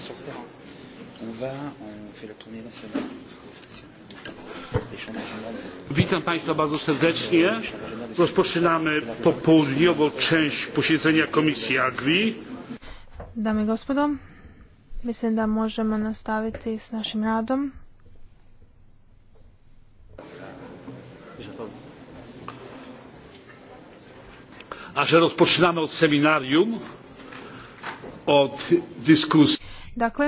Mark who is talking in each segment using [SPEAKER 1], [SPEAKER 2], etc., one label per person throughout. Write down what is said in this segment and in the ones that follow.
[SPEAKER 1] sur le On va, on fait la tournée nationale.
[SPEAKER 2] Euh, Witam Państwa bardzo serdecznie. Euh, rozpoczynamy popołudniową część posiedzenia Komisji Agri.
[SPEAKER 1] Damy gospodom. gospodo, mislim możemy nastawić się z naszym radom.
[SPEAKER 2] A że rozpoczynamy od seminarium, od dyskusji.
[SPEAKER 1] Dakle,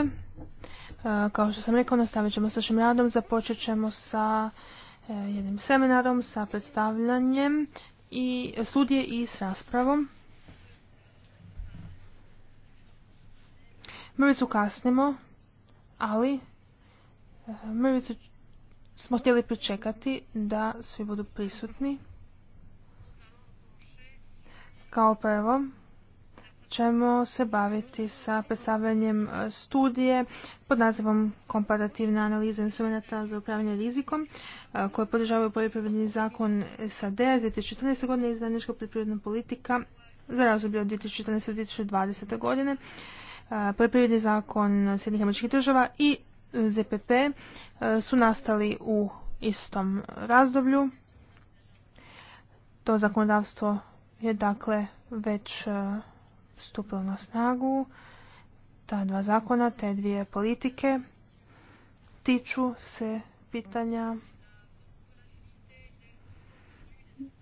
[SPEAKER 1] e, kao što sam rekao, nastavit ćemo s našim radom. Započet ćemo sa e, jednim seminarom, sa predstavljanjem i studije i s raspravom. Mrvicu kasnimo, ali e, mrvicu smo htjeli pričekati da svi budu prisutni. Kao prvo, ćemo se baviti sa predstavljanjem e, studije pod nazivom Komparativna analiza instrumenta za upravljanje rizikom e, koje podržavaju poljoprivredni zakon sad dvije iz 2014. godine i zajednička poljoprivredna politika za razdoblje od 2014. do 2020. godine, e, poljoprivredni zakon Sjednih država i ZPP su nastali u istom razdoblju. To zakonodavstvo je dakle već stupilo na snagu, ta dva zakona, te dvije politike tiču se pitanja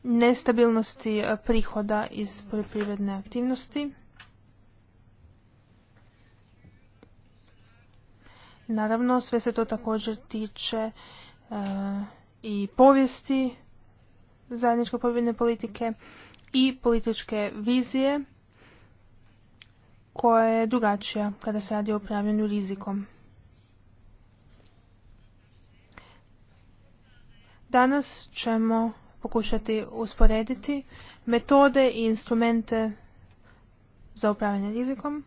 [SPEAKER 1] nestabilnosti prihoda iz poljoprivredne aktivnosti. Naravno, sve se to također tiče e, i povijesti zajedničke poljoprivredne politike i političke vizije koja je drugačija kada se radi o upravljanju rizikom. Danas ćemo pokušati usporediti metode i instrumente za upravljanje rizikom.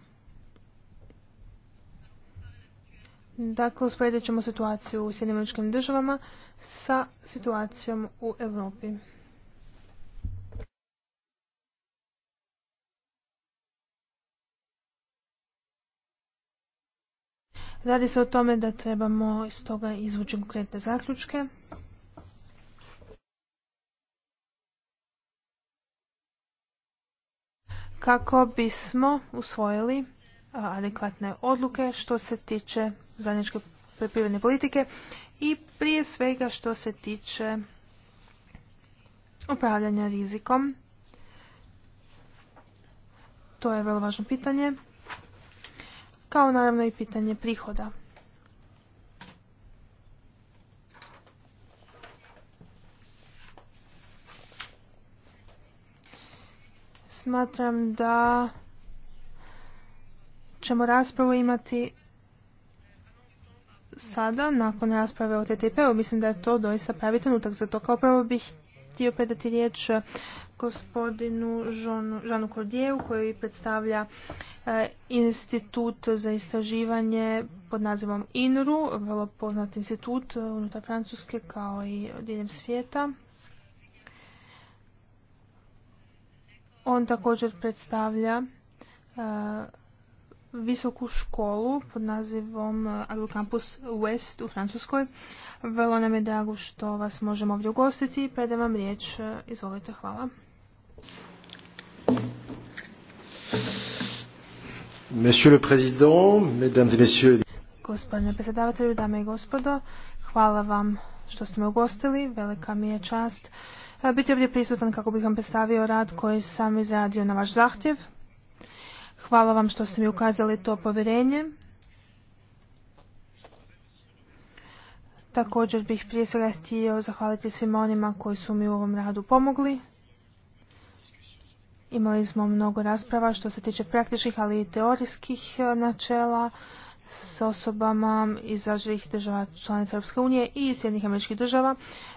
[SPEAKER 1] Dakle, usporedit ćemo situaciju u Sjedinim državama sa situacijom u Europi. Radi se o tome da trebamo iz toga izvući konkretne zaključke. kako bismo usvojili adekvatne odluke što se tiče zajedničke poljoprivredne politike i prije svega što se tiče upravljanja rizikom. To je vrlo važno pitanje kao naravno i pitanje prihoda. Smatram da ćemo raspravu imati sada, nakon rasprave o TTP-u. Mislim da je to doista pravi trenutak za to. Kao prvo bih htio predati riječ gospodinu Žanu Kordijevu koji predstavlja e, institut za istraživanje pod nazivom INRU, vrlo poznat institut e, unutar Francuske kao i diljem svijeta. On također predstavlja e, visoku školu pod nazivom e, Agrocampus West u Francuskoj. Vrlo nam je drago što vas možemo ovdje ugostiti i predam vam riječ. E, izvolite, hvala. Gospodine predsjedavatelju, dame i gospodo, hvala vam što ste me ugostili. Velika mi je čast e, biti ovdje prisutan kako bih vam predstavio rad koji sam izradio na vaš zahtjev. Hvala vam što ste mi ukazali to povjerenje. Također bih prije svega htio zahvaliti svima onima koji su mi u ovom radu pomogli. Imali smo mnogo rasprava što se tiče praktičnih, ali i teorijskih e, načela s osobama iz različitih država članica Europske unije i Sjednih američkih država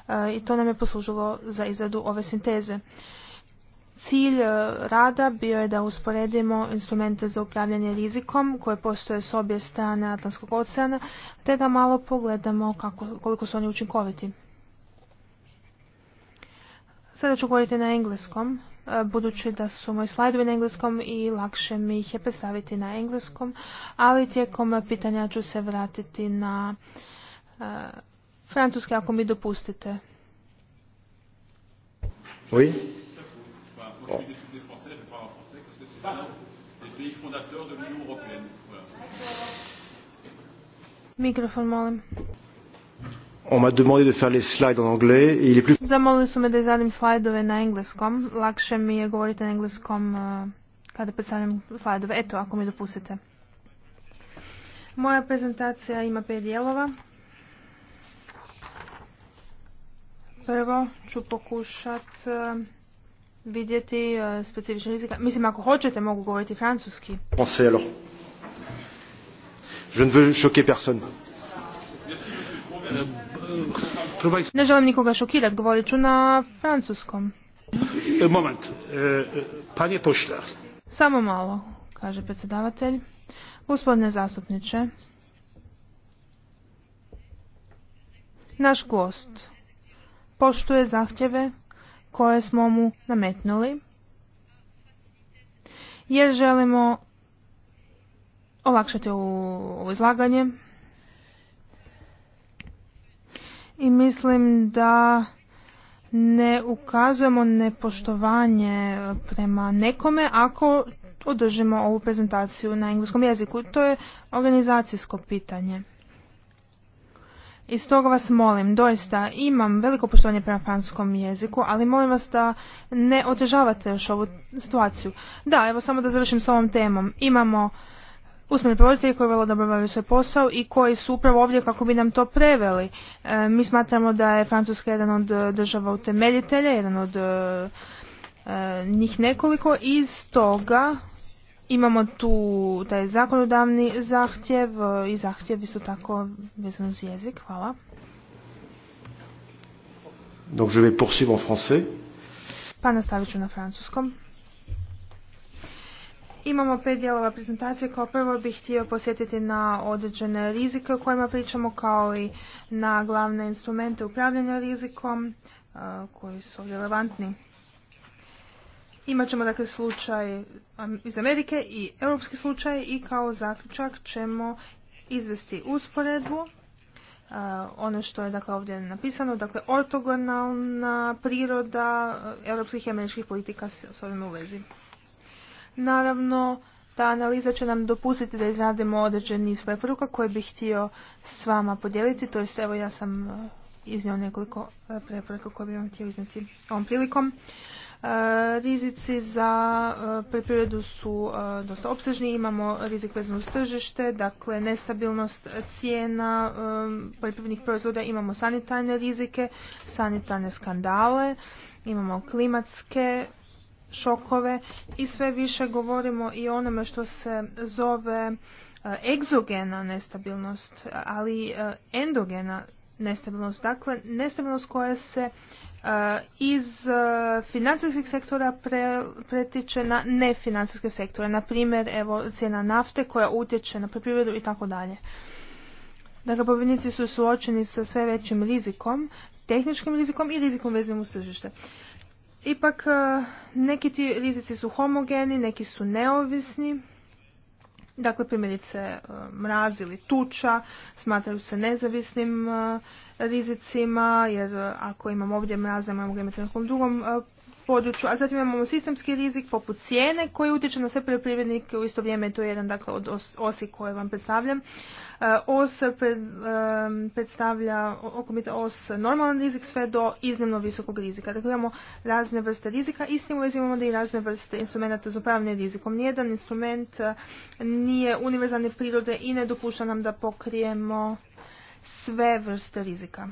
[SPEAKER 1] e, i to nam je poslužilo za izradu ove sinteze. Cilj e, rada bio je da usporedimo instrumente za upravljanje rizikom koje postoje s obje strane Atlantskog oceana, te da malo pogledamo kako, koliko su oni učinkoviti. Sada ću govoriti na engleskom, e, budući da su moji slajdovi na engleskom i lakše mi ih je predstaviti na engleskom, ali tijekom pitanja ću se vratiti na francuske, francuski ako mi dopustite. Oui. Bon. Mikrofon, molim.
[SPEAKER 2] On m'a demandé de faire les slides en anglais et il est plus...
[SPEAKER 1] Zamolili su me da izradim slajdove na engleskom. Lakše mi je govoriti na engleskom eh, kada predstavljam slajdove. Eto, ako mi dopustite. Moja prezentacija ima pet dijelova. Prvo ću pokušati uh, eh, vidjeti e, specifične rizike. Mislim, ako hoćete, mogu govoriti francuski.
[SPEAKER 2] Je ne
[SPEAKER 1] želim nikoga šokirati, govorit ću na francuskom.
[SPEAKER 2] E, moment, e, panje pošta.
[SPEAKER 1] Samo malo, kaže predsjedavatelj. Gospodine zastupniče, naš gost poštuje zahtjeve koje smo mu nametnuli jer želimo olakšati ovo izlaganje i mislim da ne ukazujemo nepoštovanje prema nekome ako održimo ovu prezentaciju na engleskom jeziku. To je organizacijsko pitanje. I stoga vas molim, doista imam veliko poštovanje prema francuskom jeziku, ali molim vas da ne otežavate još ovu situaciju. Da, evo samo da završim s ovom temom. Imamo usmeni provoditelji koji vrlo dobro svoj posao i koji su upravo ovdje kako bi nam to preveli. E, mi smatramo da je Francuska jedan od e, država utemeljitelja, jedan od e, njih nekoliko i stoga Imamo tu taj zakonodavni zahtjev e, i zahtjev isto tako vezan uz jezik. Hvala.
[SPEAKER 2] Donc je vais poursuivre en français.
[SPEAKER 1] Pa nastavit ću na francuskom. Imamo pet dijelova prezentacije. Kao prvo bih htio posjetiti na određene rizike o kojima pričamo, kao i na glavne instrumente upravljanja rizikom e, koji su relevantni Imat ćemo dakle slučaj um, iz Amerike i europski slučaj i kao zaključak ćemo izvesti usporedbu uh, ono što je dakle ovdje napisano, dakle ortogonalna priroda uh, europskih i američkih politika s ovim u vezi. Naravno, ta analiza će nam dopustiti da izradimo određen niz preporuka koje bih htio s vama podijeliti, to jest evo ja sam uh, iznio nekoliko preporuka koje bih vam htio iznijeti ovom prilikom. E, rizici za e, poljoprivredu su e, dosta opsežni, imamo rizik vezano uz tržište, dakle nestabilnost cijena poljoprivrednih proizvoda, imamo sanitarne rizike, sanitarne skandale, imamo klimatske šokove i sve više govorimo i o onome što se zove egzogena nestabilnost, ali endogena nestabilnost, dakle nestabilnost koja se E, iz e, financijskih sektora pre, pretiče na nefinancijske sektore. Na primjer, evo, cijena nafte koja utječe na poljoprivredu i tako dalje. Dakle, pobjednici su suočeni sa sve većim rizikom, tehničkim rizikom i rizikom veznim uz tržište. Ipak, e, neki ti rizici su homogeni, neki su neovisni, Dakle, primjerice e, mrazili ili tuča smatraju se nezavisnim e, rizicima, jer e, ako imam ovdje mraza, imamo ga imati na nekom drugom području, a zatim imamo sistemski rizik poput cijene koji utječe na sve poljoprivrednike u isto vrijeme, to je jedan dakle od osi koje vam predstavljam. E, os predstavlja okomite os normalan rizik sve do iznimno visokog rizika. Dakle imamo razne vrste rizika i s tim imamo onda i razne vrste instrumenta za upravljanje rizikom. Nijedan instrument e, nije univerzalne prirode i ne dopušta nam da pokrijemo sve vrste rizika.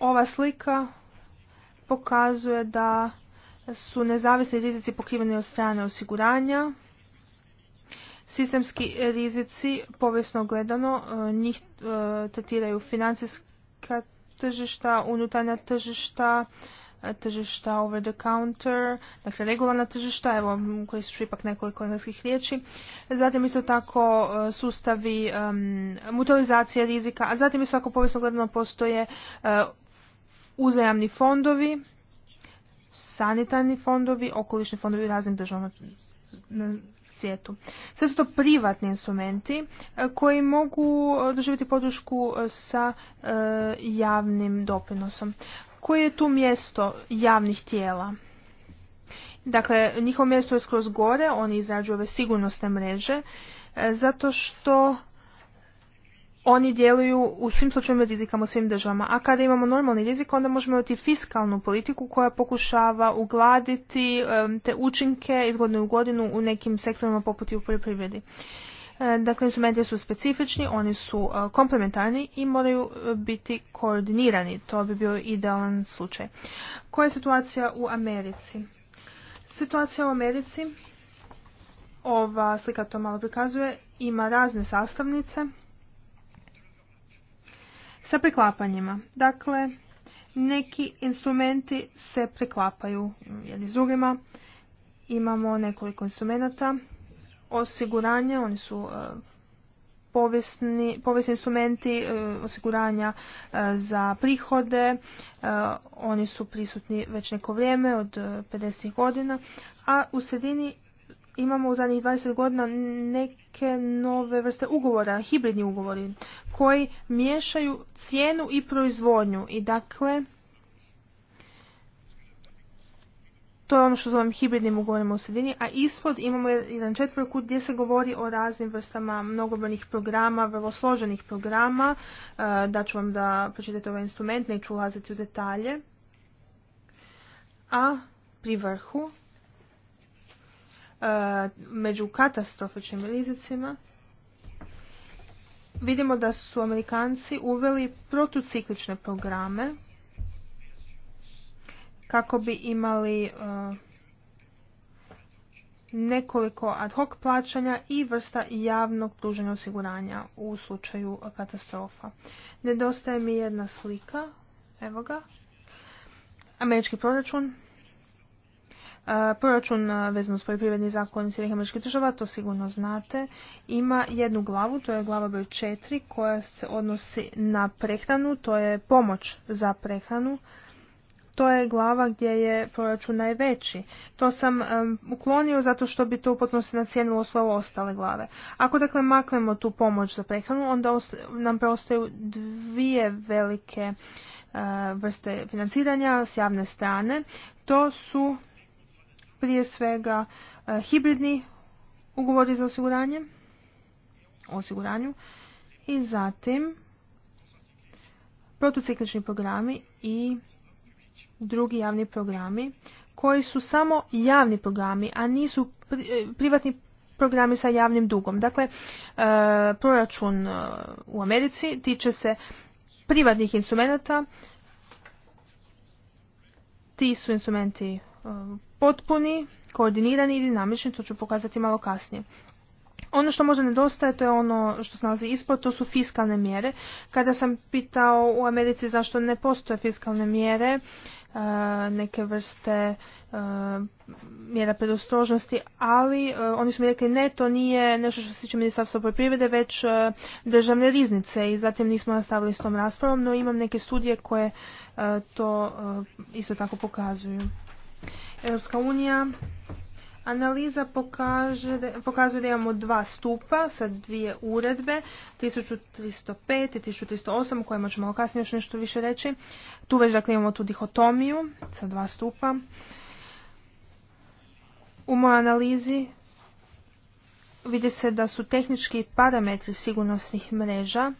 [SPEAKER 1] Ova slika pokazuje da su nezavisni rizici pokriveni od strane osiguranja. Sistemski rizici, povijesno gledano, e, njih e, tretiraju financijska tržišta, unutarnja tržišta, e, tržišta over the counter, dakle regularna tržišta, evo koji su ipak nekoliko engleskih riječi. Zatim isto tako sustavi mutualizacije rizika, a zatim isto tako povijesno gledano postoje uzajamni fondovi, sanitarni fondovi, okolišni fondovi u raznim državama na svijetu. Sve su to privatni instrumenti e, koji mogu e, doživjeti podršku e, sa javnim doprinosom. Koje je tu mjesto javnih tijela? Dakle, njihovo mjesto je skroz gore, oni izrađuju ove sigurnosne mreže, zato što oni djeluju u svim slučajevima rizikama u svim državama. A kada imamo normalni rizik, onda možemo imati fiskalnu politiku koja pokušava ugladiti te učinke iz godine u godinu u nekim sektorima poput i u poljoprivredi. E, dakle, instrumenti su specifični, oni su e, komplementarni i moraju e, biti koordinirani. To bi bio idealan slučaj. Koja je situacija u Americi? Situacija u Americi, ova slika to malo prikazuje, ima razne sastavnice sa preklapanjima. Dakle, neki instrumenti se preklapaju jedni s drugima. Imamo nekoliko instrumenta. Osiguranje, oni su e, povijesni, instrumenti e, osiguranja e, za prihode. Oni su prisutni već neko vrijeme od 50. godina. A u sredini imamo u zadnjih 20 godina neke nove vrste ugovora, hibridni ugovori, koji miješaju cijenu i proizvodnju i dakle to je ono što zovem hibridnim ugovorima u sredini, a ispod imamo jedan četvrkut gdje se govori o raznim vrstama mnogobrojnih programa, vrlo složenih programa, e, da ću vam da pročitate ovaj instrument, neću ulaziti u detalje. A pri vrhu E, među katastrofičnim rizicima, vidimo da su Amerikanci uveli protuciklične programe kako bi imali e, nekoliko ad hoc plaćanja i vrsta javnog pruženja osiguranja u slučaju katastrofa. Nedostaje mi jedna slika, evo ga, američki proračun, E, proračun e, vezano s poljoprivredni zakon Sjednih američkih država, to sigurno znate, ima jednu glavu, to je glava broj 4, koja se odnosi na prehranu, to je pomoć za prehranu. To je glava gdje je proračun najveći. To sam e, uklonio zato što bi to upotno se nacijenilo sve ostale glave. Ako dakle maknemo tu pomoć za prehranu, onda nam preostaju dvije velike vrste financiranja s javne strane. To su prije svega e, hibridni ugovori za osiguranje, osiguranju i zatim protuciklični programi i drugi javni programi koji su samo javni programi, a nisu e, privatni programi sa javnim dugom. Dakle, e, proračun u Americi tiče se privatnih instrumenta. Ti su instrumenti potpuni, koordinirani i dinamični, to ću pokazati malo kasnije. Ono što možda nedostaje, to je ono što se nalazi ispod, to su fiskalne mjere. Kada sam pitao u Americi zašto ne postoje fiskalne mjere, e, neke vrste e, mjera predostrožnosti, ali e, oni su mi rekli ne, to nije nešto što se tiče ministarstva poljoprivrede, već državne riznice i zatim nismo nastavili s tom raspravom, no imam neke studije koje to isto tako pokazuju. Europska unija Analiza pokazuje da imamo dva stupa sa dvije uredbe, 1305 i 1308, o kojima ćemo kasnije još nešto više reći. Tu već dakle imamo tu dihotomiju sa dva stupa. U mojoj analizi vidi se da su tehnički parametri sigurnosnih mreža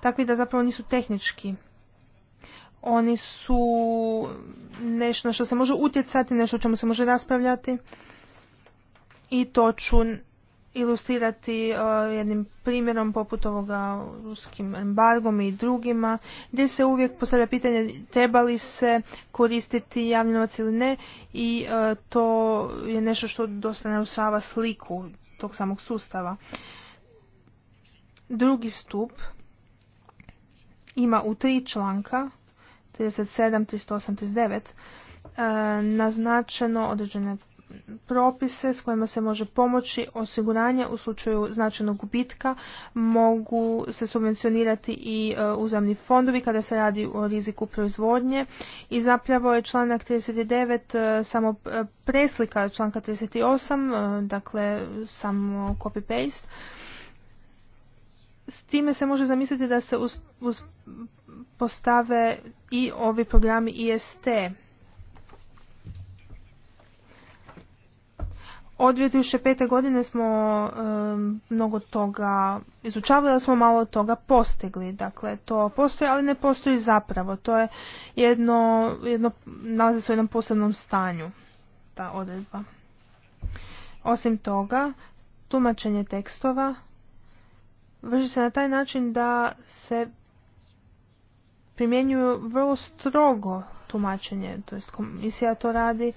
[SPEAKER 1] takvi da zapravo nisu tehnički oni su nešto što se može utjecati, nešto o čemu se može raspravljati. I to ću ilustrirati e, jednim primjerom poput ovoga ruskim embargom i drugima, gdje se uvijek postavlja pitanje treba li se koristiti javni novac ili ne i e, to je nešto što dosta narušava sliku tog samog sustava. Drugi stup ima u tri članka 37, e, naznačeno određene propise s kojima se može pomoći osiguranje u slučaju značajnog gubitka mogu se subvencionirati i e, uzemni fondovi kada se radi o riziku proizvodnje i zapravo je članak 39 e, samo preslika članka 38 dakle samo copy paste s time se može zamisliti da se uz postave i ovi programi IST. Od 2005. godine smo um, mnogo toga izučavali, ali smo malo toga postigli. Dakle, to postoji, ali ne postoji zapravo. To je jedno, jedno nalazi se u jednom posebnom stanju, ta odredba. Osim toga, tumačenje tekstova vrši se na taj način da se primjenjuju vrlo strogo tumačenje, to jest komisija to radi.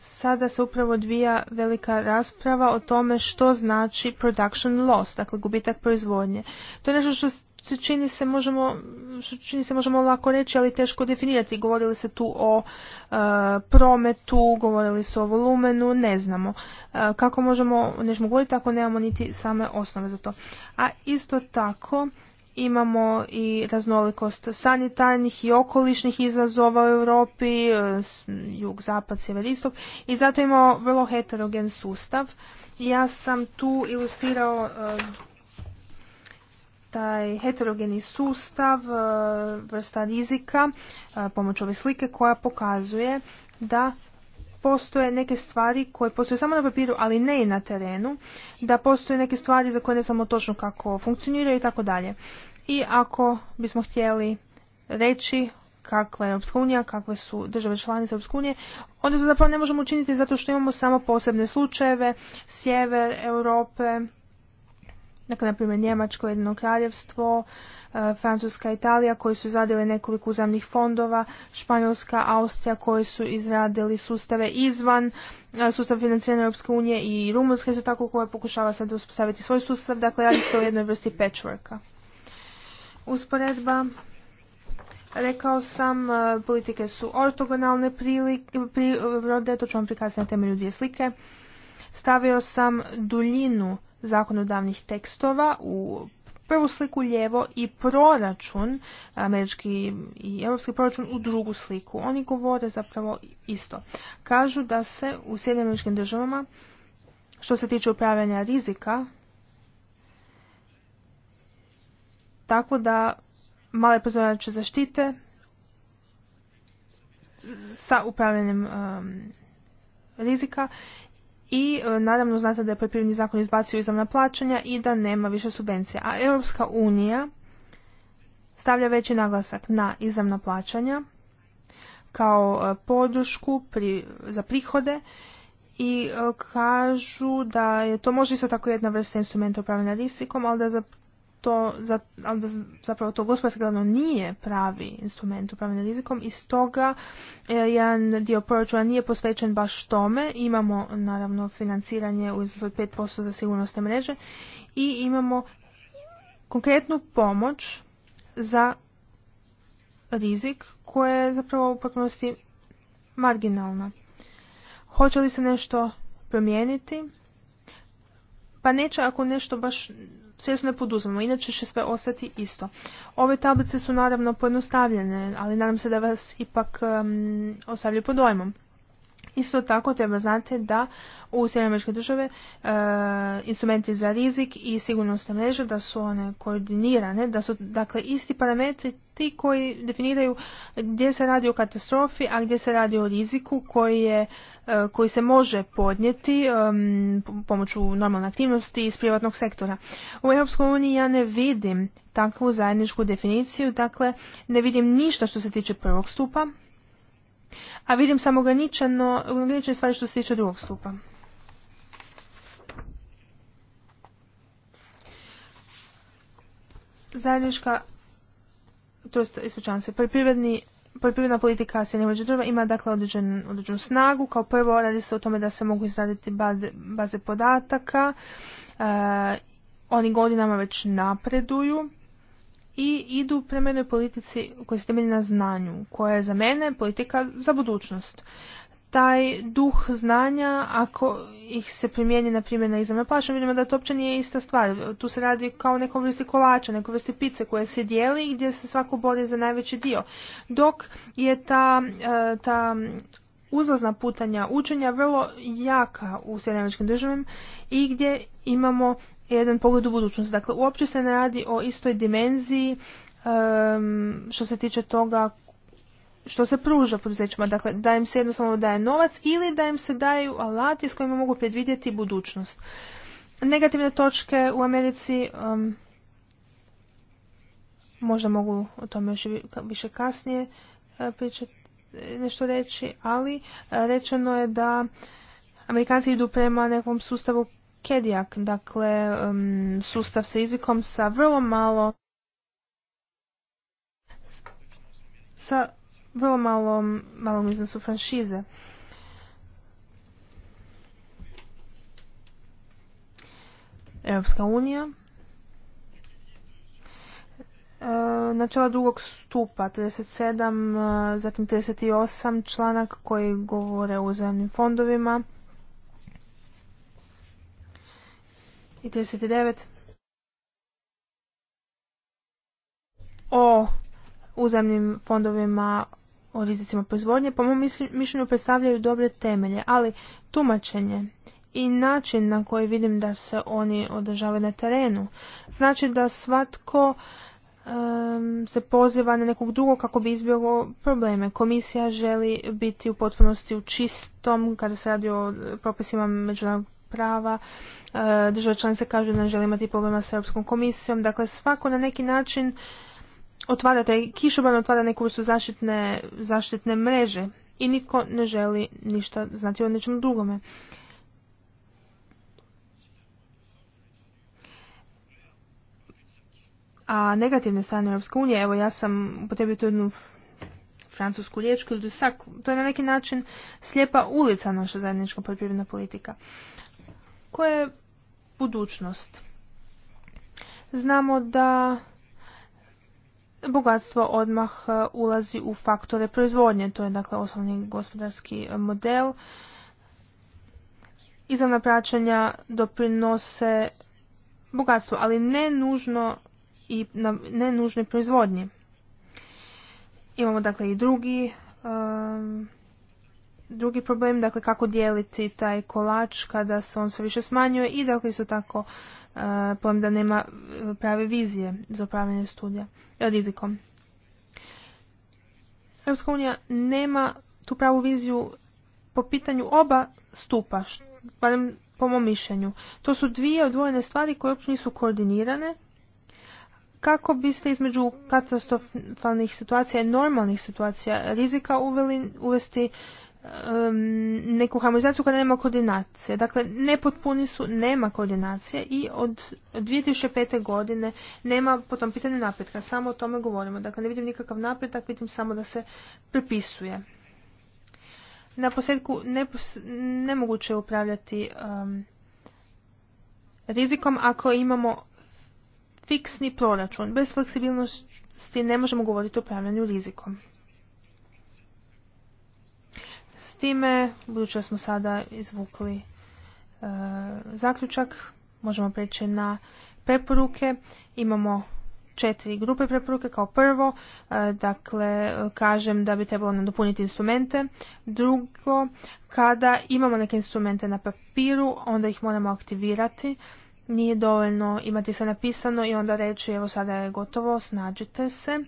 [SPEAKER 1] Sada se upravo odvija velika rasprava o tome što znači production loss, dakle gubitak proizvodnje. To je nešto što se čini se možemo, što čini se možemo lako reći, ali teško definirati. Govorili se tu o e, prometu, govorili su o volumenu, ne znamo. E, kako možemo, nešto govoriti ako nemamo niti same osnove za to. A isto tako, imamo i raznolikost sanitarnih i okolišnih izazova u Europi, e, jug, zapad, sjever, istok i zato imamo vrlo heterogen sustav. Ja sam tu ilustrirao e, taj heterogeni sustav e, vrsta rizika pomoću ove slike koja pokazuje da postoje neke stvari koje postoje samo na papiru, ali ne i na terenu, da postoje neke stvari za koje ne samo točno kako funkcioniraju i tako dalje. I ako bismo htjeli reći kakva je Europska unija, kakve su države članice Europske unije, onda to zapravo ne možemo učiniti zato što imamo samo posebne slučajeve, sjever Europe, dakle, na primjer, Njemačko, Jedino kraljevstvo, e, Francuska, Italija, koji su izradili nekoliko uzemnih fondova, Španjolska, Austrija, koji su izradili sustave izvan, e, sustav financiranja Europske unije i Rumunjska su tako koja pokušava sad uspostaviti svoj sustav, dakle, radi se o jednoj vrsti patchworka. Usporedba Rekao sam, e, politike su ortogonalne prirode, to ću vam prikazati na temelju dvije slike. Stavio sam duljinu zakonodavnih tekstova u prvu sliku lijevo i proračun, američki i europski proračun u drugu sliku. Oni govore zapravo isto. Kažu da se u Sjedinim američkim državama što se tiče upravljanja rizika, tako da male proizvođače zaštite sa upravljanjem um, rizika i e, naravno znate da je poljoprivredni zakon izbacio izravna plaćanja i da nema više subvencija. A Europska unija stavlja veći naglasak na izravna plaćanja kao e, podršku pri, za prihode i e, kažu da je to može isto tako jedna vrsta instrumenta upravljanja rizikom, ali da za to, zapravo to gospodarski gledano nije pravi instrument upravljanja rizikom i stoga e, jedan dio proračuna nije posvećen baš tome. Imamo naravno financiranje u iznosu od 5% za sigurnosne mreže i imamo konkretnu pomoć za rizik koja je zapravo u potpunosti marginalna. Hoće li se nešto promijeniti? Pa neće ako nešto baš svjesno ne poduzmemo, inače će sve ostati isto. Ove tablice su naravno pojednostavljene, ali nadam se da vas ipak um, ostavljaju pod dojmom. Isto tako treba znati da u Sjedinjene države e, instrumenti za rizik i sigurnosne mreže da su one koordinirane, da su dakle isti parametri koji definiraju gdje se radi o katastrofi, a gdje se radi o riziku koji, je, e, koji se može podnijeti e, pomoću normalne aktivnosti iz privatnog sektora. U EU ja ne vidim takvu zajedničku definiciju, dakle ne vidim ništa što se tiče prvog stupa, a vidim samo ograničene stvari što se tiče drugog stupa. Zajednička to ispričavam se, poljoprivredna politika se ima dakle određen, određenu snagu. Kao prvo radi se o tome da se mogu izraditi baze, baze podataka. E, oni godinama već napreduju i idu prema politici koja se temelji na znanju, koja je za mene politika za budućnost taj duh znanja, ako ih se primijeni na primjer na izravno vidimo da to uopće nije ista stvar. Tu se radi kao nekom vrsti kolača, nekom vrsti pice koje se dijeli i gdje se svako bori za najveći dio. Dok je ta, e, ta uzlazna putanja učenja vrlo jaka u Sjedinjavačkim državama i gdje imamo jedan pogled u budućnost. Dakle, uopće se ne radi o istoj dimenziji što se tiče toga što se pruža poduzećima, dakle da im se jednostavno daje novac ili da im se daju alati s kojima mogu predvidjeti budućnost. Negativne točke u Americi um, možda mogu o tome još više kasnije uh, pričati, e, nešto reći, ali uh, rečeno je da Amerikanci idu prema nekom sustavu Kedijak, dakle um, sustav sa izikom sa vrlo malo sa vrlo malom, malom iznosu franšize. Europska unija e, načela drugog stupa 37, e, zatim 38 članak koji govore o uzajemnim fondovima i 39 o uzajemnim fondovima o rizicima proizvodnje, po mom mišljenju predstavljaju dobre temelje, ali tumačenje i način na koji vidim da se oni održavaju na terenu, znači da svatko se poziva na nekog drugog kako bi izbjegao probleme. Komisija želi biti u potpunosti u čistom kada se radi o propisima međunarodnog prava, e, država članice kažu da ne žele imati problema s Europskom komisijom, dakle svako na neki način otvara taj kišoban, otvara neku su zaštitne, zaštitne mreže i niko ne želi ništa znati o nečem drugome. A negativne strane Europske unije, evo ja sam upotrebio tu jednu francusku riječku ili to je na neki način slijepa ulica naša zajednička poljoprivredna politika. Koja je budućnost? Znamo da bogatstvo odmah e, ulazi u faktore proizvodnje. To je dakle osnovni gospodarski model. Izravna praćanja doprinose bogatstvo, ali ne nužno i na, ne nužnoj proizvodnji. Imamo dakle i drugi e, drugi problem, dakle kako dijeliti taj kolač kada se on sve više smanjuje i dakle isto tako e, problem da nema e, prave vizije za upravljanje studija e, rizikom. Europska unija nema tu pravu viziju po pitanju oba stupa, barem po mom mišljenju. To su dvije odvojene stvari koje uopće nisu koordinirane. Kako biste između katastrofalnih situacija i normalnih situacija rizika uvesti neku harmonizaciju kada nema koordinacije. Dakle, nepotpuni su, nema koordinacije i od 2005. godine nema po tom pitanju napretka. Samo o tome govorimo. Dakle, ne vidim nikakav napredak, vidim samo da se prepisuje. Na posljedku nemoguće je upravljati rizikom ako imamo fiksni proračun. Bez fleksibilnosti ne možemo govoriti o upravljanju rizikom. time, budući da smo sada izvukli e, zaključak, možemo preći na preporuke. Imamo četiri grupe preporuke kao prvo, e, dakle kažem da bi trebalo nadopuniti instrumente. Drugo, kada imamo neke instrumente na papiru, onda ih moramo aktivirati. Nije dovoljno imati sve napisano i onda reći evo sada je gotovo, snađite se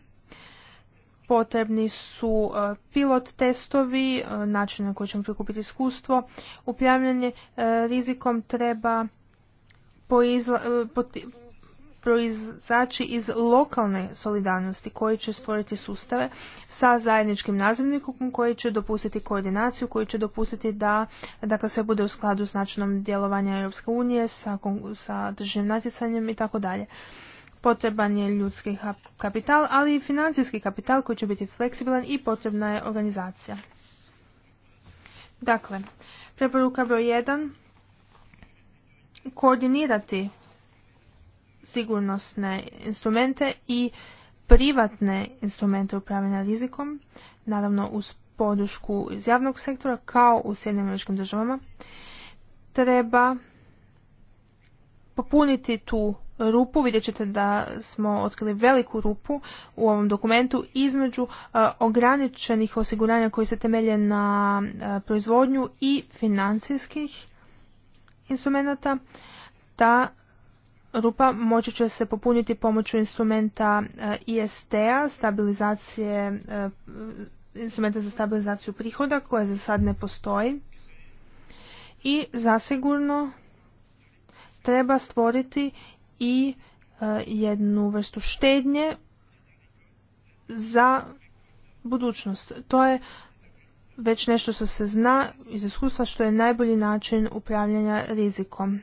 [SPEAKER 1] potrebni su e, pilot testovi, e, način na koji ćemo prikupiti iskustvo. Upravljanje e, rizikom treba proizaći iz lokalne solidarnosti koji će stvoriti sustave sa zajedničkim nazivnikom koji će dopustiti koordinaciju, koji će dopustiti da dakle, sve bude u skladu s načinom djelovanja Europske unije, sa, državnim natjecanjem i tako dalje potreban je ljudski kapital, ali i financijski kapital koji će biti fleksibilan i potrebna je organizacija. Dakle, preporuka broj 1. Koordinirati sigurnosne instrumente i privatne instrumente upravljanja rizikom, naravno uz podršku iz javnog sektora kao u Sjedinjeničkim državama, treba popuniti tu rupu, vidjet ćete da smo otkrili veliku rupu u ovom dokumentu između e, ograničenih osiguranja koji se temelje na e, proizvodnju i financijskih instrumenata. Ta rupa moći će se popuniti pomoću instrumenta e, IST-a, stabilizacije instrumenta za stabilizaciju prihoda koja za sad ne postoji. I zasigurno treba stvoriti i e, jednu vrstu štednje za budućnost. To je već nešto što se zna iz iskustva što je najbolji način upravljanja rizikom.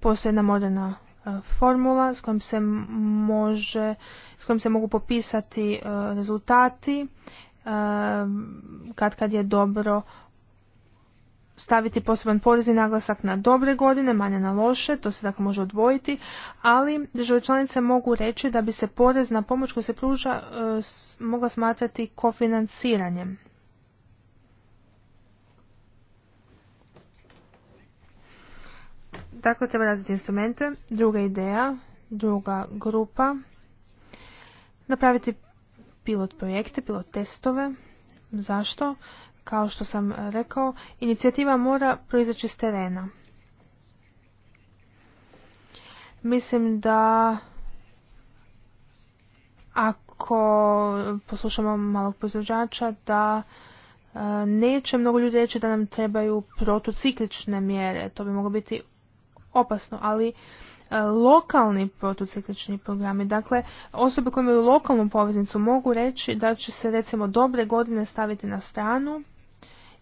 [SPEAKER 1] Postoji jedna moderna e, formula s kojom se može, s kojom se mogu popisati e, rezultati kad kad je dobro staviti poseban porezni naglasak na dobre godine, manje na loše, to se dakle može odvojiti, ali države članice mogu reći da bi se porez na pomoć koju se pruža e, mogla smatrati kofinanciranjem. Dakle, treba razviti instrumente. Druga ideja, druga grupa, napraviti pilot projekte, pilot testove. Zašto? Kao što sam e, rekao, inicijativa mora proizaći s terena. Mislim da ako poslušamo malog proizvođača da e, neće mnogo ljudi reći da nam trebaju protociklične mjere. To bi moglo biti opasno, ali e, lokalni protociklični programi. Dakle, osobe koje imaju lokalnu poveznicu mogu reći da će se recimo dobre godine staviti na stranu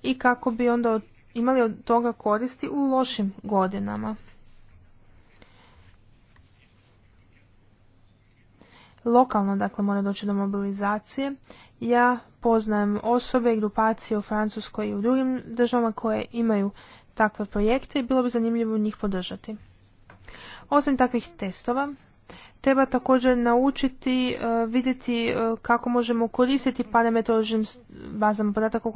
[SPEAKER 1] i kako bi onda imali od toga koristi u lošim godinama. Lokalno, dakle, mora doći do mobilizacije. Ja poznajem osobe i grupacije u Francuskoj i u drugim državama koje imaju takve projekte i bilo bi zanimljivo njih podržati. Osim takvih testova, treba također naučiti e, vidjeti e, kako možemo koristiti parametrožnim bazama podataka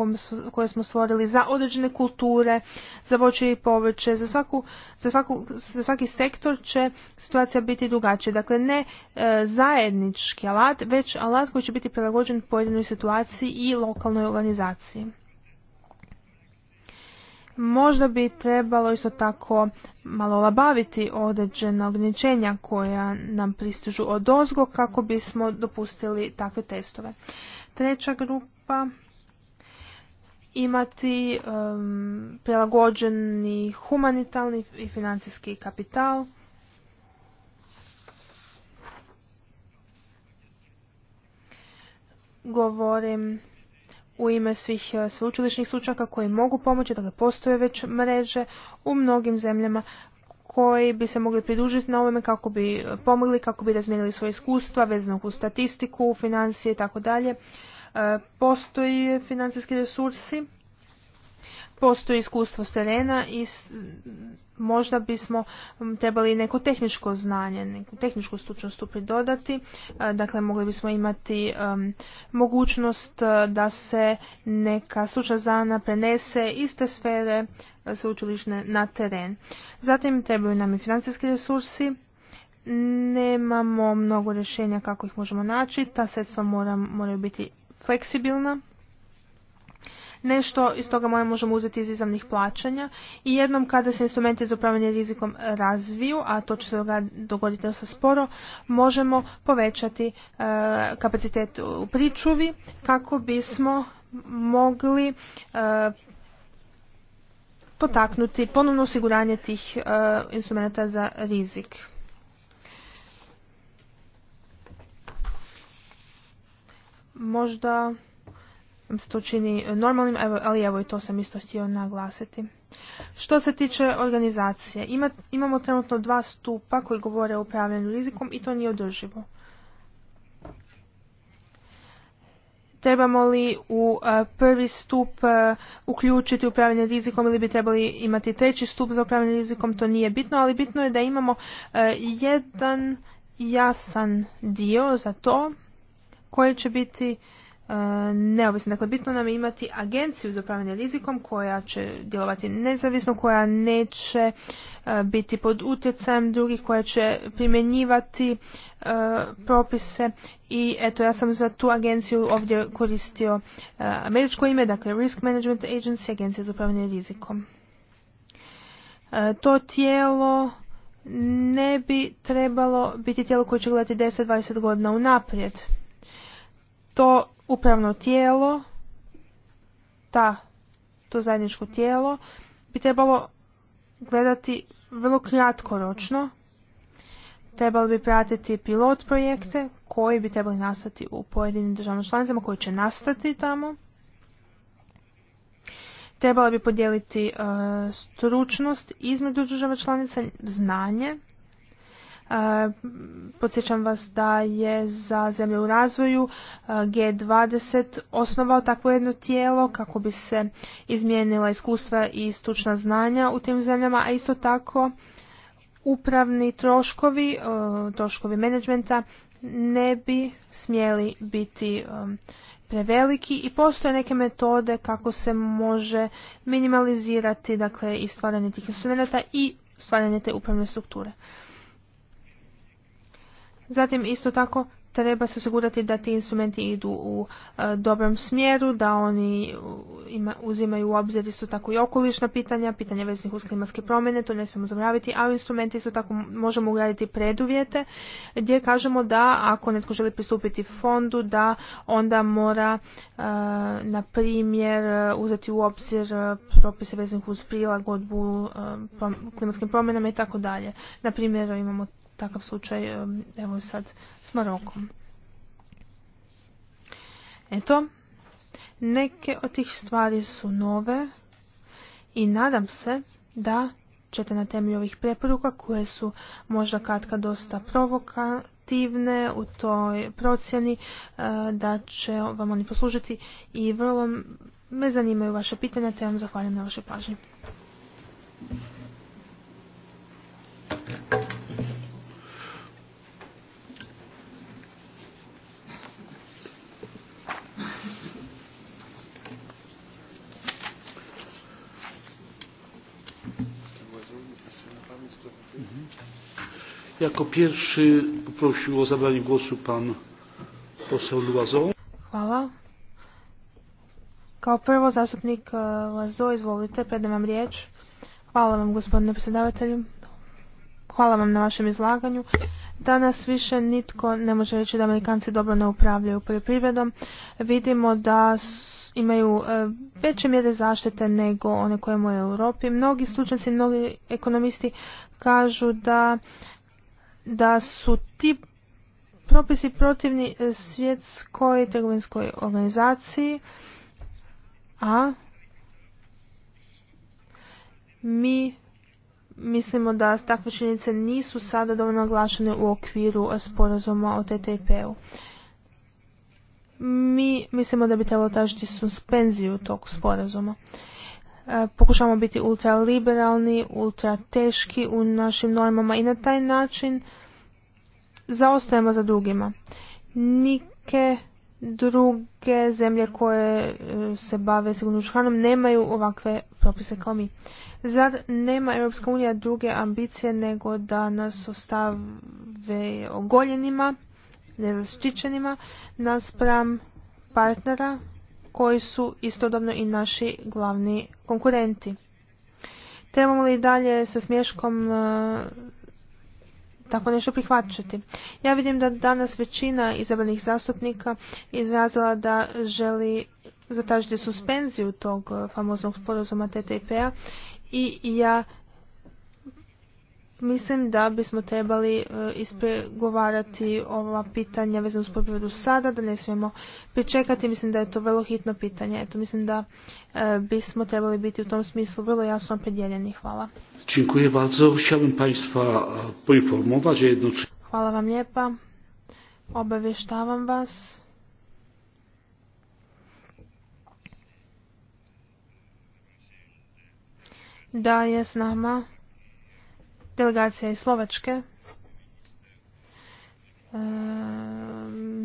[SPEAKER 1] koje smo stvorili za određene kulture, za voće i povrće, za, svaku, za, svaku, za svaki sektor će situacija biti drugačija. Dakle, ne e, zajednički alat, već alat koji će biti prilagođen pojedinoj situaciji i lokalnoj organizaciji. Možda bi trebalo isto tako malo labaviti određena ograničenja koja nam pristižu od ozgo kako bismo dopustili takve testove. Treća grupa imati prilagođeni humanitarni i financijski kapital. Govorim u ime svih e, sveučilišnih slučaka koji mogu pomoći, dakle postoje već mreže u mnogim zemljama koji bi se mogli pridružiti na ovome kako bi pomogli, kako bi razmijenili svoje iskustva vezano u statistiku, financije i tako dalje. E, postoje financijski resursi postoji iskustvo s terena i možda bismo trebali neko tehničko znanje, neku tehničku stručnost tu pridodati. E, dakle, mogli bismo imati mogućnost e, da se neka stručna znanja prenese iz te sfere e, sveučilišne na teren. Zatim trebaju nam i financijski resursi. Nemamo mnogo rješenja kako ih možemo naći. Ta sredstva mora, moraju biti fleksibilna Nešto iz toga možemo uzeti iz izravnih plaćanja i jednom kada se instrumenti za upravljanje rizikom razviju, a to će se dogoditi sa sporo, možemo povećati e, kapacitet u pričuvi kako bismo mogli e, potaknuti ponovno osiguranje tih e, instrumenta za rizik. Možda to čini normalnim, ali evo i to sam isto htio naglasiti. Što se tiče organizacije, imamo trenutno dva stupa koji govore o upravljanju rizikom i to nije održivo. Trebamo li u e, prvi stup e, uključiti upravljanje rizikom ili bi trebali imati treći stup za upravljanje rizikom, to nije bitno, ali bitno je da imamo e, jedan jasan dio za to koji će biti neovisno. Dakle, bitno nam je imati agenciju za upravljanje rizikom koja će djelovati nezavisno, koja neće e, biti pod utjecajem drugih, koja će primjenjivati e, propise i eto ja sam za tu agenciju ovdje koristio e, američko ime, dakle Risk Management Agency, agencija za upravljanje rizikom. to tijelo ne bi trebalo biti tijelo koje će gledati 10-20 godina unaprijed to upravno tijelo, ta, to zajedničko tijelo, bi trebalo gledati vrlo kratkoročno, trebalo bi pratiti pilot projekte koji bi trebali nastati u pojedinim državnim članicama, koji će nastati tamo. Trebalo bi podijeliti e, stručnost između država članica, znanje, E, podsjećam vas da je za zemlje u razvoju e, G20 osnovao takvo jedno tijelo kako bi se izmijenila iskustva i stručna znanja u tim zemljama, a isto tako upravni troškovi, e, troškovi menadžmenta ne bi smjeli biti preveliki i postoje neke metode kako se može minimalizirati dakle i stvaranje tih instrumenta i stvaranje te upravne strukture. Zatim isto tako treba se osigurati da ti instrumenti idu u e, dobrom smjeru, da oni uzimaju u obzir isto tako i okolišna pitanja, pitanja veznih uz klimatske promjene, to ne smijemo zaboraviti, a u isto tako možemo ugraditi preduvjete gdje kažemo da ako netko želi pristupiti fondu, da onda mora e, na primjer uzeti u obzir e, propise veznih uz prilagodbu klimatskim promjenama i tako dalje. Na primjer imamo takav slučaj evo sad s Marokom. Eto, neke od tih stvari su nove i nadam se da ćete na temelju ovih preporuka koje su možda katka dosta provokativne u toj procjeni eh, da će vam oni poslužiti i vrlo me zanimaju vaše pitanja te vam zahvaljujem na vašoj pažnji.
[SPEAKER 2] Jako pierwszy poprosił o zabranie głosu pan poseł Luazo. Hvala. Kao
[SPEAKER 1] prvo zastupnik e, Lazo, izvolite, predam vam riječ. Hvala vam gospodine predsjedavatelju. Hvala vam na vašem izlaganju. Danas više nitko ne može reći da Amerikanci dobro ne upravljaju poljoprivredom. Vidimo da imaju e, veće mjere zaštite nego one koje imaju u Europi. Mnogi slučajci, mnogi ekonomisti kažu da da su ti propisi protivni e, svjetskoj trgovinskoj organizaciji, a mi mislimo da takve činjenice nisu sada dovoljno oglašene u okviru sporazuma o TTIP-u. Mi mislimo da bi trebalo tražiti suspenziju tog sporazuma pokušavamo biti ultraliberalni, ultrateški u našim normama i na taj način zaostajemo za drugima. Nike druge zemlje koje e, se bave sigurnošću nemaju ovakve propise kao mi. Zar nema Europska unija druge ambicije nego da nas ostave ogoljenima, nezaštićenima, naspram partnera koji su istodobno i naši glavni konkurenti. Trebamo li dalje sa smješkom e, tako nešto prihvaćati. Ja vidim da danas većina izabranih zastupnika izrazila da želi zatražiti suspenziju tog famoznog sporazuma TTIP-a i ja Mislim da bismo trebali e, ispregovarati ova pitanja vezano uz povedu sada, da ne smijemo pričekati. Mislim da je to vrlo hitno pitanje. Eto, mislim da e, bismo trebali biti u tom smislu vrlo jasno opredjeljeni. Hvala.
[SPEAKER 2] Dziękuję bardzo. Chciałbym Państwa e, poinformować, jednocześnie...
[SPEAKER 1] Hvala vam lijepa. Obavještavam vas. Da je s nama delegacija iz Slovačke, e,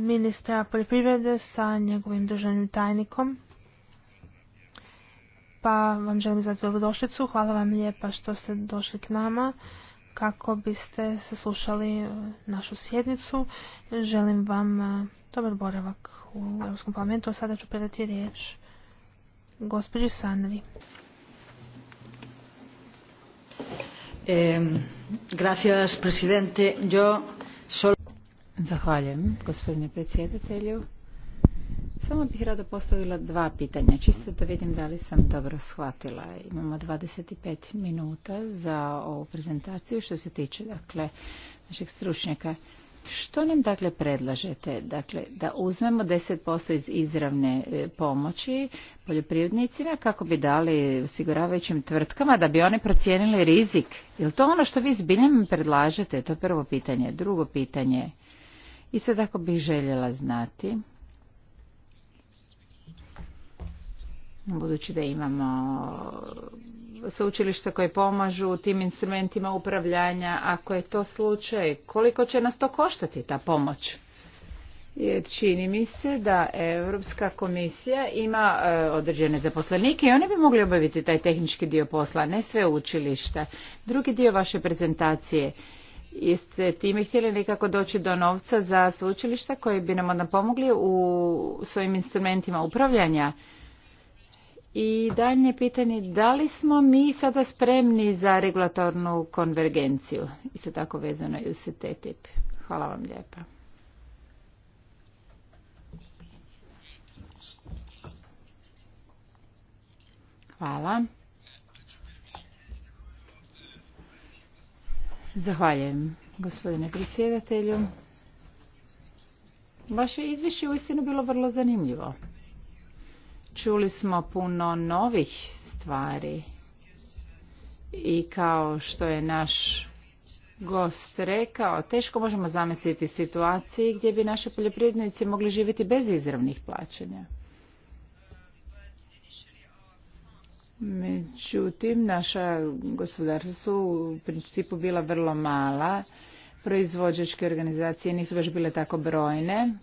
[SPEAKER 1] ministra poljoprivrede sa njegovim državnim tajnikom. Pa vam želim za dobrodošlicu. Hvala vam lijepa što ste došli k nama kako biste saslušali e, našu sjednicu. Želim vam e, dobar boravak u Europskom parlamentu, a sada ću predati riječ gospođi Sanri.
[SPEAKER 3] Eh, gracias, presidente. Zahvaljujem, gospodine predsjedatelju. Samo bih rado postavila dva pitanja, čisto da vidim da li sam dobro shvatila. Imamo pet minuta za ovu prezentaciju što se tiče dakle, naših stručnjaka. Što nam dakle predlažete? Dakle, da uzmemo 10% iz izravne e, pomoći poljoprivrednicima kako bi dali osiguravajućim tvrtkama da bi one procijenili rizik. Je li to ono što vi zbiljem predlažete? To je prvo pitanje. Drugo pitanje. I sad ako bih željela znati, budući da imamo sveučilišta koje pomažu tim instrumentima upravljanja, ako je to slučaj, koliko će nas to koštati ta pomoć? Jer čini mi se da Europska komisija ima e, određene zaposlenike i oni bi mogli obaviti taj tehnički dio posla, ne sve učilišta. Drugi dio vaše prezentacije, jeste time htjeli nekako doći do novca za sveučilišta koji bi nam onda pomogli u svojim instrumentima upravljanja? I daljnje pitanje, da li smo mi sada spremni za regulatornu konvergenciju? Isto tako vezano i uz TTIP. Hvala vam lijepa. Hvala. Zahvaljujem, gospodine predsjedatelju. Vaše izvješće je uistinu bilo vrlo zanimljivo. Čuli smo puno novih stvari i kao što je naš gost rekao, teško možemo zamisliti situaciji gdje bi naši poljoprivrednici mogli živjeti bez izravnih plaćanja. Međutim, naša gospodarstva su u principu bila vrlo mala, proizvođačke organizacije nisu baš bile tako brojne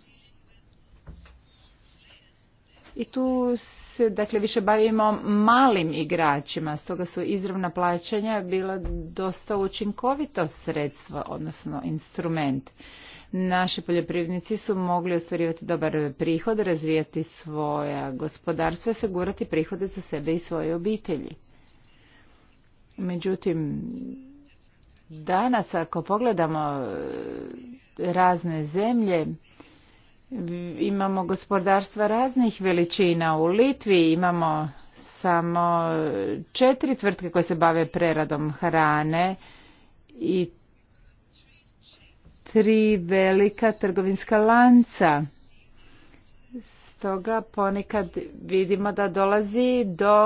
[SPEAKER 3] i tu se dakle više bavimo malim igračima, stoga su izravna plaćanja bila dosta učinkovito sredstvo, odnosno instrument. Naši poljoprivrednici su mogli ostvarivati dobar prihod, razvijati svoja gospodarstva, osigurati prihode za sebe i svoje obitelji. Međutim, danas ako pogledamo e, razne zemlje, Imamo gospodarstva raznih veličina. U Litvi imamo samo četiri tvrtke koje se bave preradom hrane i tri velika trgovinska lanca. Stoga ponekad vidimo da dolazi do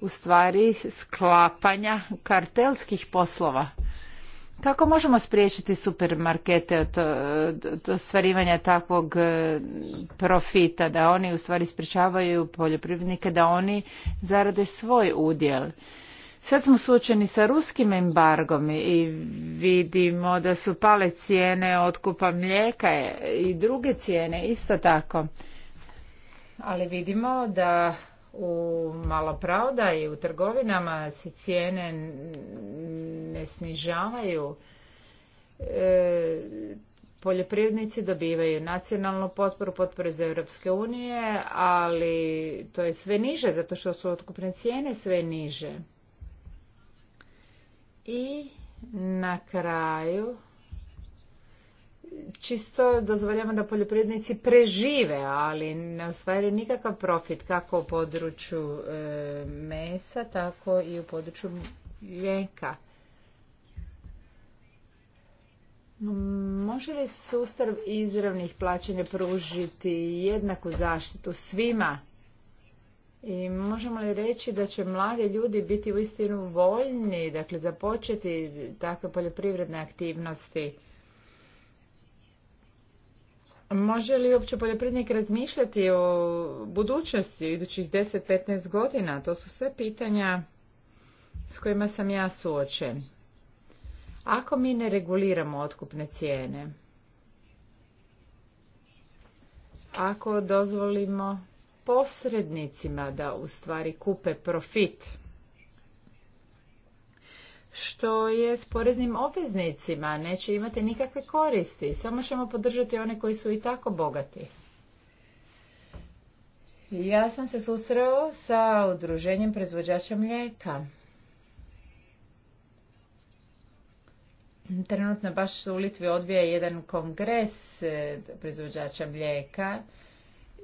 [SPEAKER 3] u stvari sklapanja kartelskih poslova. Kako možemo spriječiti supermarkete od, ostvarivanja takvog e, profita, da oni u stvari spriječavaju poljoprivrednike, da oni zarade svoj udjel? Sad smo suočeni sa ruskim embargom i vidimo da su pale cijene otkupa mlijeka i druge cijene isto tako. Ali vidimo da u i u trgovinama se cijene ne snižavaju. E, poljoprivrednici dobivaju nacionalnu potporu, potporu iz Europske unije, ali to je sve niže, zato što su otkupne cijene sve niže. I na kraju čisto dozvoljamo da poljoprivrednici prežive, ali ne ostvaruju nikakav profit kako u području e, mesa, tako i u području mlijeka. Može li sustav izravnih plaćanja pružiti jednaku zaštitu svima? I možemo li reći da će mladi ljudi biti uistinu voljni, dakle započeti takve poljoprivredne aktivnosti? Može li uopće poljoprivrednik razmišljati o budućnosti idućih 10-15 godina? To su sve pitanja s kojima sam ja suočen. Ako mi ne reguliramo otkupne cijene, ako dozvolimo posrednicima da u stvari kupe profit, što je s poreznim obveznicima, neće imati nikakve koristi, samo ćemo podržati one koji su i tako bogati. Ja sam se susreo sa udruženjem proizvođača mlijeka. Trenutno baš u Litvi odvija jedan kongres e, proizvođača mlijeka.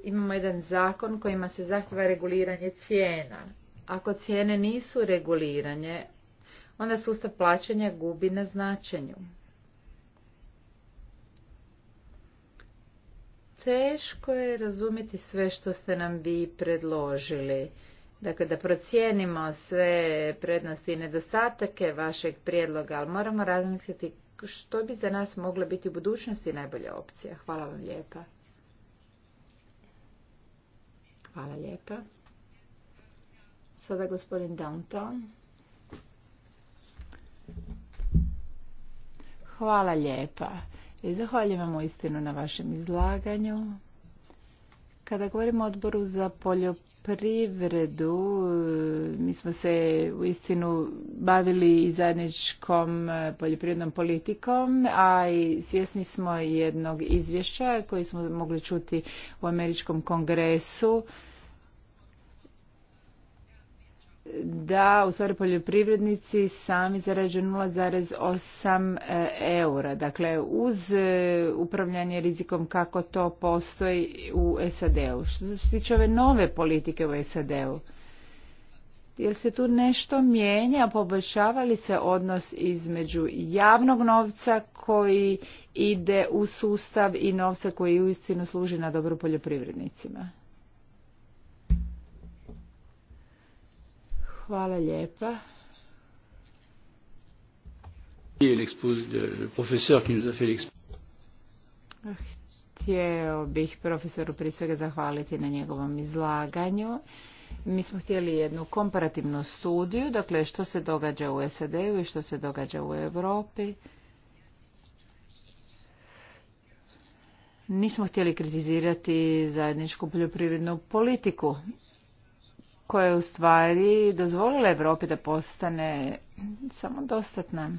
[SPEAKER 3] Imamo jedan zakon kojima se zahtjeva reguliranje cijena. Ako cijene nisu reguliranje, onda sustav plaćanja gubi na značenju. Teško je razumjeti sve što ste nam vi predložili. Dakle, da procijenimo sve prednosti i nedostatake vašeg prijedloga, ali moramo razmisliti što bi za nas mogla biti u budućnosti najbolja opcija. Hvala vam lijepa. Hvala lijepa. Sada gospodin Downtown. Hvala lijepa i zahvaljujem vam istinu na vašem izlaganju. Kada govorimo o odboru za poljoprivredu, mi smo se u istinu bavili i zajedničkom poljoprivrednom politikom, a i svjesni smo jednog izvješća koji smo mogli čuti u Američkom kongresu da u stvari poljoprivrednici sami zarađuju 0,8 e, eura. Dakle, uz e, upravljanje rizikom kako to postoji u SAD-u. Što se tiče ove nove politike u SAD-u, jel se tu nešto mijenja, poboljšava li se odnos između javnog novca koji ide u sustav i novca koji uistinu služi na dobro poljoprivrednicima? Hvala lijepa. Htio bih profesoru prije svega zahvaliti na njegovom izlaganju. Mi smo htjeli jednu komparativnu studiju, dakle što se događa u SAD-u i što se događa u Europi. Nismo htjeli kritizirati zajedničku poljoprivrednu politiku, koja je u stvari dozvolila Evropi da postane samodostatna.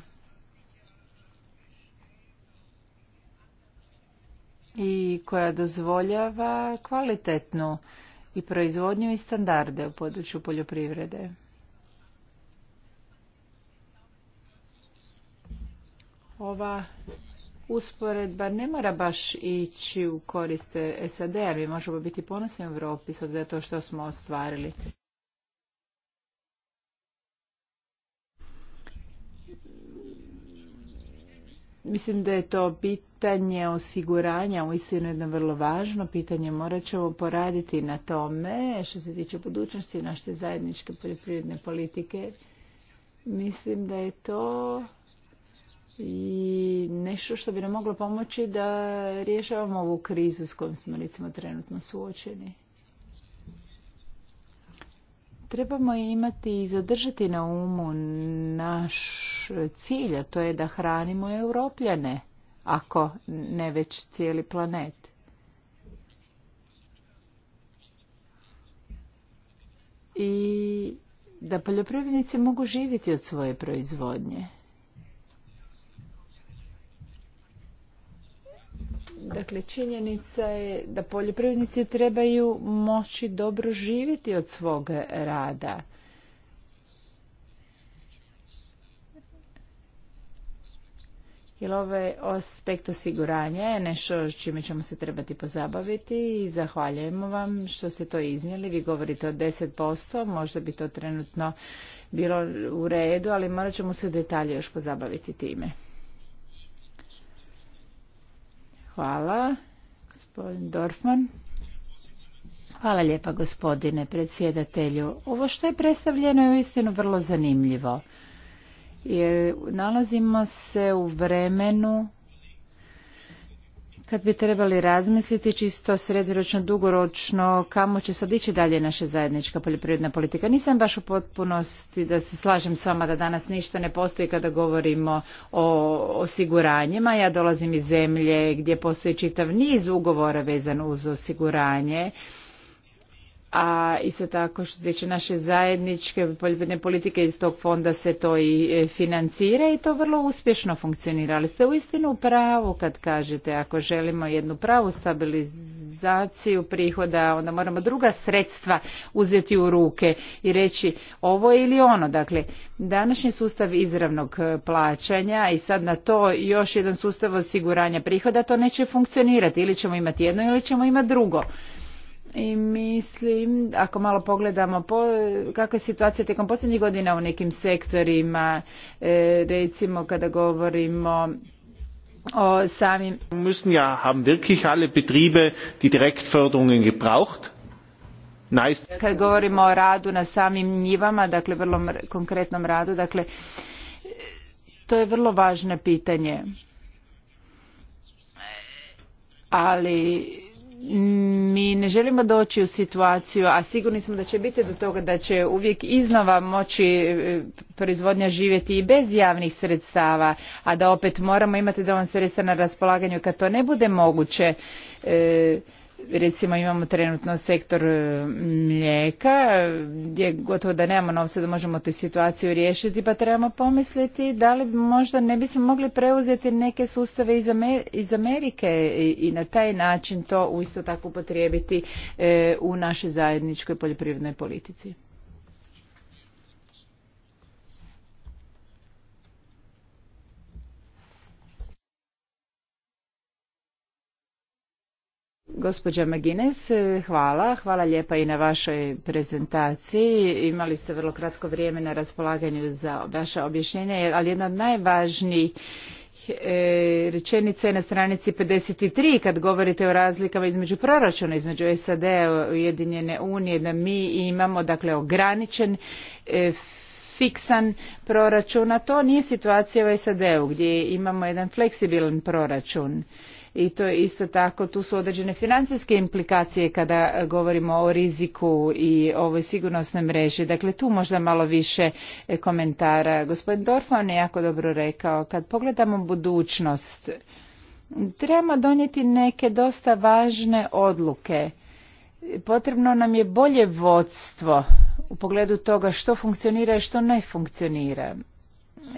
[SPEAKER 3] i koja dozvoljava kvalitetnu i proizvodnju i standarde u području poljoprivrede. Ova usporedba ne mora baš ići u koriste SAD, ali mi možemo biti ponosni u Evropi, s obzirom to što smo ostvarili. Mislim da je to pitanje osiguranja uistinu jedno vrlo važno pitanje. Morat ćemo poraditi na tome što se tiče budućnosti naše zajedničke poljoprivredne politike. Mislim da je to i nešto što bi nam moglo pomoći da rješavamo ovu krizu s kojom smo recimo trenutno suočeni trebamo imati i zadržati na umu naš cilj, a to je da hranimo europljane, ako ne već cijeli planet. I da poljoprivrednici mogu živjeti od svoje proizvodnje. Dakle, činjenica je da poljoprivrednici trebaju moći dobro živjeti od svog rada. Jer ovaj aspekt osiguranja je nešto čime ćemo se trebati pozabaviti i zahvaljujemo vam što ste to iznijeli. Vi govorite o 10%, možda bi to trenutno bilo u redu, ali morat ćemo se u detalje još pozabaviti time. Hvala. Gospodin Dorfman. Hvala lijepa gospodine predsjedatelju. Ovo što je predstavljeno je istinu vrlo zanimljivo. Jer nalazimo se u vremenu kad bi trebali razmisliti čisto srednjoročno, dugoročno, kamo će sad ići dalje naša zajednička poljoprivredna politika. Nisam baš u potpunosti da se slažem s vama da danas ništa ne postoji kada govorimo o osiguranjima. Ja dolazim iz zemlje gdje postoji čitav niz ugovora vezan uz osiguranje a isto tako što se naše zajedničke poljoprivredne politike iz tog fonda se to i e, financira i to vrlo uspješno funkcionira. Ali ste uistinu u pravu kad kažete ako želimo jednu pravu stabilizaciju prihoda onda moramo druga sredstva uzeti u ruke i reći ovo ili ono. Dakle, današnji sustav izravnog e, plaćanja i sad na to još jedan sustav osiguranja prihoda to neće funkcionirati. Ili ćemo imati jedno ili ćemo imati drugo i mislim, ako malo pogledamo po, kakva je situacija tijekom posljednjih godina u nekim sektorima, e, recimo kada govorimo o samim...
[SPEAKER 2] Müssen ja, haben wirklich alle Betriebe die Direktförderungen gebraucht? Nice.
[SPEAKER 3] Kad govorimo o radu na samim njivama, dakle vrlo konkretnom radu, dakle to je vrlo važno pitanje. Ali mi ne želimo doći u situaciju, a sigurni smo da će biti do toga da će uvijek iznova moći e, proizvodnja živjeti i bez javnih sredstava, a da opet moramo imati dovoljno sredstva na raspolaganju kad to ne bude moguće. E, recimo imamo trenutno sektor e, mlijeka gdje gotovo da nemamo novca da možemo tu situaciju riješiti pa trebamo pomisliti da li možda ne bismo mogli preuzeti neke sustave iz Amerike i na taj način to isto tako upotrijebiti e, u našoj zajedničkoj poljoprivrednoj politici. Gospođa Magines, hvala. Hvala lijepa i na vašoj prezentaciji. Imali ste vrlo kratko vrijeme na raspolaganju za vaše objašnjenje, ali jedna od najvažnijih e, rečenica je na stranici 53 kad govorite o razlikama između proračuna, između sad i Ujedinjene unije, da mi imamo dakle ograničen e, fiksan proračun, a to nije situacija u SAD-u gdje imamo jedan fleksibilan proračun i to je isto tako, tu su određene financijske implikacije kada govorimo o riziku i ovoj sigurnosnoj mreži. Dakle, tu možda malo više e, komentara. Gospodin Dorfman je jako dobro rekao, kad pogledamo budućnost, trebamo donijeti neke dosta važne odluke. Potrebno nam je bolje vodstvo u pogledu toga što funkcionira i što ne funkcionira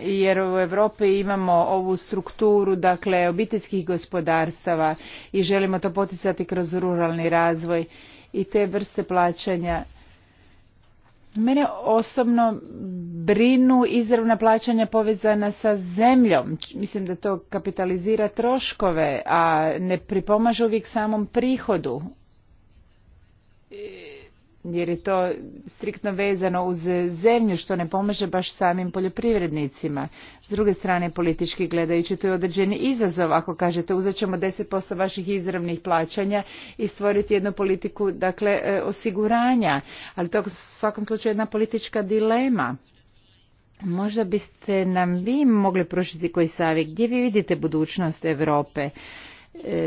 [SPEAKER 3] jer u Europi imamo ovu strukturu dakle obiteljskih gospodarstava i želimo to poticati kroz ruralni razvoj i te vrste plaćanja Mene osobno brinu izravna plaćanja povezana sa zemljom. Mislim da to kapitalizira troškove, a ne pripomaže uvijek samom prihodu jer je to striktno vezano uz zemlju što ne pomaže baš samim poljoprivrednicima. S druge strane, politički gledajući, to je određeni izazov ako kažete uzet ćemo 10% vaših izravnih plaćanja i stvoriti jednu politiku dakle, e, osiguranja, ali to je u svakom slučaju jedna politička dilema. Možda biste nam vi mogli prošiti koji savjet. Gdje vi vidite budućnost Europe? E,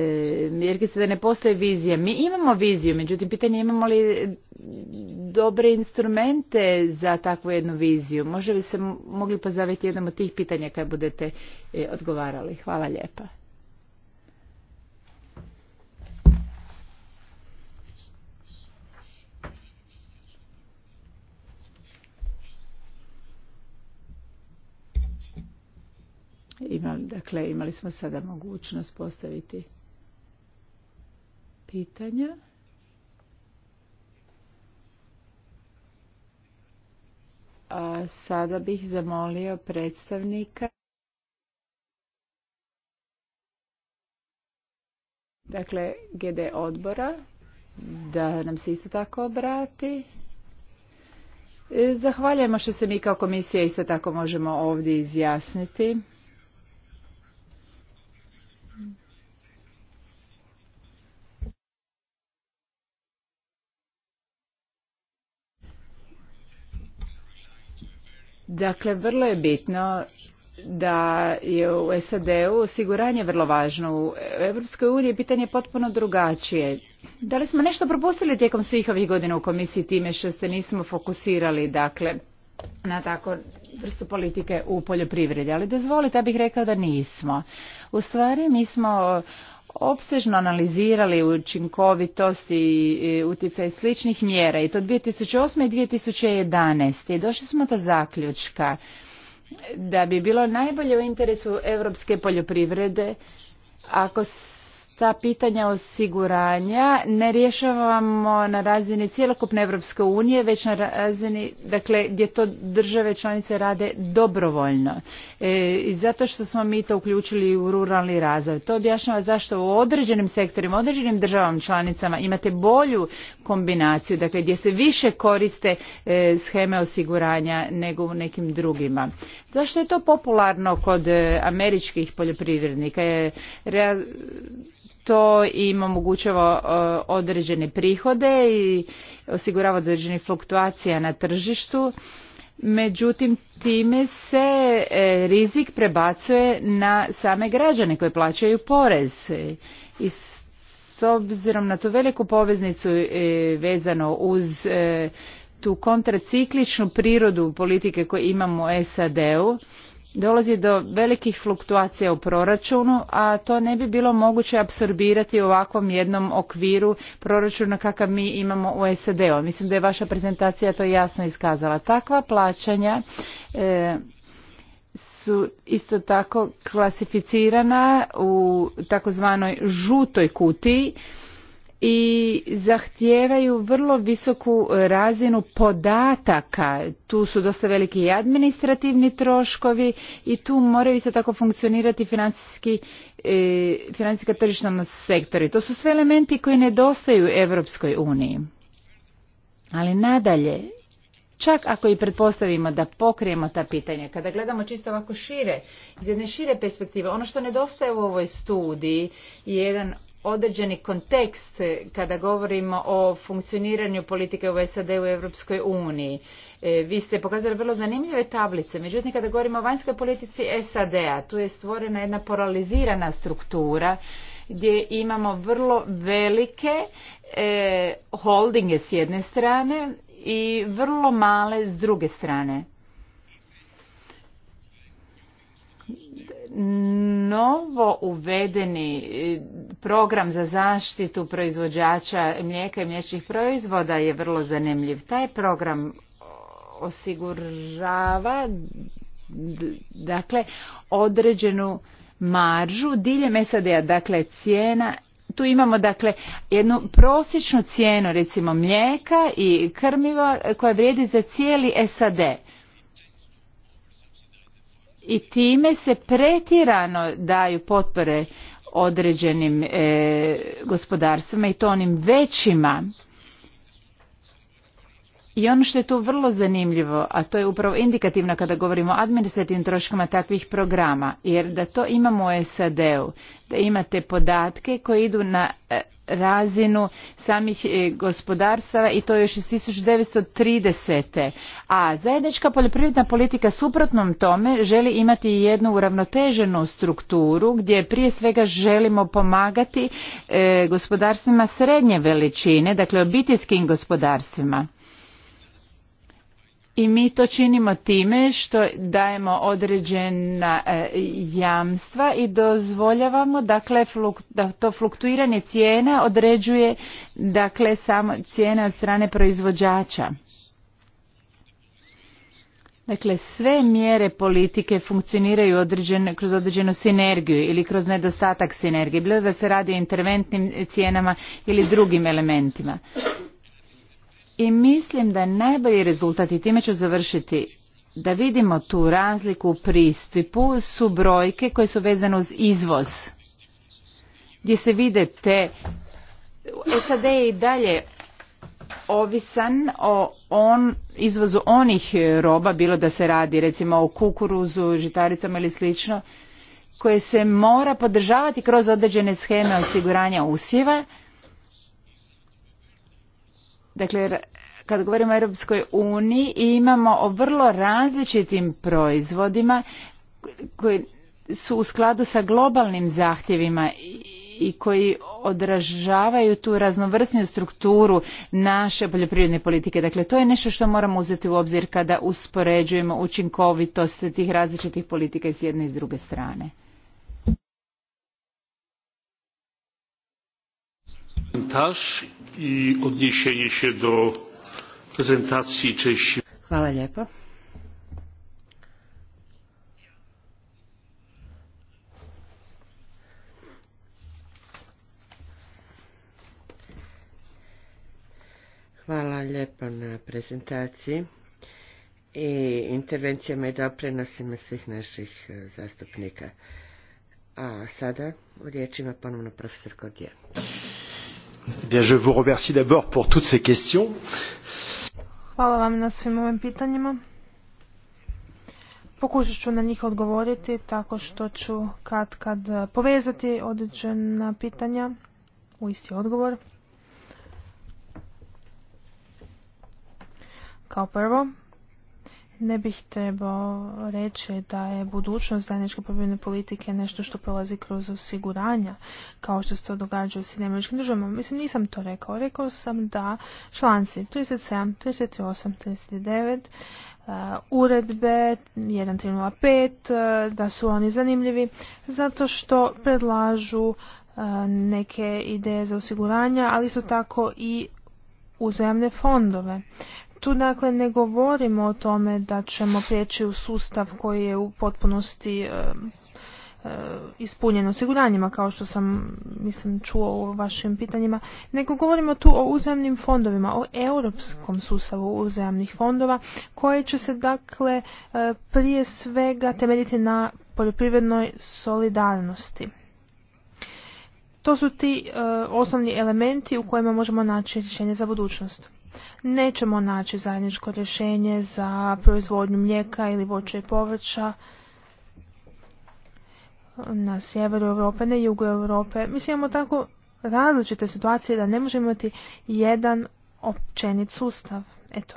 [SPEAKER 3] jer se da ne postoji vizija. Mi imamo viziju, međutim pitanje imamo li dobre instrumente za takvu jednu viziju. Može li se mogli pozaviti jednom od tih pitanja kada budete e, odgovarali? Hvala lijepa. Imali, dakle, imali smo sada mogućnost postaviti pitanja. A sada bih zamolio predstavnika dakle GD odbora da nam se isto tako obrati. E, zahvaljujemo što se mi kao komisija isto tako možemo ovdje izjasniti. Dakle, vrlo je bitno da je u SAD-u osiguranje vrlo važno. U Europskoj uniji pitanje potpuno drugačije. Da li smo nešto propustili tijekom svih ovih godina u komisiji time što se nismo fokusirali dakle, na tako vrstu politike u poljoprivredi, ali dozvolite, ja bih rekao da nismo. U stvari mi smo opsežno analizirali učinkovitost i utjecaj sličnih mjera i to 2008. i 2011. I došli smo do zaključka da bi bilo najbolje u interesu europske poljoprivrede ako ta pitanja osiguranja ne rješavamo na razini cijelokupne Europske unije, već na razini dakle, gdje to države članice rade dobrovoljno. E, I zato što smo mi to uključili u ruralni razvoj. To objašnjava zašto u određenim sektorima, određenim državama članicama imate bolju kombinaciju, dakle gdje se više koriste e, scheme osiguranja nego u nekim drugima. Zašto je to popularno kod e, američkih poljoprivrednika? Rea to im omogućava e, određene prihode i osigurava određene fluktuacija na tržištu. Međutim, time se e, rizik prebacuje na same građane koji plaćaju porez. I s obzirom na tu veliku poveznicu e, vezano uz tu kontracikličnu prirodu politike koju imamo u SAD-u, dolazi do velikih fluktuacija u proračunu, a to ne bi bilo moguće apsorbirati u ovakvom jednom okviru proračuna kakav mi imamo u SAD-u. Mislim da je vaša prezentacija to jasno iskazala. Takva plaćanja e, su isto tako klasificirana u takozvanoj žutoj kutiji i zahtijevaju vrlo visoku razinu podataka. Tu su dosta veliki i administrativni troškovi i tu moraju isto tako funkcionirati financijski e, financijska tržišna sektori. To su sve elementi koji nedostaju Europskoj uniji. Ali nadalje, čak ako i pretpostavimo da pokrijemo ta pitanja, kada gledamo čisto ovako šire, iz jedne šire perspektive, ono što nedostaje u ovoj studiji je jedan određeni kontekst kada govorimo o funkcioniranju politike u SAD u Europskoj uniji. E, vi ste pokazali vrlo zanimljive tablice, međutim kada govorimo o vanjskoj politici SAD-a, tu je stvorena jedna paralizirana struktura gdje imamo vrlo velike e, holdinge s jedne strane i vrlo male s druge strane novo uvedeni e, program za zaštitu proizvođača mlijeka i mliječnih proizvoda je vrlo zanimljiv. Taj program osigurava dakle određenu maržu diljem sad dakle cijena tu imamo dakle jednu prosječnu cijenu recimo mlijeka i krmiva koja vrijedi za cijeli SAD i time se pretirano daju potpore određenim e, gospodarstvima i to onim većima. I ono što je tu vrlo zanimljivo, a to je upravo indikativno kada govorimo o administrativnim troškama takvih programa, jer da to imamo u SAD-u, da imate podatke koji idu na e, razinu samih e, gospodarstava i to još iz 1930. A zajednička poljoprivredna politika suprotnom tome želi imati jednu uravnoteženu strukturu gdje prije svega želimo pomagati e, gospodarstvima srednje veličine, dakle obiteljskim gospodarstvima i mi to činimo time što dajemo određena e, jamstva i dozvoljavamo dakle da to fluktuiranje cijena određuje dakle samo cijena od strane proizvođača. Dakle, sve mjere politike funkcioniraju određen, kroz određenu sinergiju ili kroz nedostatak sinergije, bilo da se radi o interventnim cijenama ili drugim elementima. I mislim da je najbolji rezultat, i time ću završiti, da vidimo tu razliku u pristupu su brojke koje su vezane uz izvoz. Gdje se vide te... SAD je i dalje ovisan o on, izvozu onih roba, bilo da se radi recimo o kukuruzu, žitaricama ili slično, koje se mora podržavati kroz određene scheme osiguranja usjeva, Dakle, kad govorimo o Europskoj uniji imamo o vrlo različitim proizvodima koji su u skladu sa globalnim zahtjevima i koji odražavaju tu raznovrsniju strukturu naše poljoprivredne politike. Dakle, to je nešto što moramo uzeti u obzir kada uspoređujemo učinkovitost tih različitih politika s jedne i druge strane.
[SPEAKER 2] Taš i odniesienie się do prezentacji części.
[SPEAKER 4] Hvala lijepo. Hvala lijepo na prezentaciji i intervencijama i doprinosima svih naših e, zastupnika. A sada u riječima ponovno profesor Kodje.
[SPEAKER 1] Hvala vam na svim ovim pitanjima. Pokušat ću na njih odgovoriti tako što ću kad kad povezati određena pitanja u isti odgovor. Kao prvo, ne bih trebao reći da je budućnost zajedničke poljoprivredne politike nešto što prolazi kroz osiguranja, kao što se to događa u Sjedinjeničkim državama. Mislim, nisam to rekao. Rekao sam da članci 37, 38, 39, uredbe 1305, uh, da su oni zanimljivi, zato što predlažu uh, neke ideje za osiguranja, ali su tako i uzemne fondove. Tu dakle ne govorimo o tome da ćemo prijeći u sustav koji je u potpunosti e, e, ispunjen osiguranjima kao što sam mislim čuo u vašim pitanjima, nego govorimo tu o uzajamnim fondovima, o europskom sustavu uzajamnih fondova koje će se dakle e, prije svega temeljiti na poljoprivrednoj solidarnosti. To su ti e, osnovni elementi u kojima možemo naći rješenje za budućnost nećemo naći zajedničko rješenje za proizvodnju mlijeka ili voća i povrća na sjeveru Europe, ne jugu Europe. Mislim imamo tako različite situacije da ne možemo imati jedan općenit sustav. Eto,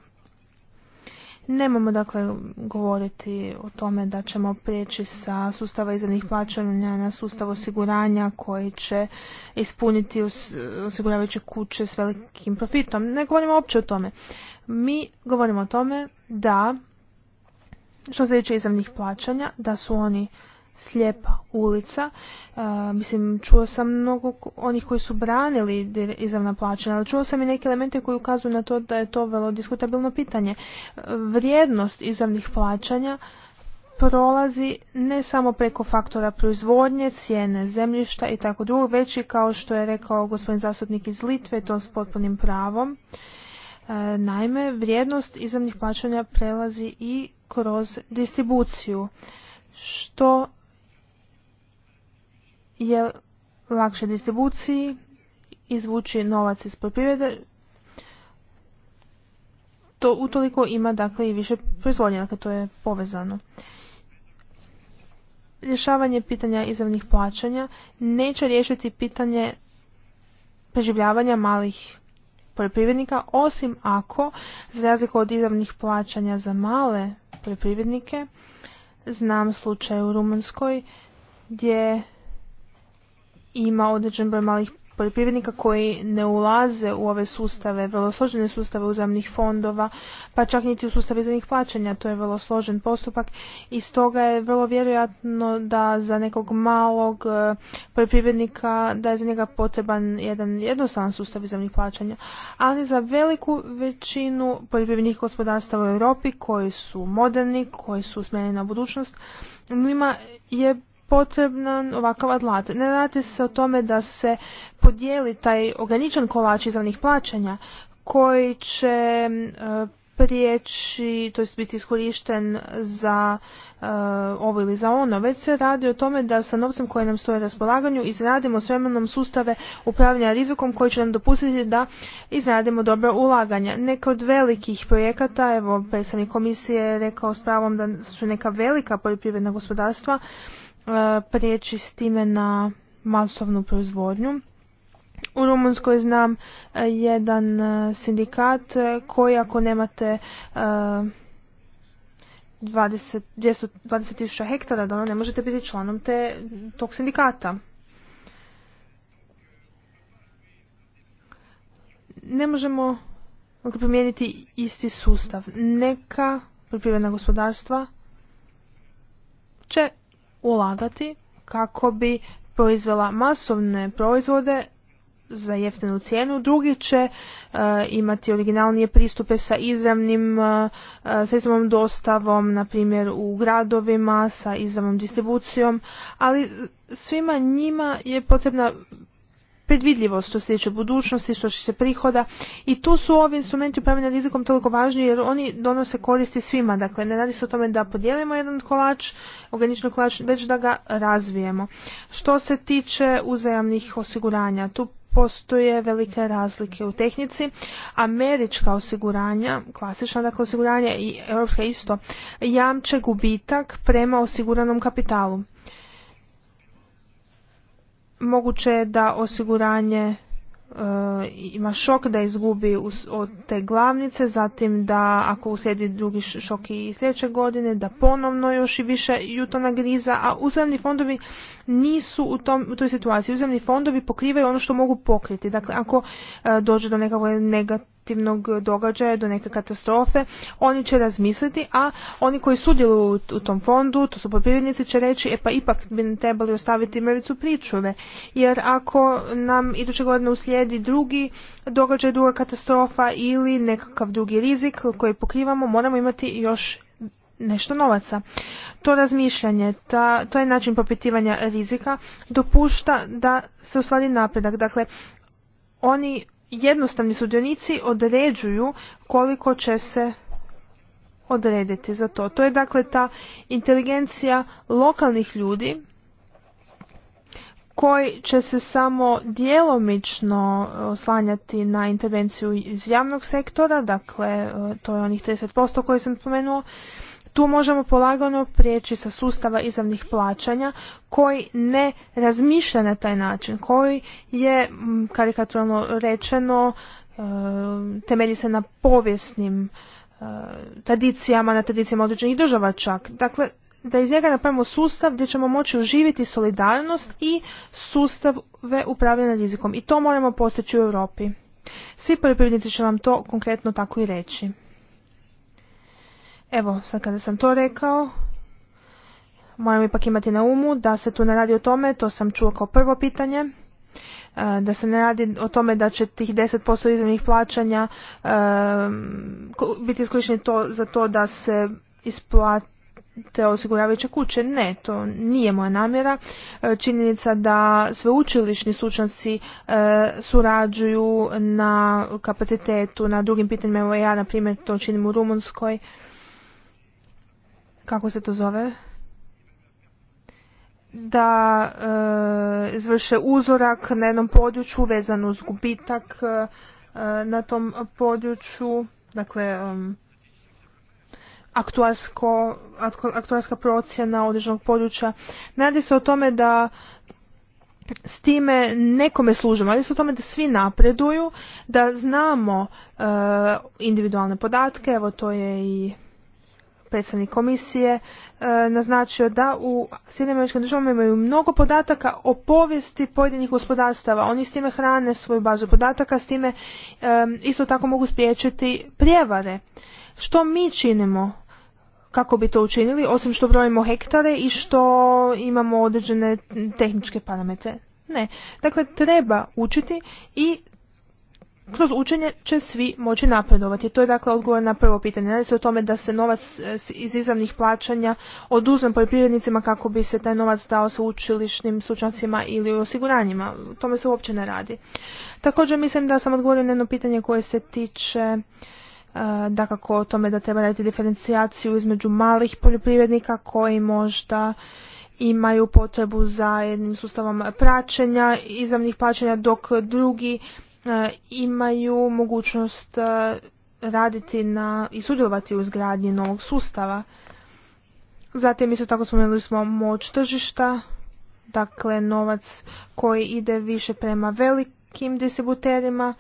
[SPEAKER 1] Nemamo dakle govoriti o tome da ćemo prijeći sa sustava izrednih plaćanja na sustav osiguranja koji će ispuniti osiguravajuće kuće s velikim profitom. Ne govorimo uopće o tome. Mi govorimo o tome da što se tiče izravnih plaćanja, da su oni slijepa ulica. E, mislim, čuo sam mnogo onih koji su branili izravna plaćanja, ali čuo sam i neke elemente koji ukazuju na to da je to velo diskutabilno pitanje. E, vrijednost izravnih plaćanja prolazi ne samo preko faktora proizvodnje, cijene zemljišta i tako drugo, već i kao što je rekao gospodin zastupnik iz Litve, to s potpunim pravom. E, naime, vrijednost izravnih plaćanja prelazi i kroz distribuciju što je lakše distribuciji, izvući novac iz poljoprivrede, to utoliko ima dakle i više proizvodnje, dakle to je povezano. Rješavanje pitanja izravnih plaćanja neće riješiti pitanje preživljavanja malih poljoprivrednika, osim ako, za razliku od izravnih plaćanja za male poljoprivrednike, znam slučaj u Rumunskoj gdje ima određen broj malih poljoprivrednika koji ne ulaze u ove sustave, vrlo složene sustave uzemnih fondova, pa čak niti u sustav uzemnih plaćanja, to je vrlo složen postupak i stoga je vrlo vjerojatno da za nekog malog e, poljoprivrednika da je za njega potreban jedan jednostavan sustav izravnih plaćanja, ali za veliku većinu poljoprivrednih gospodarstva u Europi koji su moderni, koji su usmjereni na budućnost, njima je potrebna ovakav adlat. Ne radi se o tome da se podijeli taj ograničen kolač izravnih plaćanja koji će e, prijeći, to jest biti iskorišten za e, ovo ili za ono, već se radi o tome da sa novcem koji nam stoje na raspolaganju izradimo s sustave upravljanja rizikom koji će nam dopustiti da izradimo dobra ulaganja. Neka od velikih projekata, evo predstavnik komisije je rekao s pravom da su neka velika poljoprivredna gospodarstva E, prijeći s time na masovnu proizvodnju. U Rumunskoj znam e, jedan e, sindikat koji ako nemate 20.000 hektara da ono ne možete biti članom te, tog sindikata. Ne možemo promijeniti isti sustav. Neka poljoprivredna gospodarstva će ulagati kako bi proizvela masovne proizvode za jeftinu cijenu, drugi će e, imati originalnije pristupe sa izravnim e, e, dostavom, na primjer u gradovima, sa izravnom distribucijom, ali svima njima je potrebna predvidljivost što se tiče budućnosti, što se prihoda i tu su ovi instrumenti upravljanja rizikom toliko važni jer oni donose koristi svima. Dakle, ne radi se o tome da podijelimo jedan kolač, organični kolač, već da ga razvijemo. Što se tiče uzajamnih osiguranja, tu postoje velike razlike u tehnici. Američka osiguranja, klasična dakle osiguranja i europska isto, jamče gubitak prema osiguranom kapitalu moguće je da osiguranje e, ima šok da izgubi od te glavnice, zatim da ako uslijedi drugi šok i sljedeće godine, da ponovno još i više jutona griza a uzemni fondovi nisu u, tom, u toj situaciji. Uzemni fondovi pokrivaju ono što mogu pokriti. Dakle, ako e, dođe do nekakvog negativnog događaja, do neke katastrofe, oni će razmisliti, a oni koji sudjeluju u tom fondu, to su poljoprivrednici, će reći, e pa ipak bi trebali ostaviti mrvicu pričuve. Jer ako nam iduće godine uslijedi drugi događaj, druga katastrofa ili nekakav drugi rizik koji pokrivamo, moramo imati još nešto novaca. To razmišljanje, ta, to je način popitivanja rizika, dopušta da se ostvari napredak. Dakle, oni jednostavni sudionici određuju koliko će se odrediti za to. To je dakle ta inteligencija lokalnih ljudi koji će se samo djelomično e, oslanjati na intervenciju iz javnog sektora, dakle e, to je onih 30% koje sam spomenuo, tu možemo polagano prijeći sa sustava izravnih plaćanja koji ne razmišlja na taj način, koji je karikaturno rečeno e, temelji se na povijesnim e, tradicijama, na tradicijama određenih država čak. Dakle, da iz njega napravimo sustav gdje ćemo moći uživiti solidarnost i sustave upravljanja rizikom. I to moramo postići u Europi. Svi poljoprivrednici će vam to konkretno tako i reći. Evo, sad kada sam to rekao, moram ipak imati na umu da se tu ne radi o tome, to sam čuo kao prvo pitanje, e, da se ne radi o tome da će tih 10% izravnih plaćanja e, biti iskorišteni za to da se isplate osiguravajuće kuće. Ne, to nije moja namjera. E, činjenica da sveučilišni stručnjaci surađuju na kapacitetu, na drugim pitanjima. Evo ja, na primjer, to činim u Rumunskoj kako se to zove, da e, izvrše uzorak na jednom području vezan uz gubitak e, na tom području, dakle e, aktuarska procjena određenog područja. Ne radi se o tome da s time nekome služimo, ali se o tome da svi napreduju, da znamo e, individualne podatke, evo to je i predstavnik komisije e, naznačio da u Sjedinjenim državama imaju mnogo podataka o povijesti pojedinih gospodarstava. Oni s time hrane svoju bazu podataka, s time e, isto tako mogu spriječiti prijevare. Što mi činimo kako bi to učinili, osim što brojimo hektare i što imamo određene tehničke parametre? Ne. Dakle, treba učiti i kroz učenje će svi moći napredovati. To je dakle odgovor na prvo pitanje. Radi se o tome da se novac e, iz izravnih plaćanja oduzme poljoprivrednicima kako bi se taj novac dao sveučilišnim stručnjacima ili osiguranjima. O tome se uopće ne radi. Također mislim da sam odgovorio na jedno pitanje koje se tiče e, kako o tome da treba raditi diferencijaciju između malih poljoprivrednika koji možda imaju potrebu za jednim sustavom praćenja, izravnih plaćanja, dok drugi E, imaju mogućnost e, raditi na i sudjelovati u izgradnji novog sustava. Zatim isto tako spomenuli smo moć tržišta, dakle novac koji ide više prema velikim distributerima,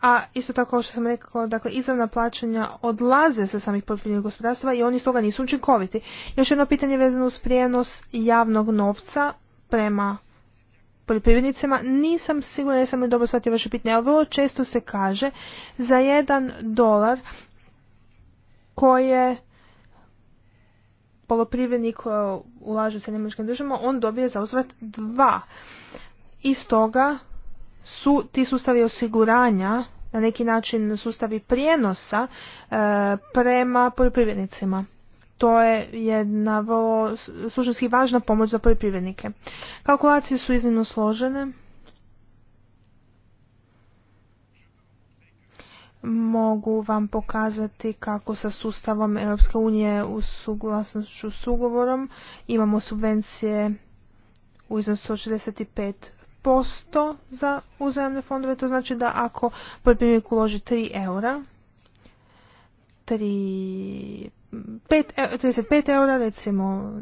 [SPEAKER 1] a isto tako što sam rekao, dakle izravna plaćanja odlaze sa samih poljoprivrednih gospodarstva i oni stoga nisu učinkoviti. Još jedno pitanje vezano uz prijenos javnog novca prema poljoprivrednicima. Nisam sigurna, jesam li dobro shvatio vaše pitanje, ali vrlo često se kaže za jedan dolar koje poljoprivrednik e, ulaže sa njemačkim državama, on dobije za uzvrat dva. I stoga su ti sustavi osiguranja na neki način sustavi prijenosa e, prema poljoprivrednicima to je jedna vrlo suštinski važna pomoć za poljoprivrednike. Kalkulacije su iznimno složene. Mogu vam pokazati kako sa sustavom Europske unije u suglasnošću s ugovorom imamo subvencije u iznosu od 65% za uzajamne fondove. To znači da ako poljoprivrednik uloži 3 eura, 3 35 e, eura recimo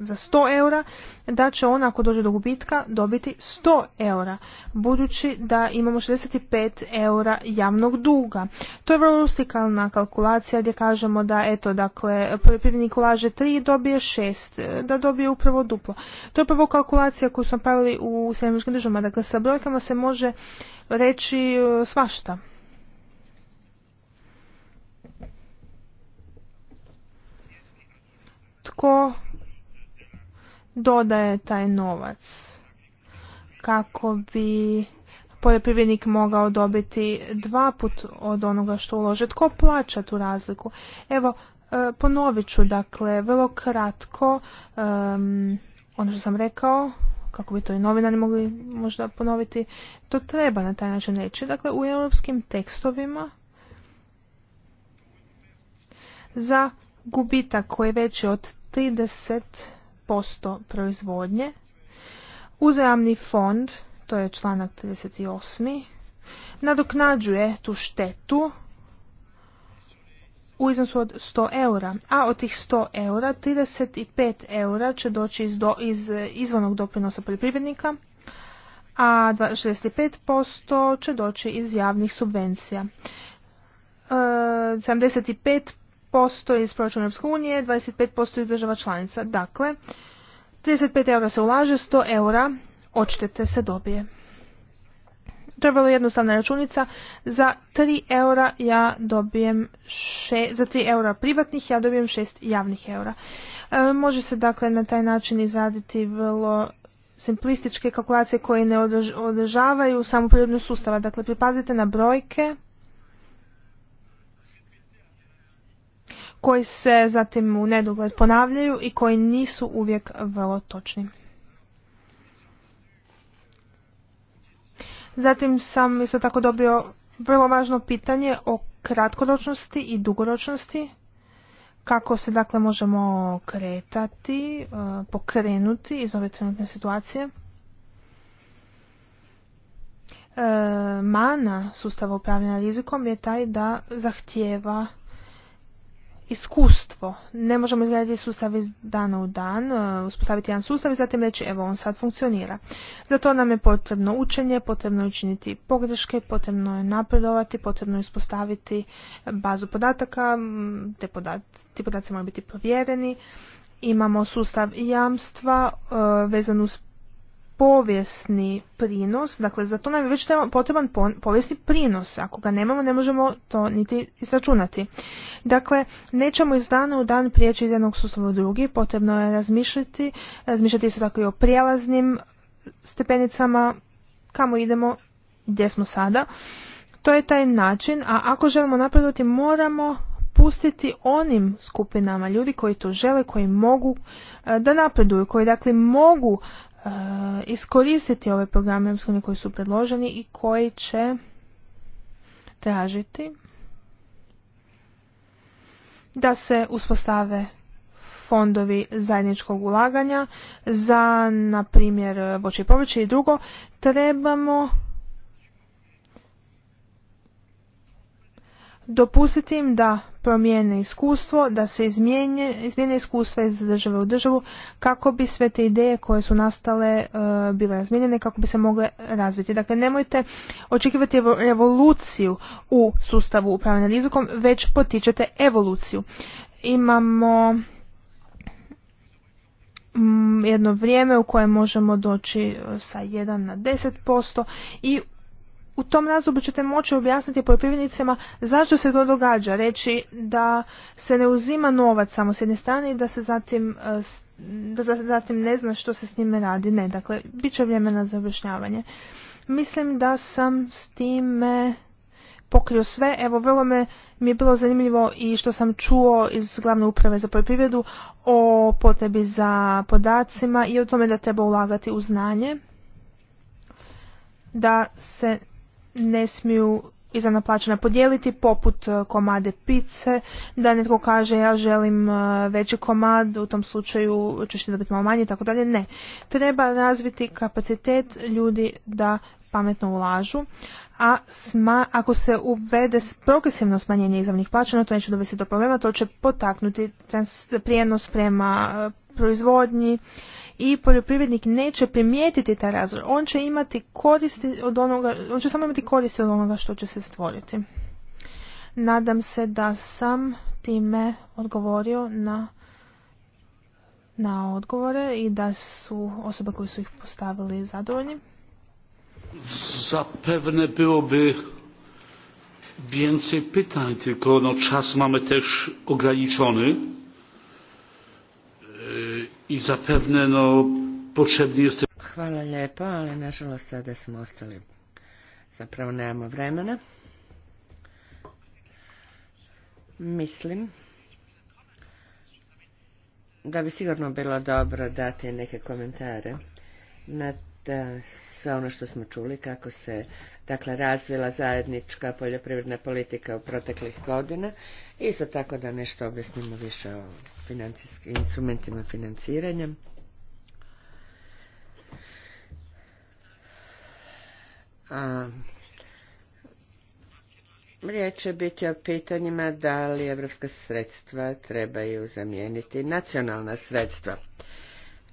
[SPEAKER 1] za 100 eura, da će ona ako dođe do gubitka dobiti 100 eura, budući da imamo 65 eura javnog duga. To je vrlo rustikalna kalkulacija gdje kažemo da eto, dakle, poljoprivrednik ulaže 3 dobije 6, e, da dobije upravo duplo. To je prvo kalkulacija koju smo pravili u Sjemičkim državama, dakle sa brojkama se može reći e, svašta. tko dodaje taj novac kako bi poljoprivrednik mogao dobiti dva put od onoga što ulože. Tko plaća tu razliku? Evo, e, ponovit ću, dakle, vrlo kratko ono što sam rekao, kako bi to i novinari mogli možda ponoviti, to treba na taj način reći. Dakle, u europskim tekstovima za gubitak koji je veći od 30% proizvodnje. Uzajamni fond, to je članak 38. nadoknađuje tu štetu u iznosu od 100 eura, a od tih 100 eura 35 eura će doći iz, do, iz izvornog doprinosa poljoprivrednika, a 65% će doći iz javnih subvencija. 75 e, posto iz proračuna Europske unije, 25% iz država članica. Dakle, 35 eura se ulaže, 100 eura odštete se dobije. Trebalo je jednostavna računica. Za 3 eura ja dobijem 6, za 3 eura privatnih ja dobijem 6 javnih eura. E, može se dakle na taj način izraditi vrlo simplističke kalkulacije koje ne održavaju samu sustava. Dakle, pripazite na brojke koji se zatim u nedogled ponavljaju i koji nisu uvijek vrlo točni. Zatim sam isto tako dobio vrlo važno pitanje o kratkoročnosti i dugoročnosti, kako se dakle možemo kretati, eh, pokrenuti iz ove trenutne situacije. Eh, mana sustava upravljanja rizikom je taj da zahtijeva iskustvo. Ne možemo izgledati sustav iz dana u dan, e, uspostaviti jedan sustav i zatim reći evo on sad funkcionira. Za to nam je potrebno učenje, potrebno je učiniti pogreške, potrebno je napredovati, potrebno je uspostaviti bazu podataka, te ti podaci moraju biti provjereni. Imamo sustav jamstva e, vezan uz povijesni prinos, dakle za to nam je već potreban povijesni prinos, ako ga nemamo ne možemo to niti izračunati. Dakle, nećemo iz dana u dan prijeći iz jednog sustava u drugi, potrebno je razmišljati, razmišljati isto tako i o prijelaznim stepenicama, kamo idemo, gdje smo sada. To je taj način, a ako želimo napredovati moramo pustiti onim skupinama ljudi koji to žele, koji mogu eh, da napreduju, koji dakle mogu Eh, iskoristiti ove programe eu koji su predloženi i koji će tražiti da se uspostave fondovi zajedničkog ulaganja za, na primjer, voće i povrće i drugo, trebamo dopustiti im da promijene iskustvo, da se izmijene, iskustva iz države u državu kako bi sve te ideje koje su nastale e, bile razmijenjene, kako bi se mogle razviti. Dakle, nemojte očekivati revoluciju u sustavu upravljanja rizikom, već potičete evoluciju. Imamo mm, jedno vrijeme u kojem možemo doći e, sa 1 na 10% i u tom razdoblju ćete moći objasniti poljoprivrednicima zašto se to događa, reći da se ne uzima novac samo s jedne strane i da se zatim e, da zatim ne zna što se s njime radi. Ne, dakle, bit će vremena na objašnjavanje. Mislim da sam s time pokrio sve. Evo, vrlo me, mi je bilo zanimljivo i što sam čuo iz glavne uprave za poljoprivredu o potrebi za podacima i o tome da treba ulagati u znanje da se ne smiju iza plaćanja podijeliti poput e, komade pice, da netko kaže ja želim e, veći komad, u tom slučaju ćeš ti dobiti malo manje i tako dalje. Ne. Treba razviti kapacitet ljudi da pametno ulažu, a sma, ako se uvede progresivno smanjenje izravnih plaćanja, to neće dovesti do problema, to će potaknuti prijenos prema e, proizvodnji, i poljoprivrednik neće primijetiti taj razvoj. On će imati koristi od onoga, on će samo imati koristi od onoga što će se stvoriti. Nadam se da sam time odgovorio na na odgovore i da su osobe koje su ih postavili zadovoljni.
[SPEAKER 2] Zapewne byłoby więcej pytań, tylko no, czas mamy też ograniczony i zapewne no,
[SPEAKER 4] potrzebny Hvala lijepo, ali nažalost sada smo ostali. Zapravo nemamo vremena. Mislim da bi sigurno bilo dobro dati neke komentare na sve ono što smo čuli, kako se dakle razvila zajednička poljoprivredna politika u proteklih godina. Isto tako da nešto objasnimo više o financijskim instrumentima financiranja. A, Riječ biti o pitanjima da li evropska sredstva trebaju zamijeniti nacionalna sredstva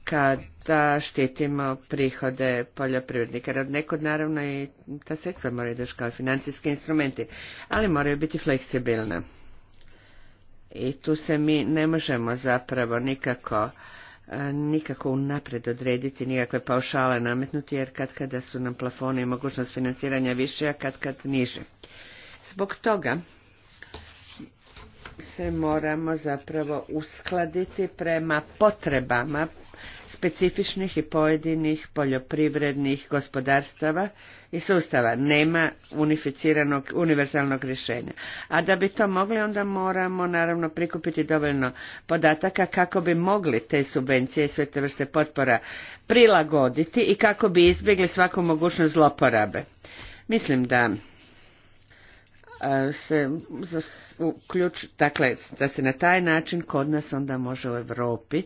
[SPEAKER 4] kada štitimo prihode poljoprivrednika. Rad od naravno i ta sredstva moraju doći kao financijski instrumenti, ali moraju biti fleksibilna. I tu se mi ne možemo zapravo nikako e, nikako unaprijed odrediti, nikakve paušale nametnuti, jer kad kada su nam plafoni i mogućnost financiranja više, a kad kad niže. Zbog toga se moramo zapravo uskladiti prema potrebama specifičnih i pojedinih poljoprivrednih gospodarstava i sustava. Nema unificiranog, univerzalnog rješenja. A da bi to mogli, onda moramo naravno prikupiti dovoljno podataka kako bi mogli te subvencije i sve te vrste potpora prilagoditi i kako bi izbjegli svaku mogućnost zloporabe. Mislim da se uključ, dakle, da se na taj način kod nas onda može u Europi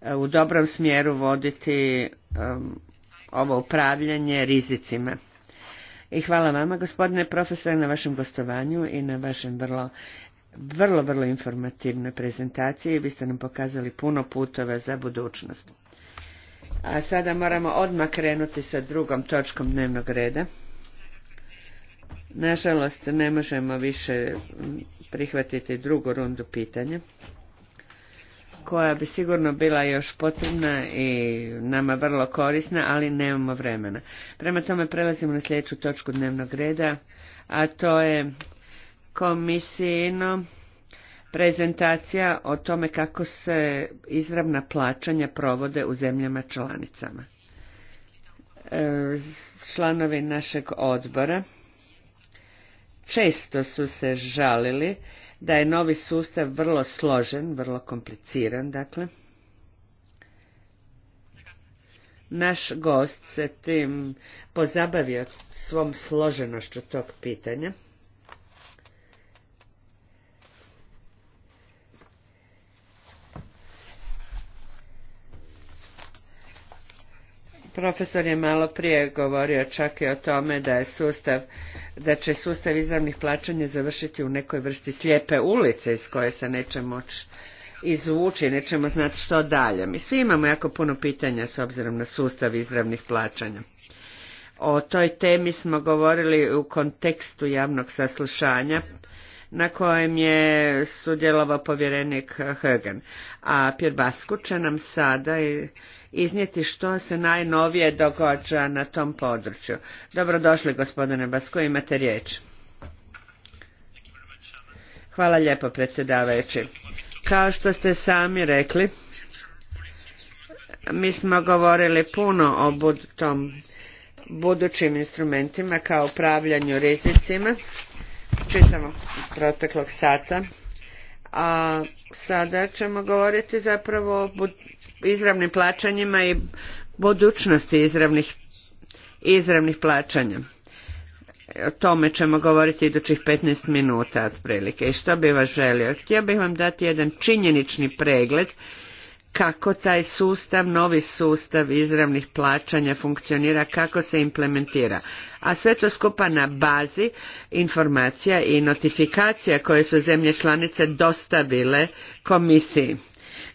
[SPEAKER 4] E, u dobrom smjeru voditi e, ovo upravljanje rizicima. I hvala vama gospodine profesore na vašem gostovanju i na vašem vrlo vrlo, vrlo informativne prezentacije vi ste nam pokazali puno putova za budućnost. A sada moramo odmah krenuti sa drugom točkom dnevnog reda. Nažalost, ne možemo više prihvatiti drugu rundu pitanja koja bi sigurno bila još potrebna i nama vrlo korisna, ali nemamo vremena. Prema tome prelazimo na sljedeću točku dnevnog reda, a to je komisijino prezentacija o tome kako se izravna plaćanja provode u zemljama članicama. E, članovi našeg odbora često su se žalili da je novi sustav vrlo složen, vrlo kompliciran, dakle. Naš gost se tim pozabavio svom složenošću tog pitanja. Profesor je malo prije govorio čak i o tome da je sustav, da će sustav izravnih plaćanja završiti u nekoj vrsti slijepe ulice iz koje se neće moći izvući, nećemo znati što dalje. Mi svi imamo jako puno pitanja s obzirom na sustav izravnih plaćanja. O toj temi smo govorili u kontekstu javnog saslušanja na kojem je sudjelovao povjerenik Högen. A Basku će nam sada iznijeti što se najnovije događa na tom području. Dobrodošli gospodine Basku, imate riječ. Hvala lijepo predsjedavajući. Kao što ste sami rekli, mi smo govorili puno o tom budućim instrumentima kao upravljanju rizicima čitavog proteklog sata. A sada ćemo govoriti zapravo o izravnim plaćanjima i budućnosti izravnih, izravnih plaćanja. O tome ćemo govoriti idućih 15 minuta otprilike. I što bi vas želio? Htio bih vam dati jedan činjenični pregled kako taj sustav, novi sustav izravnih plaćanja funkcionira, kako se implementira. A sve to skupa na bazi informacija i notifikacija koje su zemlje članice dostavile komisiji.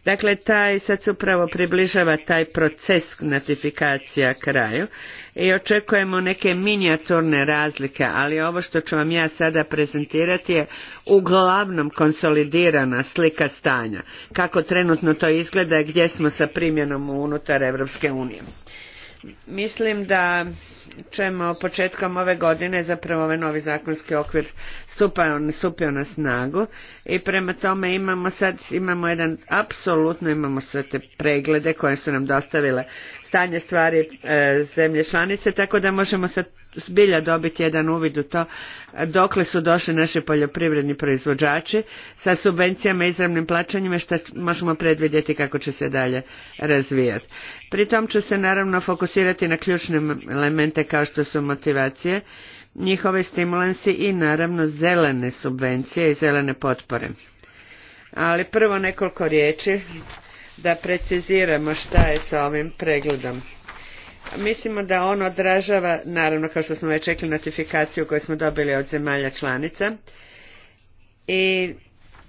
[SPEAKER 4] Dakle, taj, sad se upravo približava taj proces notifikacija kraju i očekujemo neke minijaturne razlike, ali ovo što ću vam ja sada prezentirati je uglavnom konsolidirana slika stanja, kako trenutno to izgleda i gdje smo sa primjenom unutar Europske unije. Mislim da ćemo početkom ove godine, zapravo ovaj novi zakonski okvir stupio, na snagu i prema tome imamo sad, imamo jedan, apsolutno imamo sve te preglede koje su nam dostavile stanje stvari e, zemlje članice, tako da možemo sad zbilja dobiti jedan uvid u to dokle su došli naši poljoprivredni proizvođači sa subvencijama i izravnim plaćanjima što možemo predvidjeti kako će se dalje razvijati. Pri tom ću se naravno fokusirati na ključne elemente kao što su motivacije, njihove stimulansi i naravno zelene subvencije i zelene potpore. Ali prvo nekoliko riječi da preciziramo šta je sa ovim pregledom. Mislimo da on odražava, naravno kao što smo već rekli, notifikaciju koju smo dobili od zemalja članica i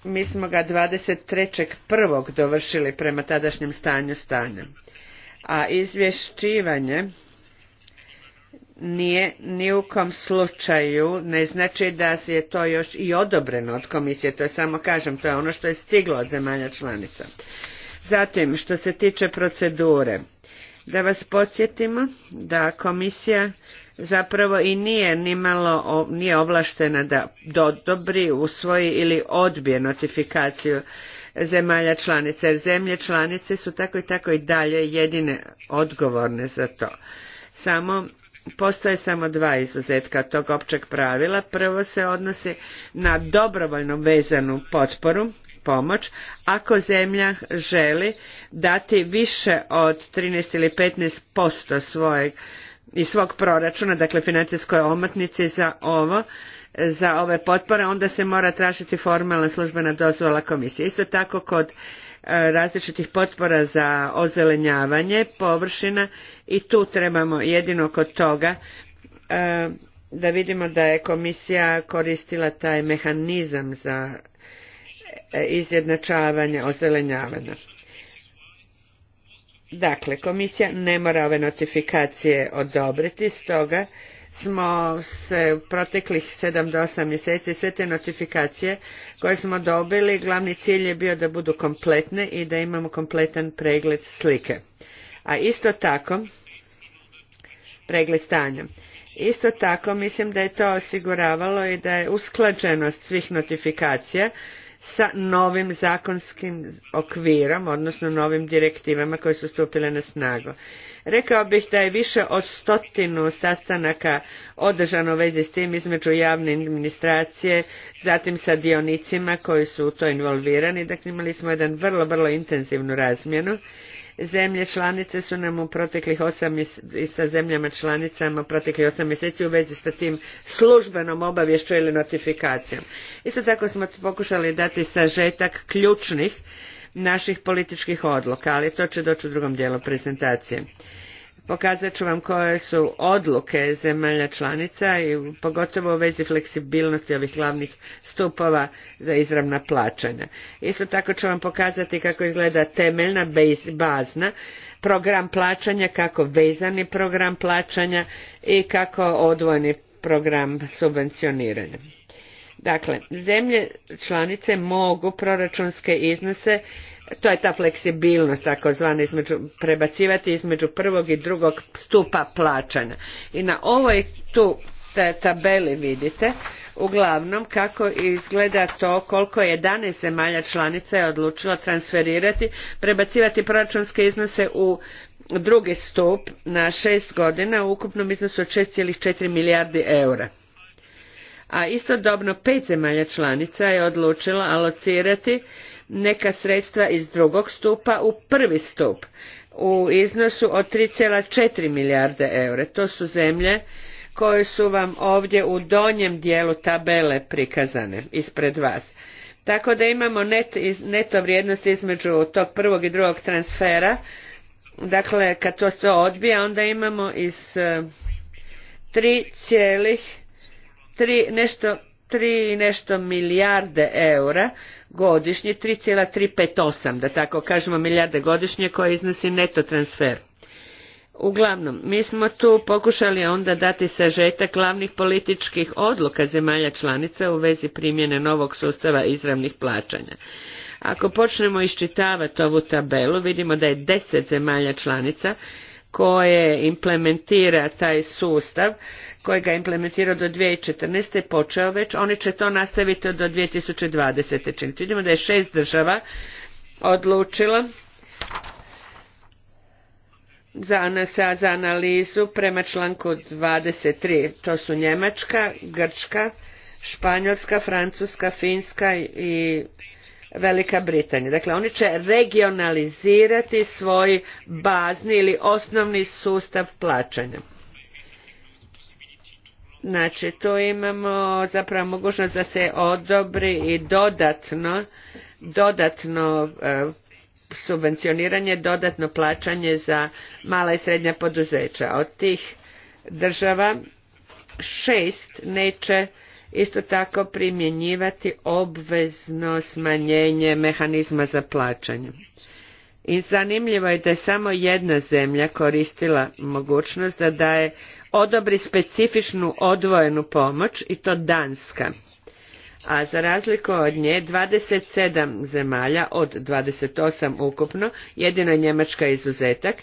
[SPEAKER 4] mi smo ga 23.1. dovršili prema tadašnjem stanju stanja. A izvješćivanje nije ni u kom slučaju, ne znači da je to još i odobreno od komisije, to je samo kažem, to je ono što je stiglo od zemalja članica. Zatim, što se tiče procedure, da vas podsjetimo da komisija zapravo i nije nimalo nije ovlaštena da dobri, usvoji ili odbije notifikaciju zemalja članica, jer zemlje članice su tako i tako i dalje jedine odgovorne za to. Samo Postoje samo dva izuzetka tog općeg pravila. Prvo se odnosi na dobrovoljno vezanu potporu pomoć ako zemlja želi dati više od 13 ili 15% svojeg i svog proračuna, dakle financijskoj omotnici za ovo, za ove potpore, onda se mora tražiti formalna službena dozvola komisije. Isto tako kod e, različitih potpora za ozelenjavanje površina i tu trebamo jedino kod toga e, da vidimo da je komisija koristila taj mehanizam za izjednačavanja, ozelenjavanja. Dakle, komisija ne mora ove notifikacije odobriti, stoga smo se proteklih 7 do 8 mjeseci sve te notifikacije koje smo dobili, glavni cilj je bio da budu kompletne i da imamo kompletan pregled slike. A isto tako, pregled stanja. Isto tako mislim da je to osiguravalo i da je usklađenost svih notifikacija sa novim zakonskim okvirom, odnosno novim direktivama koje su stupile na snagu. Rekao bih da je više od stotinu sastanaka održano u vezi s tim između javne administracije, zatim sa dionicima koji su u to involvirani, dakle imali smo jedan vrlo, vrlo intenzivnu razmjenu zemlje članice su nam u proteklih osam i sa zemljama članicama u proteklih osam mjeseci u vezi sa tim službenom obavješću ili notifikacijom. Isto tako smo pokušali dati sažetak ključnih naših političkih odluka, ali to će doći u drugom dijelu prezentacije. Pokazat ću vam koje su odluke zemalja članica i pogotovo u vezi fleksibilnosti ovih glavnih stupova za izravna plaćanja. Isto tako ću vam pokazati kako izgleda temeljna bazna program plaćanja, kako vezani program plaćanja i kako odvojeni program subvencioniranja. Dakle, zemlje članice mogu proračunske iznose to je ta fleksibilnost takozvana između prebacivati između prvog i drugog stupa plaćanja i na ovoj tu tabeli vidite uglavnom kako izgleda to koliko je 11 zemalja članica je odlučilo transferirati, prebacivati proračunske iznose u drugi stup na šest godina u ukupnom iznosu od 6,4 milijardi eura. A istodobno pet zemalja članica je odlučilo alocirati neka sredstva iz drugog stupa u prvi stup u iznosu od 3,4 milijarde eura. To su zemlje koje su vam ovdje u donjem dijelu tabele prikazane ispred vas. Tako da imamo neto vrijednost između tog prvog i drugog transfera. Dakle, kad to sve odbija, onda imamo iz e, tri nešto, 3 nešto milijarde eura godišnje, 3,358, da tako kažemo, milijarde godišnje koje iznosi neto transfer. Uglavnom, mi smo tu pokušali onda dati sažetak glavnih političkih odluka zemalja članica u vezi primjene novog sustava izravnih plaćanja. Ako počnemo iščitavati ovu tabelu, vidimo da je deset zemalja članica koje implementira taj sustav, koje ga implementira do 2014. počeo već, oni će to nastaviti do 2020. Čini vidimo da je šest država odlučila za, za analizu prema članku 23. To su Njemačka, Grčka, Španjolska, Francuska, Finska i Velika Britanija. Dakle, oni će regionalizirati svoj bazni ili osnovni sustav plaćanja. Znači, tu imamo zapravo mogućnost da se odobri i dodatno, dodatno e, subvencioniranje, dodatno plaćanje za mala i srednja poduzeća. Od tih država šest neće isto tako primjenjivati obvezno smanjenje mehanizma za plaćanje. I zanimljivo je da je samo jedna zemlja koristila mogućnost da daje odobri specifičnu odvojenu pomoć i to Danska. A za razliku od nje 27 zemalja od 28 ukupno, jedino je Njemačka izuzetak,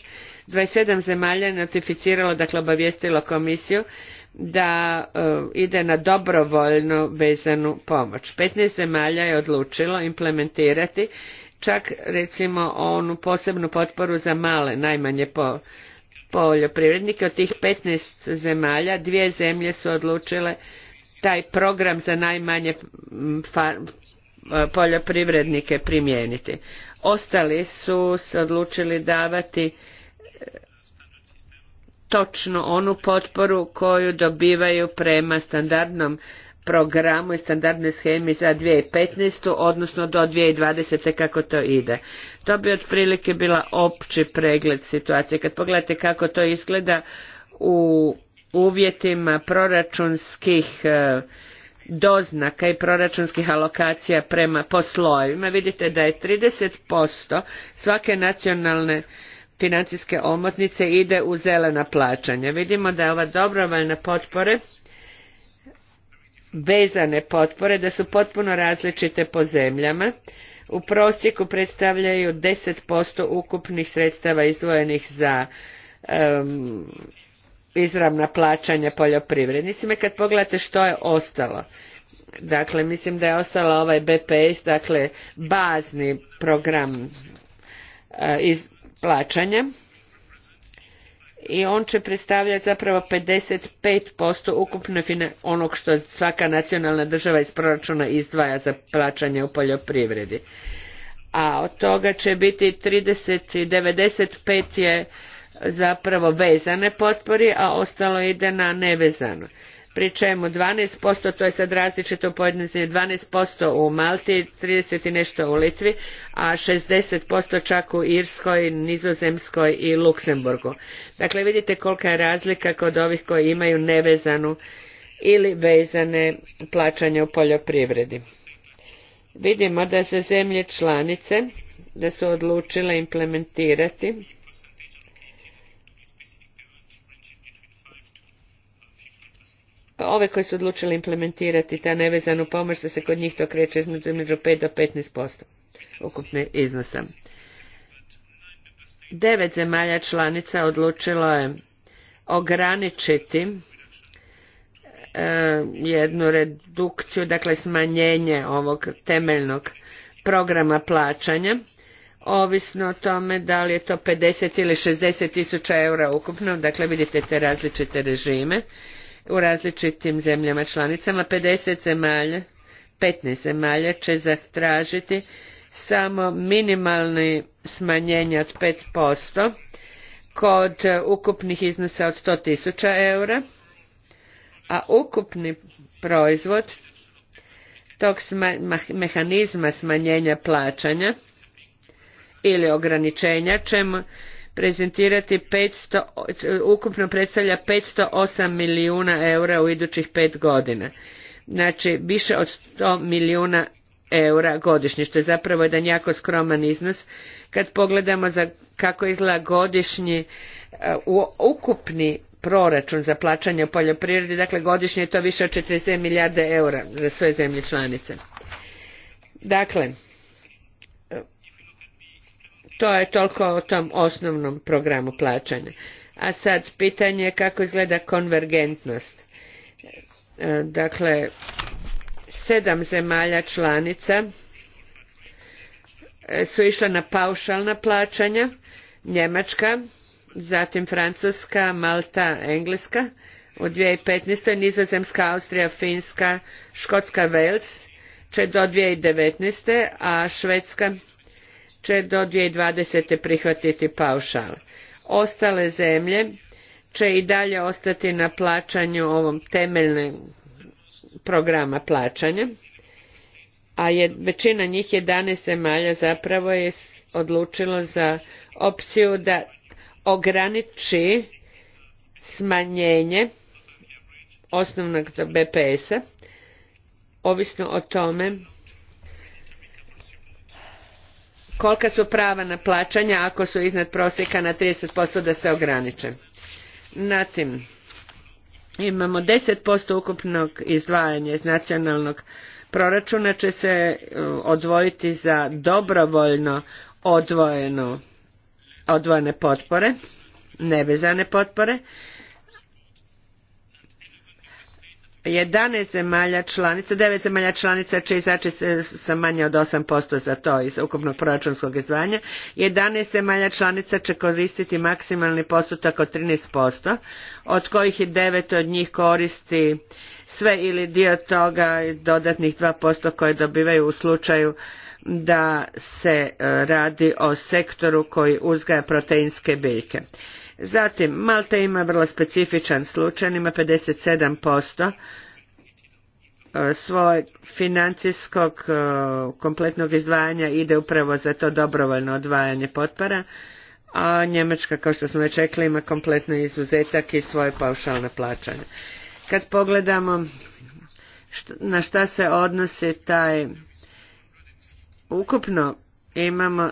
[SPEAKER 4] 27 zemalja je notificiralo, dakle obavijestilo komisiju da e, ide na dobrovoljno vezanu pomoć. 15 zemalja je odlučilo implementirati čak recimo onu posebnu potporu za male, najmanje poljoprivrednike. Od tih 15 zemalja dvije zemlje su odlučile taj program za najmanje poljoprivrednike primijeniti. Ostali su se odlučili davati točno onu potporu koju dobivaju prema standardnom programu i standardne schemi za 2015. odnosno do 2020. kako to ide. To bi otprilike bila opći pregled situacije. Kad pogledate kako to izgleda u uvjetima proračunskih e, doznaka i proračunskih alokacija prema poslojima, vidite da je 30% svake nacionalne financijske omotnice ide u zelena plaćanja. Vidimo da je ova dobrovoljna potpore vezane potpore da su potpuno različite po zemljama. U prosjeku predstavljaju 10% ukupnih sredstava izdvojenih za um, izravna plaćanja poljoprivrednicima. Kad pogledate što je ostalo, dakle mislim da je ostalo ovaj BPS, dakle bazni program uh, iz, plaćanja i on će predstavljati zapravo 55% ukupno onog što svaka nacionalna država iz proračuna izdvaja za plaćanje u poljoprivredi. A od toga će biti 30 i 95 je zapravo vezane potpori, a ostalo ide na nevezano pri čemu 12%, to je sad različito u posto u Malti, 30 i nešto u Litvi, a 60% čak u Irskoj, Nizozemskoj i Luksemburgu. Dakle, vidite kolika je razlika kod ovih koji imaju nevezanu ili vezane plaćanje u poljoprivredi. Vidimo da se zemlje članice da su odlučile implementirati ove koji su odlučili implementirati ta nevezanu pomoć, da se kod njih to kreće između 5 do 15% ukupne iznosa. Devet zemalja članica odlučilo je ograničiti e, jednu redukciju, dakle smanjenje ovog temeljnog programa plaćanja, ovisno o tome da li je to 50 ili 60 tisuća eura ukupno, dakle vidite te različite režime u različitim zemljama članicama. 50 zemalja, 15 zemalja će zatražiti samo minimalni smanjenje od 5% kod ukupnih iznosa od 100.000 eura, a ukupni proizvod tog mehanizma smanjenja plaćanja ili ograničenja ćemo prezentirati ukupno predstavlja 508 milijuna eura u idućih pet godina. Znači više od 100 milijuna eura godišnje, što je zapravo jedan jako skroman iznos kad pogledamo za kako izgleda godišnji e, ukupni proračun za plaćanje u poljoprivredi, dakle godišnje je to više od 40 milijarde eura za sve zemlje članice. Dakle, to je toliko o tom osnovnom programu plaćanja. A sad pitanje kako izgleda konvergentnost. E, dakle, sedam zemalja članica e, su išle na paušalna plaćanja, Njemačka, zatim Francuska, Malta, Engleska, u 2015. Nizozemska, Austrija, Finska, Škotska, Wales će do 2019. a Švedska će do 2020. prihvatiti paušal. Ostale zemlje će i dalje ostati na plaćanju ovom temeljnom programa plaćanja, a je, većina njih 11 zemalja zapravo je odlučilo za opciju da ograniči smanjenje osnovnog BPS-a, ovisno o tome kolika su prava na plaćanja ako su iznad prosjeka na 30% da se ograniče. Zatim, imamo 10% ukupnog izdvajanja iz nacionalnog proračuna će se e, odvojiti za dobrovoljno odvojeno, odvojene potpore, nevezane potpore 11 zemalja članica, 9 zemalja članica će izaći sa manje od 8% za to iz ukupnog proračunskog izdvajanja. 11 zemalja članica će koristiti maksimalni postotak od 13%, od kojih je 9 od njih koristi sve ili dio toga dodatnih 2% koje dobivaju u slučaju da se e, radi o sektoru koji uzgaja proteinske biljke. Zatim, Malta ima vrlo specifičan slučaj, ima 57% e, svoj financijskog e, kompletnog izdvajanja ide upravo za to dobrovoljno odvajanje potpora, a Njemačka, kao što smo već rekli, ima kompletno izuzetak i svoje paušalne plaćanje. Kad pogledamo na šta se odnosi taj ukupno imamo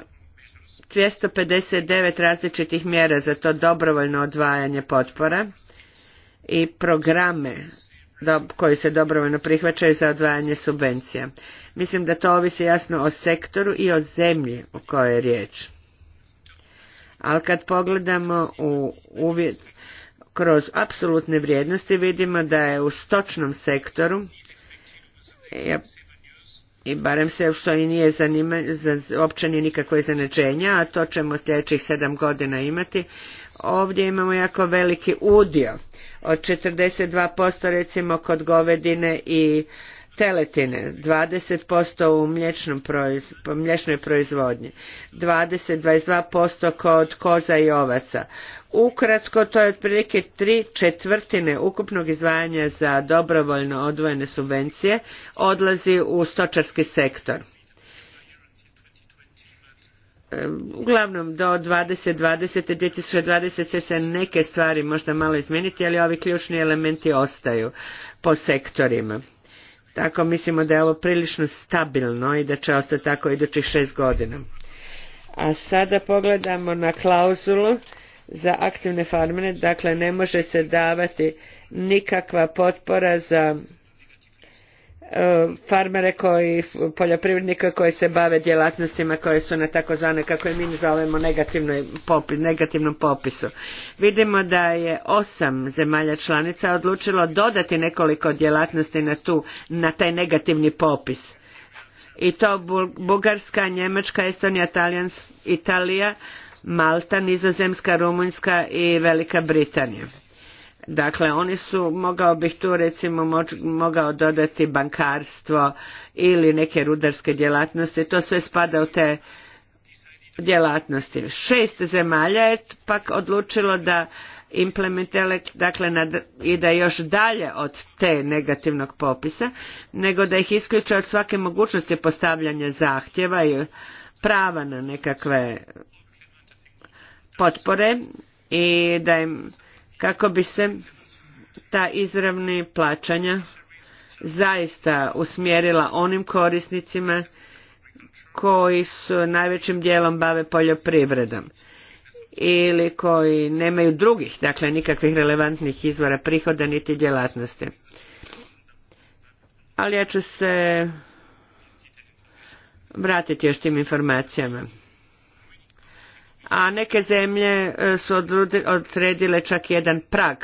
[SPEAKER 4] 259 različitih mjera za to dobrovoljno odvajanje potpora i programe koji se dobrovoljno prihvaćaju za odvajanje subvencija. Mislim da to ovisi jasno o sektoru i o zemlji o kojoj je riječ. Ali kad pogledamo u uvjet, kroz apsolutne vrijednosti vidimo da je u stočnom sektoru i barem se što i nije zanima, za, uopće nije nikakvo iznenađenja, a to ćemo sljedećih sedam godina imati. Ovdje imamo jako veliki udio od 42% recimo kod govedine i teletine, 20% u proizvodnji proiz, mlječnoj proizvodnji, 20-22% kod koza i ovaca. Ukratko, to je otprilike tri četvrtine ukupnog izdvajanja za dobrovoljno odvojene subvencije odlazi u stočarski sektor. Uglavnom, do 2020. 2020. će se neke stvari možda malo izmijeniti, ali ovi ključni elementi ostaju po sektorima. Tako mislimo da je ovo prilično stabilno i da će ostati tako idućih šest godina. A sada pogledamo na klauzulu za aktivne farmere, dakle ne može se davati nikakva potpora za e, farmere koji, poljoprivrednika koji se bave djelatnostima koje su na takozvane, kako je mi zovemo, negativnom popisu. Vidimo da je osam zemalja članica odlučilo dodati nekoliko djelatnosti na, tu, na taj negativni popis. I to Bugarska, Njemačka, Estonija, Italija, Malta, Nizozemska, Rumunjska i Velika Britanija. Dakle, oni su, mogao bih tu recimo mogao dodati bankarstvo ili neke rudarske djelatnosti, to sve spada u te djelatnosti. Šest zemalja je pak odlučilo da implementele, dakle i da još dalje od te negativnog popisa, nego da ih isključe od svake mogućnosti postavljanja zahtjeva i prava na nekakve potpore i da im kako bi se ta izravni plaćanja zaista usmjerila onim korisnicima koji su najvećim dijelom bave poljoprivredom ili koji nemaju drugih, dakle nikakvih relevantnih izvora prihoda niti djelatnosti. Ali ja ću se vratiti još tim informacijama a neke zemlje e, su odredile čak jedan prag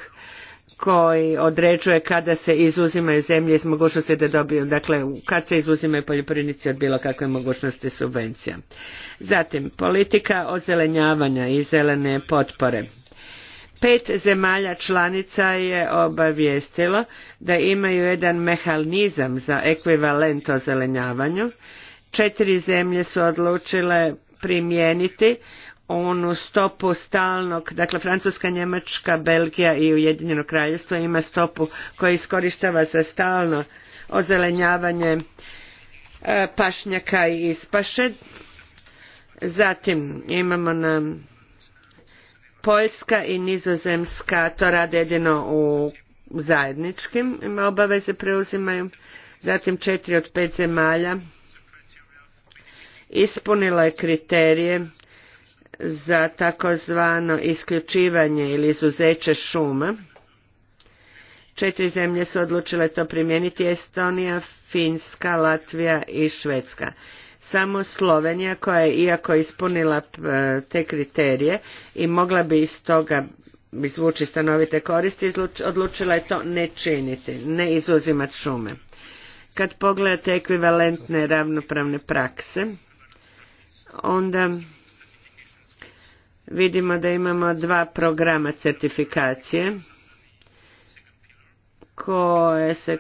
[SPEAKER 4] koji određuje kada se izuzimaju zemlje iz mogućnosti da dobiju, dakle kad se izuzimaju poljoprivrednici od bilo kakve mogućnosti subvencija. Zatim, politika ozelenjavanja i zelene potpore. Pet zemalja članica je obavijestilo da imaju jedan mehanizam za ekvivalent ozelenjavanju. Četiri zemlje su odlučile primijeniti onu stopu stalnog, dakle Francuska, Njemačka, Belgija i Ujedinjeno kraljestvo ima stopu koja iskorištava za stalno ozelenjavanje e, pašnjaka i ispaše. Zatim imamo nam Poljska i Nizozemska to rade jedino u zajedničkim obaveze preuzimaju. Zatim četiri od pet zemalja ispunilo je kriterije za takozvano isključivanje ili izuzeće šuma. Četiri zemlje su odlučile to primijeniti Estonija, Finska, Latvija i Švedska. Samo Slovenija koja je iako ispunila te kriterije i mogla bi iz toga izvući stanovite koristi, odlučila je to ne činiti, ne izuzimati šume. Kad pogledate ekvivalentne ravnopravne prakse, onda vidimo da imamo dva programa certifikacije koje se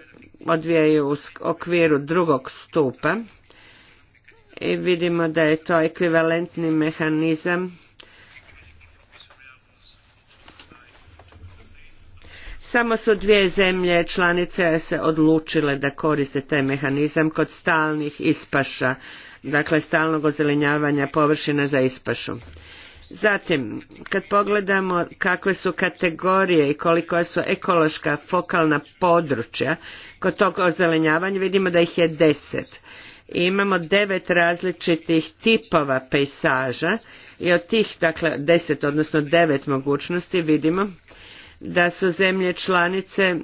[SPEAKER 4] odvijaju u okviru drugog stupa i vidimo da je to ekvivalentni mehanizam Samo su dvije zemlje članice se odlučile da koriste taj mehanizam kod stalnih ispaša, dakle stalnog ozelenjavanja površina za ispašu. Zatim, kad pogledamo kakve su kategorije i koliko su ekološka fokalna područja kod tog ozelenjavanja, vidimo da ih je deset. I imamo devet različitih tipova pejsaža i od tih, dakle, deset, odnosno devet mogućnosti vidimo da su zemlje članice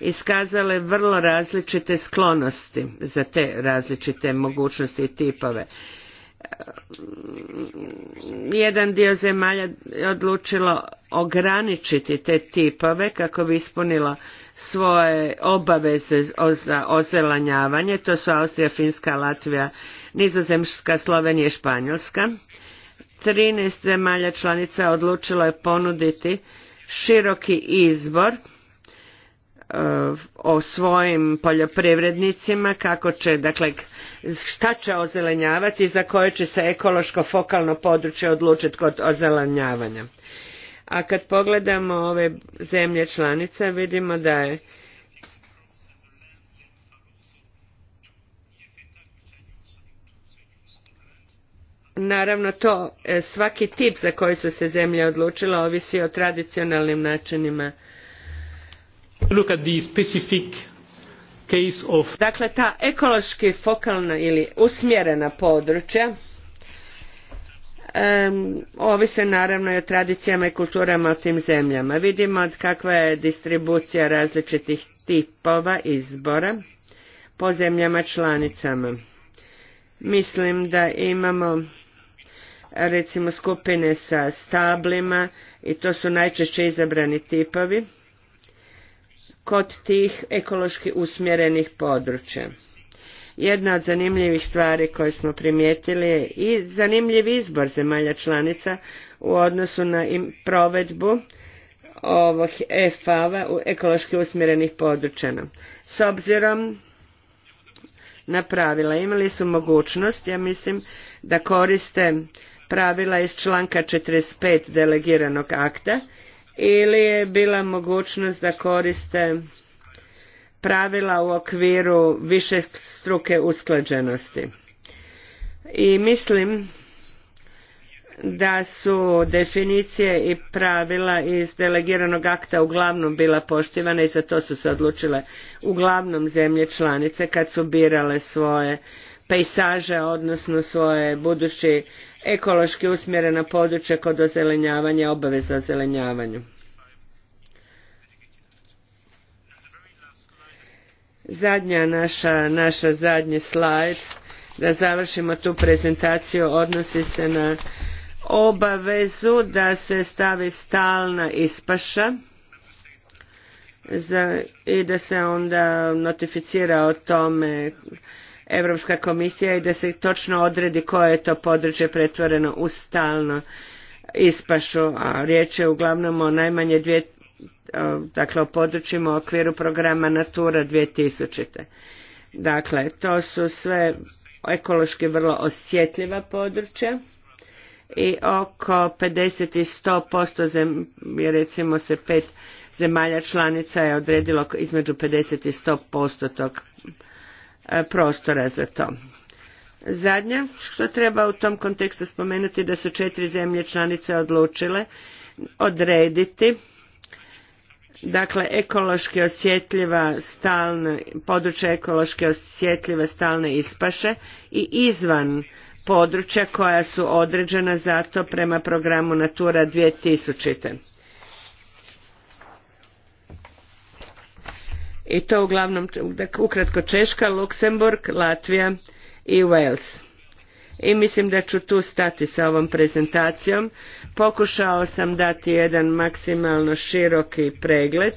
[SPEAKER 4] iskazale vrlo različite sklonosti za te različite mogućnosti i tipove jedan dio zemalja odlučilo ograničiti te tipove kako bi ispunila svoje obaveze za ozelanjavanje, to su Austrija, Finska, Latvija, Nizozemska, Slovenija i Španjolska. 13 zemalja članica odlučilo je ponuditi široki izbor o svojim poljoprivrednicima kako će dakle šta će ozelenjavati i za koje će se ekološko fokalno područje odlučiti kod ozelenjavanja. A kad pogledamo ove zemlje članice vidimo da je naravno to e, svaki tip za koji su se zemlje odlučile ovisi o tradicionalnim načinima Dakle, ta ekološki fokalna ili usmjerena područja ovise naravno i o tradicijama i kulturama u tim zemljama. Vidimo kakva je distribucija različitih tipova izbora po zemljama članicama. Mislim da imamo recimo skupine sa stablima i to su najčešće izabrani tipovi kod tih ekološki usmjerenih područja. Jedna od zanimljivih stvari koje smo primijetili je i zanimljiv izbor zemalja članica u odnosu na provedbu ovih efav u ekološki usmjerenih područja. S obzirom na pravila imali su mogućnost, ja mislim, da koriste pravila iz članka 45 delegiranog akta ili je bila mogućnost da koriste pravila u okviru više struke usklađenosti. I mislim da su definicije i pravila iz delegiranog akta uglavnom bila poštivana i za to su se odlučile uglavnom zemlje članice kad su birale svoje pejsaže, odnosno svoje budući ekološki usmjerena područja kod ozelenjavanja, obaveza ozelenjavanju. Zadnja naša, naša zadnji slajd, da završimo tu prezentaciju, odnosi se na obavezu da se stavi stalna ispaša i da se onda notificira o tome Europska komisija i da se točno odredi koje je to područje pretvoreno u stalno ispašu, a riječ je uglavnom o najmanje dvije, dakle o područjima u okviru programa Natura 2000. Dakle, to su sve ekološki vrlo osjetljiva područja i oko 50 i 100% je recimo se pet zemalja članica je odredilo između 50 i 100% tog E, prostora za to. zadnje što treba u tom kontekstu spomenuti da su četiri zemlje članice odlučile odrediti dakle ekološki osjetljiva stalna područja ekološki osjetljive stalne ispaše i izvan područja koja su određena to prema programu Natura 2000. i to uglavnom dakle, ukratko Češka, Luksemburg, Latvija i Wales. I mislim da ću tu stati sa ovom prezentacijom. Pokušao sam dati jedan maksimalno široki pregled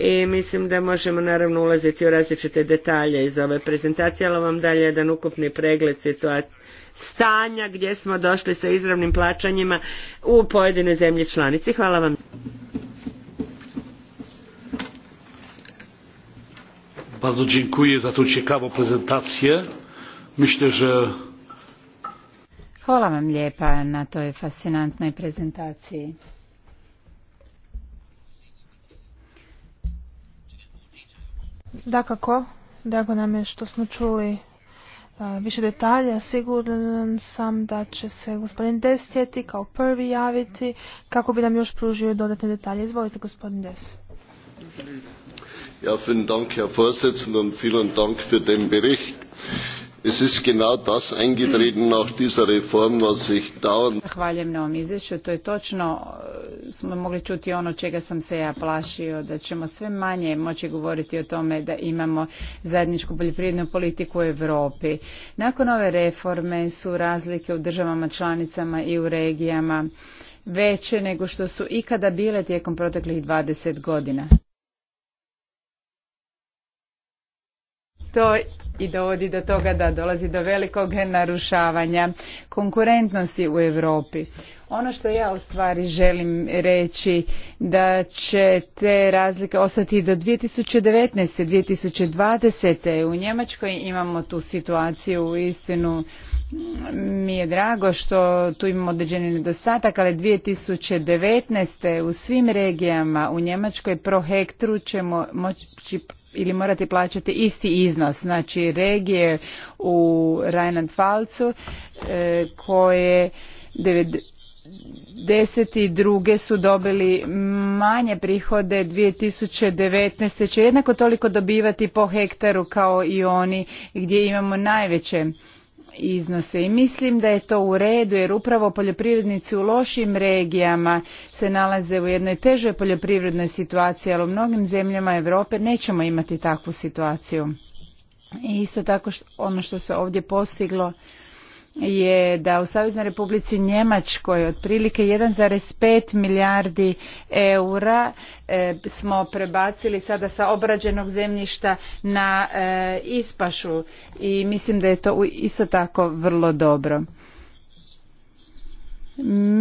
[SPEAKER 4] i mislim da možemo naravno ulaziti u različite detalje iz ove prezentacije, ali vam dalje jedan ukupni pregled situacije stanja gdje smo došli sa izravnim plaćanjima u pojedine zemlje članici. Hvala vam.
[SPEAKER 2] Bardzo dziękuję za tą ciekawą prezentację. Myślę, że...
[SPEAKER 3] Hvala vam lijepa na toj fascinantnoj prezentaciji.
[SPEAKER 1] Dakako, drago nam je što smo čuli e, više detalja. Siguran sam da će se gospodin Des tjeti kao prvi javiti kako bi nam još pružio dodatne detalje. Izvolite gospodin Des.
[SPEAKER 2] Ja, Dank, Herr Vorsitzender, vielen Dank für den Bericht. Es ist genau das eingetreten nach dieser Reform, was ich dauernd...
[SPEAKER 3] Zahvaljujem na ovom izvješću. To je točno, smo mogli čuti ono čega sam se ja plašio, da ćemo sve manje moći govoriti o tome da imamo zajedničku poljoprivrednu politiku u Europi. Nakon ove reforme su razlike u državama članicama i u regijama veće nego što su ikada bile tijekom proteklih 20 godina. to i dovodi do toga da dolazi do velikog narušavanja konkurentnosti u Europi. Ono što ja u stvari želim reći da će te razlike ostati do 2019. 2020. U Njemačkoj imamo tu situaciju u istinu mi je drago što tu imamo određeni nedostatak, ali 2019. u svim regijama u Njemačkoj pro hektru ćemo moći ili morate plaćati isti iznos. Znači regije u rheinland falcu e, koje 92. su dobili manje prihode 2019. će jednako toliko dobivati po hektaru kao i oni gdje imamo najveće iznose i mislim da je to u redu jer upravo poljoprivrednici u lošim regijama se nalaze u jednoj težoj poljoprivrednoj situaciji, ali u mnogim zemljama Europe nećemo imati takvu situaciju. I isto tako ono što se ovdje postiglo je da u Saveznoj Republici Njemačkoj otprilike 1,5 milijardi eura e, smo prebacili sada sa obrađenog zemljišta na e, ispašu i mislim da je to isto tako vrlo dobro.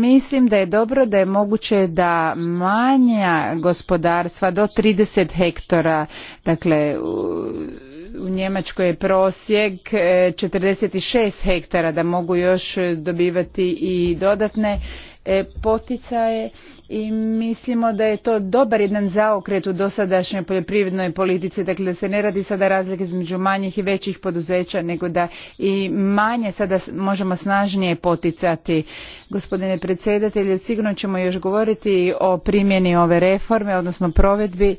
[SPEAKER 3] Mislim da je dobro da je moguće da manja gospodarstva do 30 hektara, dakle u Njemačkoj je prosjek 46 e, hektara da mogu još dobivati i dodatne e, poticaje i mislimo da je to dobar jedan zaokret u dosadašnjoj poljoprivrednoj politici, dakle da se ne radi sada razlike između manjih i većih poduzeća, nego da i manje sada možemo snažnije poticati. Gospodine predsjedatelju, sigurno ćemo još govoriti o primjeni ove reforme, odnosno provedbi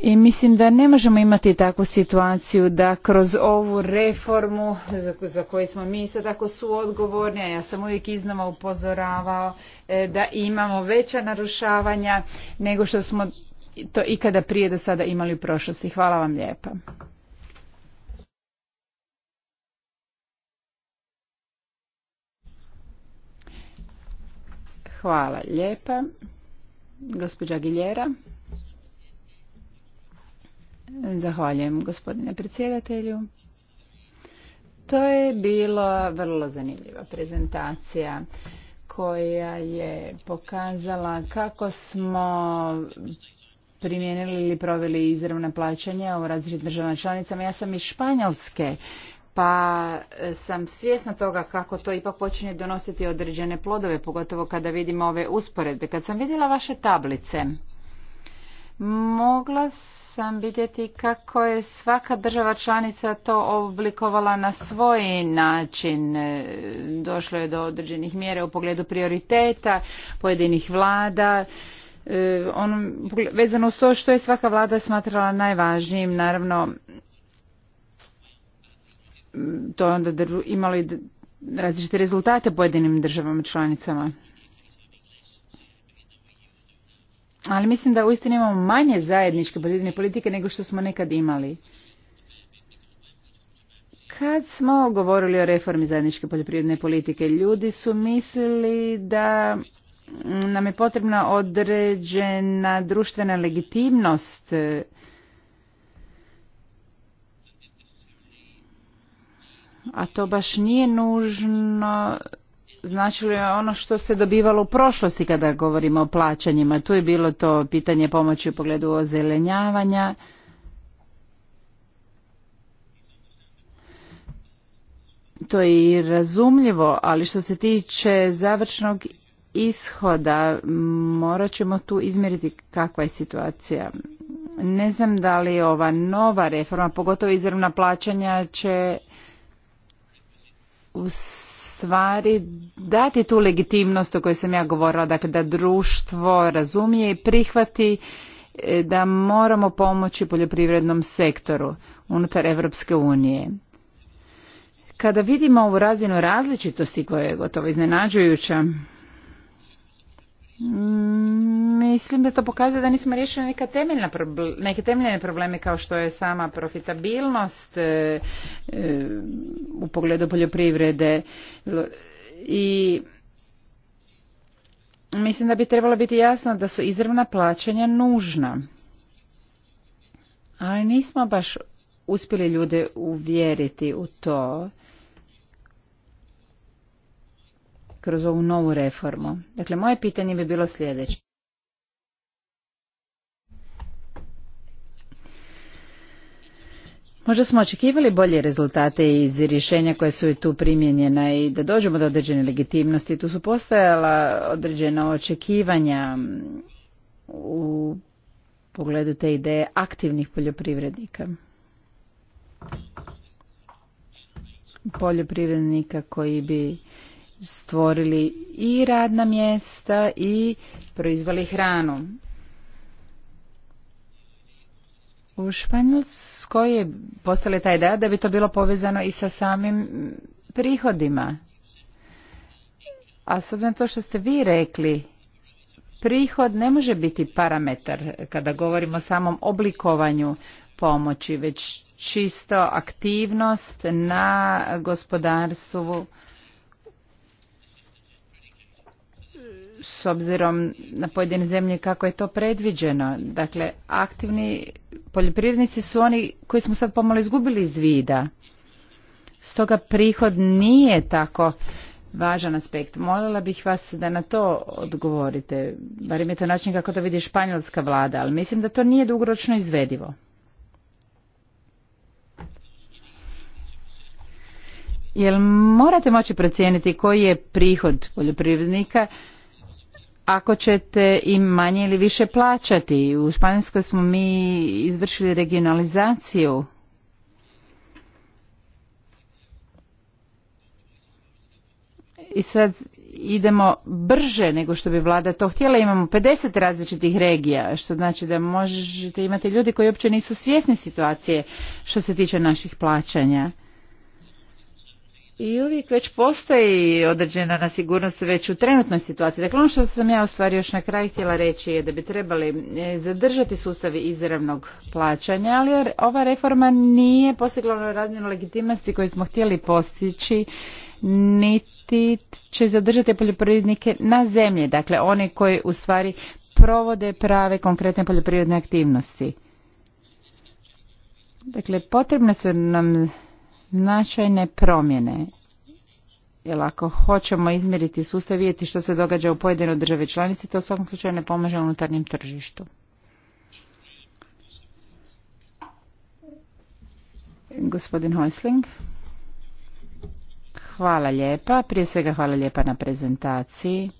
[SPEAKER 3] i mislim da ne možemo imati takvu situaciju da kroz ovu reformu za koju smo mi isto tako suodgovorni, a ja sam uvijek iznova upozoravao e, da imamo veća narušavanja nego što smo to ikada prije do sada imali u prošlosti. Hvala vam lijepa. Hvala lijepa. Gospođa Giljera. Zahvaljujem gospodine predsjedatelju. To je bila vrlo zanimljiva prezentacija koja je pokazala kako smo primijenili ili proveli izravna plaćanja u različitim državama članicama. Ja sam iz Španjolske pa sam svjesna toga kako to ipak počinje donositi određene plodove, pogotovo kada vidimo ove usporedbe. Kad sam vidjela vaše tablice, mogla sam sam vidjeti kako je svaka država članica to oblikovala na svoj način. E, došlo je do određenih mjera u pogledu prioriteta pojedinih vlada. E, On, vezano s to što je svaka vlada smatrala najvažnijim, naravno to je onda imalo i različite rezultate pojedinim državama članicama. ali mislim da uistinu imamo manje zajedničke poljoprivredne politike nego što smo nekad imali. Kad smo govorili o reformi zajedničke poljoprivredne politike, ljudi su mislili da nam je potrebna određena društvena legitimnost a to baš nije nužno značilo je ono što se dobivalo u prošlosti kada govorimo o plaćanjima. Tu je bilo to pitanje pomoći u pogledu ozelenjavanja. To je i razumljivo, ali što se tiče završnog ishoda, morat ćemo tu izmjeriti kakva je situacija. Ne znam da li ova nova reforma, pogotovo izravna plaćanja, će stvari dati tu legitimnost o kojoj sam ja govorila, dakle da društvo razumije i prihvati e, da moramo pomoći poljoprivrednom sektoru unutar Evropske unije. Kada vidimo ovu razinu različitosti koja je gotovo iznenađujuća, Mm, mislim da to pokazuje da nismo riješili temeljna neke temeljne probleme kao što je sama profitabilnost e, e, u pogledu poljoprivrede i mislim da bi trebalo biti jasno da su izravna plaćanja nužna. Ali nismo baš uspjeli ljude uvjeriti u to kroz ovu novu reformu. Dakle, moje pitanje bi bilo sljedeće. Možda smo očekivali bolje rezultate iz rješenja koje su i tu primjenjena i da dođemo do određene legitimnosti. Tu su postojala određena očekivanja u pogledu te ideje aktivnih poljoprivrednika. Poljoprivrednika koji bi stvorili i radna mjesta i proizvali hranu. U Španjolskoj je postala ta ideja da bi to bilo povezano i sa samim prihodima. A s to što ste vi rekli, prihod ne može biti parametar kada govorimo o samom oblikovanju pomoći, već čisto aktivnost na gospodarstvu s obzirom na pojedine zemlje kako je to predviđeno. Dakle, aktivni poljoprivrednici su oni koji smo sad pomalo izgubili iz vida. Stoga prihod nije tako važan aspekt. Molila bih vas da na to odgovorite. barem je to način kako to vidi španjolska vlada, ali mislim da to nije dugoročno izvedivo. Jel morate moći procijeniti koji je prihod poljoprivrednika ako ćete im manje ili više plaćati. U Španjolskoj smo mi izvršili regionalizaciju. I sad idemo brže nego što bi vlada to htjela. Imamo 50 različitih regija, što znači da možete imati ljudi koji uopće nisu svjesni situacije što se tiče naših plaćanja i uvijek već postoji određena na sigurnost već u trenutnoj situaciji. Dakle, ono što sam ja u stvari još na kraju htjela reći je da bi trebali e, zadržati sustavi izravnog plaćanja, ali ova reforma nije postigla ono razinu legitimnosti koju smo htjeli postići, niti će zadržati poljoprivrednike na zemlji, dakle one koji u stvari provode prave konkretne poljoprivredne aktivnosti. Dakle, potrebne su nam značajne promjene jer ako hoćemo izmjeriti sustav vidjeti što se događa u pojedinoj državi članici, to u svakom slučaju ne pomaže unutarnjem tržištu. Gospodin Hojsling. Hvala lijepa. Prije svega hvala lijepa na prezentaciji.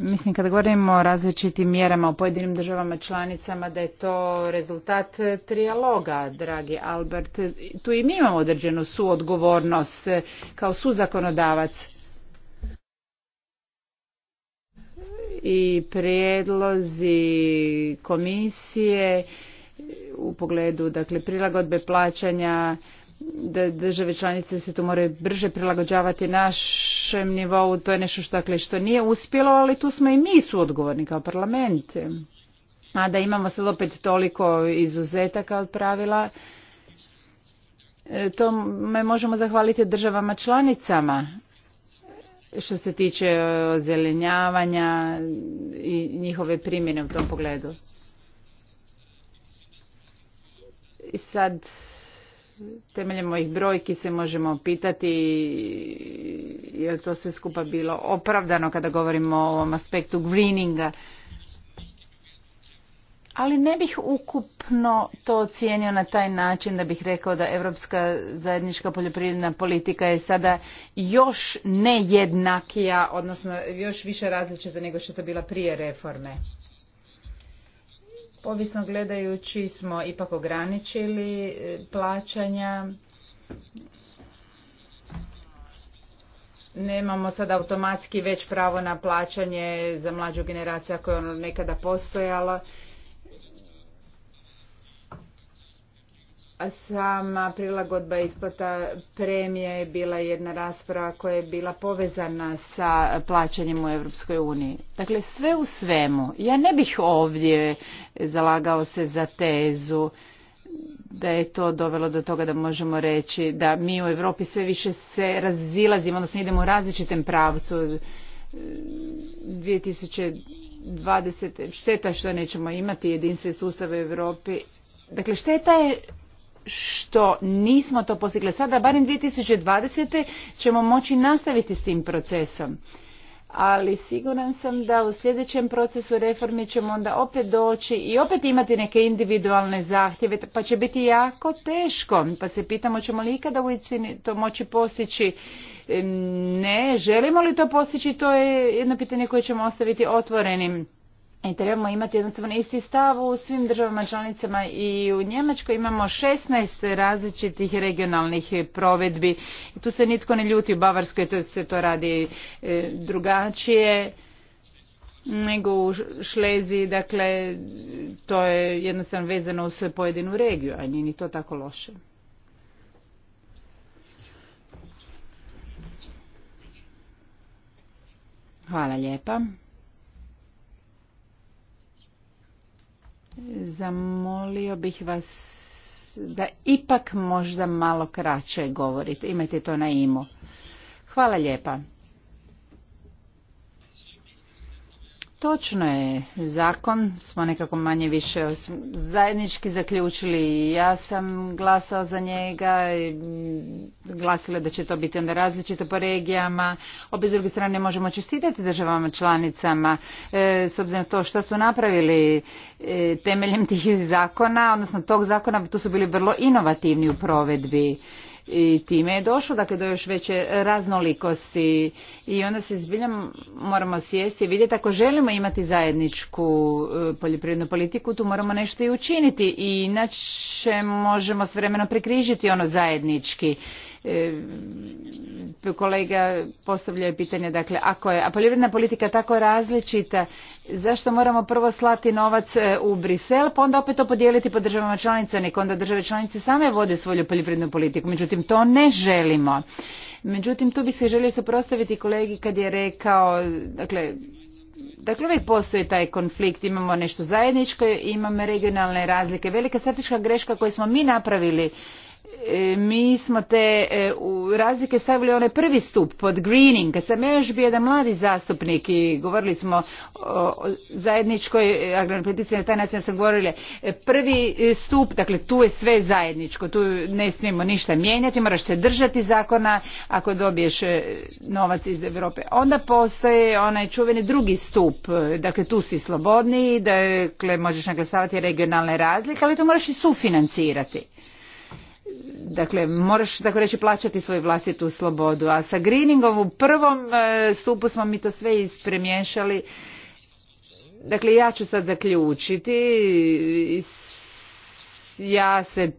[SPEAKER 3] Mislim, kada govorimo o različitim mjerama u pojedinim državama članicama, da je to rezultat trijaloga, dragi Albert. Tu i mi imamo određenu suodgovornost kao suzakonodavac. I prijedlozi komisije u pogledu dakle, prilagodbe plaćanja da države članice se tu moraju brže prilagođavati našem nivou, to je nešto što, dakle, što nije uspjelo, ali tu smo i mi odgovorni kao parlament. A da imamo sad opet toliko izuzetaka od pravila, e, to me možemo zahvaliti državama članicama što se tiče ozelenjavanja i njihove primjene u tom pogledu. I sad temeljem mojih brojki se možemo pitati je li to sve skupa bilo opravdano kada govorimo o ovom aspektu greeninga. Ali ne bih ukupno to ocijenio na taj način da bih rekao da Europska zajednička poljoprivredna politika je sada još nejednakija, odnosno još više različita nego što je to bila prije reforme. Ovisno gledajući smo ipak ograničili e, plaćanja. Nemamo sad automatski već pravo na plaćanje za mlađu generaciju ako je ono nekada postojalo. sama prilagodba isplata premije je bila jedna rasprava koja je bila povezana sa plaćanjem u Europskoj uniji. Dakle, sve u svemu. Ja ne bih ovdje zalagao se za tezu da je to dovelo do toga da možemo reći da mi u Europi sve više se razilazimo, odnosno idemo u različitem pravcu. 2020. šteta što nećemo imati jedinstven sustav u Europi. Dakle, šteta je što nismo to postigli sada, barem 2020. ćemo moći nastaviti s tim procesom. Ali siguran sam da u sljedećem procesu reformi ćemo onda opet doći i opet imati neke individualne zahtjeve, pa će biti jako teško. Pa se pitamo ćemo li ikada u to moći postići. Ne, želimo li to postići, to je jedno pitanje koje ćemo ostaviti otvorenim i trebamo imati jednostavno isti stav u svim državama članicama i u Njemačkoj imamo 16 različitih regionalnih provedbi. I tu se nitko ne ljuti u Bavarskoj, to se to radi e, drugačije nego u Šlezi, dakle to je jednostavno vezano uz pojedinu regiju, a nije ni to tako loše. Hvala lijepa. Zamolio bih vas da ipak možda malo kraće govorite. Imajte to na imu. Hvala lijepa. Točno je, zakon smo nekako manje više zajednički zaključili. Ja sam glasao za njega, glasila da će to biti onda različito po regijama. obje s druge strane možemo čestitati državama članicama e, s obzirom na to što su napravili e, temeljem tih zakona, odnosno tog zakona, tu su bili vrlo inovativni u provedbi i time je došlo dakle do još veće raznolikosti i onda se zbilja moramo sjesti i vidjeti ako želimo imati zajedničku e, poljoprivrednu politiku tu moramo nešto i učiniti i inače možemo s vremenom prekrižiti ono zajednički E, kolega postavljaju pitanje, dakle, ako je a poljoprivredna politika tako različita, zašto moramo prvo slati novac e, u Brisel, pa onda opet to podijeliti po državama članica, nek onda države članice same vode svoju poljoprivrednu politiku, međutim to ne želimo. Međutim, tu bi se želio suprotstaviti kolegi kad je rekao, dakle, Dakle, uvijek postoji taj konflikt, imamo nešto zajedničko, imamo regionalne razlike. Velika strateška greška koju smo mi napravili E, mi smo te e, u razlike stavili onaj prvi stup pod greening kad sam ja još bio jedan mladi zastupnik i govorili smo o zajedničkoj e, politici, na taj način sam govorila prvi stup dakle tu je sve zajedničko tu ne smijemo ništa mijenjati moraš se držati zakona ako dobiješ novac iz Europe onda postoje onaj čuveni drugi stup dakle tu si slobodniji dakle možeš naglasavati regionalne razlike ali to moraš i sufinancirati Dakle, moraš, tako reći, plaćati svoju vlastitu slobodu. A sa greeningom u prvom e, stupu smo mi to sve ispremješali. Dakle, ja ću sad zaključiti. Ja se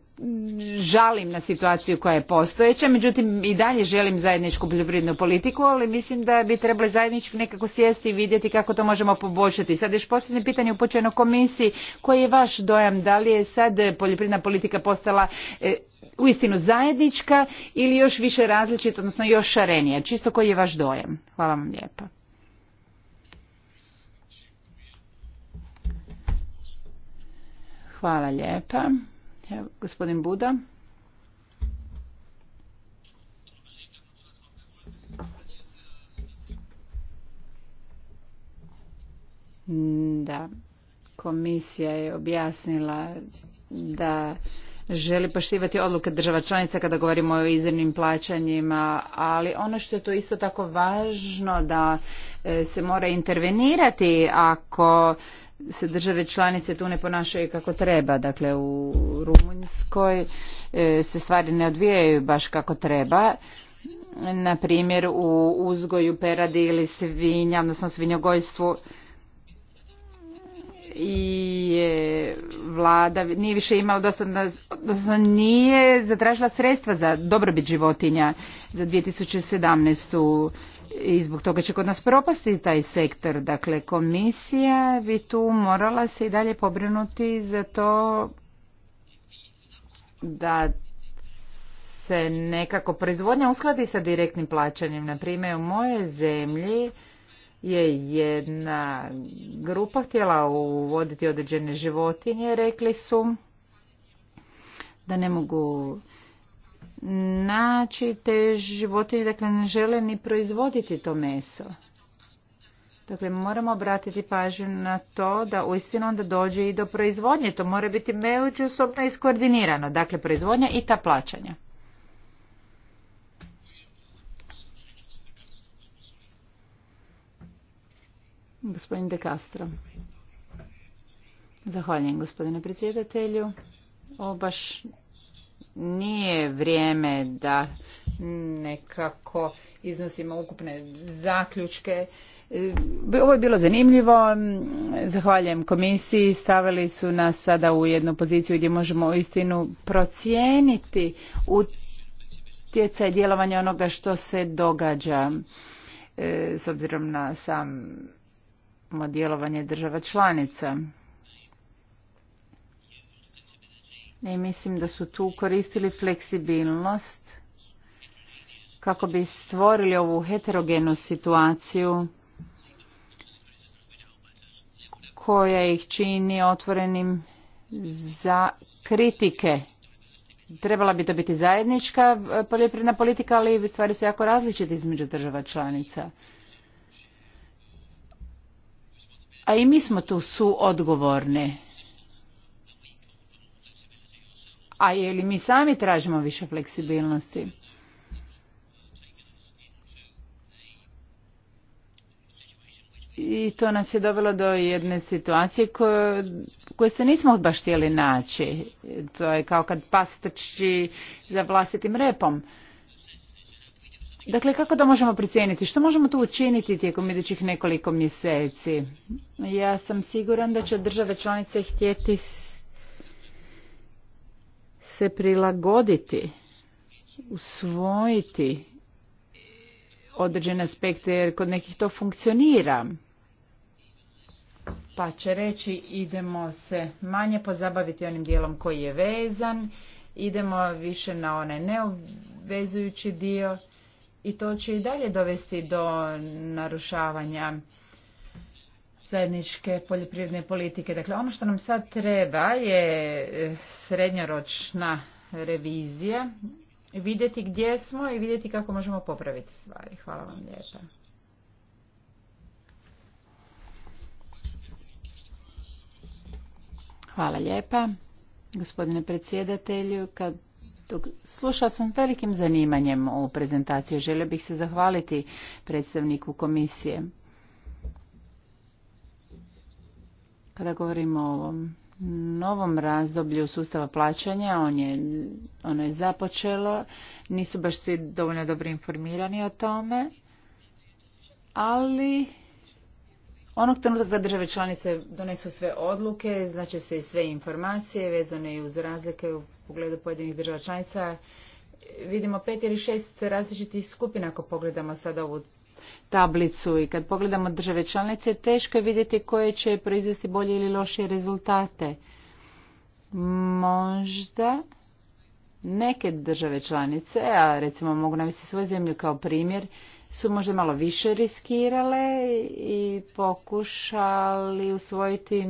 [SPEAKER 3] žalim na situaciju koja je postojeća, međutim i dalje želim zajedničku poljoprivrednu politiku, ali mislim da bi trebali zajednički nekako sjesti i vidjeti kako to možemo poboljšati. Sad još posljednje pitanje upućeno komisiji, koji je vaš dojam, da li je sad poljoprivredna politika postala e, uistinu zajednička ili još više različita, odnosno još šarenija? Čisto koji je vaš dojem. Hvala vam lijepa. Hvala lijepa. gospodin Buda. Da, komisija je objasnila da želi poštivati odluke država članica kada govorimo o izrednim plaćanjima, ali ono što je to isto tako važno da e, se mora intervenirati ako se države članice tu ne ponašaju kako treba. Dakle, u Rumunjskoj e, se stvari ne odvijaju baš kako treba. Na primjer, u uzgoju peradi ili svinja, odnosno svinjogojstvu, i vlada nije više imala nije zatražila sredstva za dobrobit životinja za 2017. i zbog toga će kod nas propasti taj sektor. Dakle, komisija bi tu morala se i dalje pobrinuti za to da se nekako proizvodnja uskladi sa direktnim plaćanjem. Na u mojoj zemlji je jedna grupa htjela uvoditi određene životinje, rekli su da ne mogu naći te životinje, dakle ne žele ni proizvoditi to meso. Dakle, moramo obratiti pažnju na to da uistinu onda dođe i do proizvodnje. To mora biti međusobno iskoordinirano. Dakle, proizvodnja i ta plaćanja. Gospodin De Castro. Zahvaljujem gospodine predsjedatelju. Ovo baš nije vrijeme da nekako iznosimo ukupne zaključke. E, ovo je bilo zanimljivo. Zahvaljujem komisiji. Stavili su nas sada u jednu poziciju gdje možemo istinu procijeniti utjecaj djelovanja onoga što se događa e, s obzirom na sam djelovanje država članica. I mislim da su tu koristili fleksibilnost kako bi stvorili ovu heterogenu situaciju koja ih čini otvorenim za kritike. Trebala bi to biti zajednička poljoprivredna politika, ali stvari su jako različite između država članica. a i mi smo tu suodgovorni. A je li mi sami tražimo više fleksibilnosti? I to nas je dovelo do jedne situacije koje, koje se nismo baš htjeli naći. To je kao kad pas trči za vlastitim repom. Dakle, kako da možemo pricijeniti? Što možemo tu učiniti tijekom idućih nekoliko mjeseci? Ja sam siguran da će države članice htjeti se prilagoditi, usvojiti određene aspekte, jer kod nekih to funkcionira. Pa će reći idemo se manje pozabaviti onim dijelom koji je vezan, idemo više na onaj neobvezujući dio i to će i dalje dovesti do narušavanja zajedničke poljoprivredne politike. Dakle, ono što nam sad treba je e, srednjoročna revizija, vidjeti gdje smo i vidjeti kako možemo popraviti stvari. Hvala vam lijepa. Hvala lijepa. Gospodine predsjedatelju, kad Slušao sam velikim zanimanjem ovu prezentaciju. Želio bih se zahvaliti predstavniku komisije. Kada govorimo o ovom novom razdoblju sustava plaćanja, on je, ono je započelo, nisu baš svi dovoljno dobro informirani o tome, ali onog trenutka kad države članice donesu sve odluke, znači se i sve informacije vezane i uz razlike u pogledu pojedinih država članica, vidimo pet ili šest različitih skupina ako pogledamo sada ovu tablicu i kad pogledamo države članice, teško je vidjeti koje će proizvesti bolje ili lošije rezultate. Možda neke države članice, a recimo mogu navesti svoju zemlju kao primjer, su možda malo više riskirale i pokušali usvojiti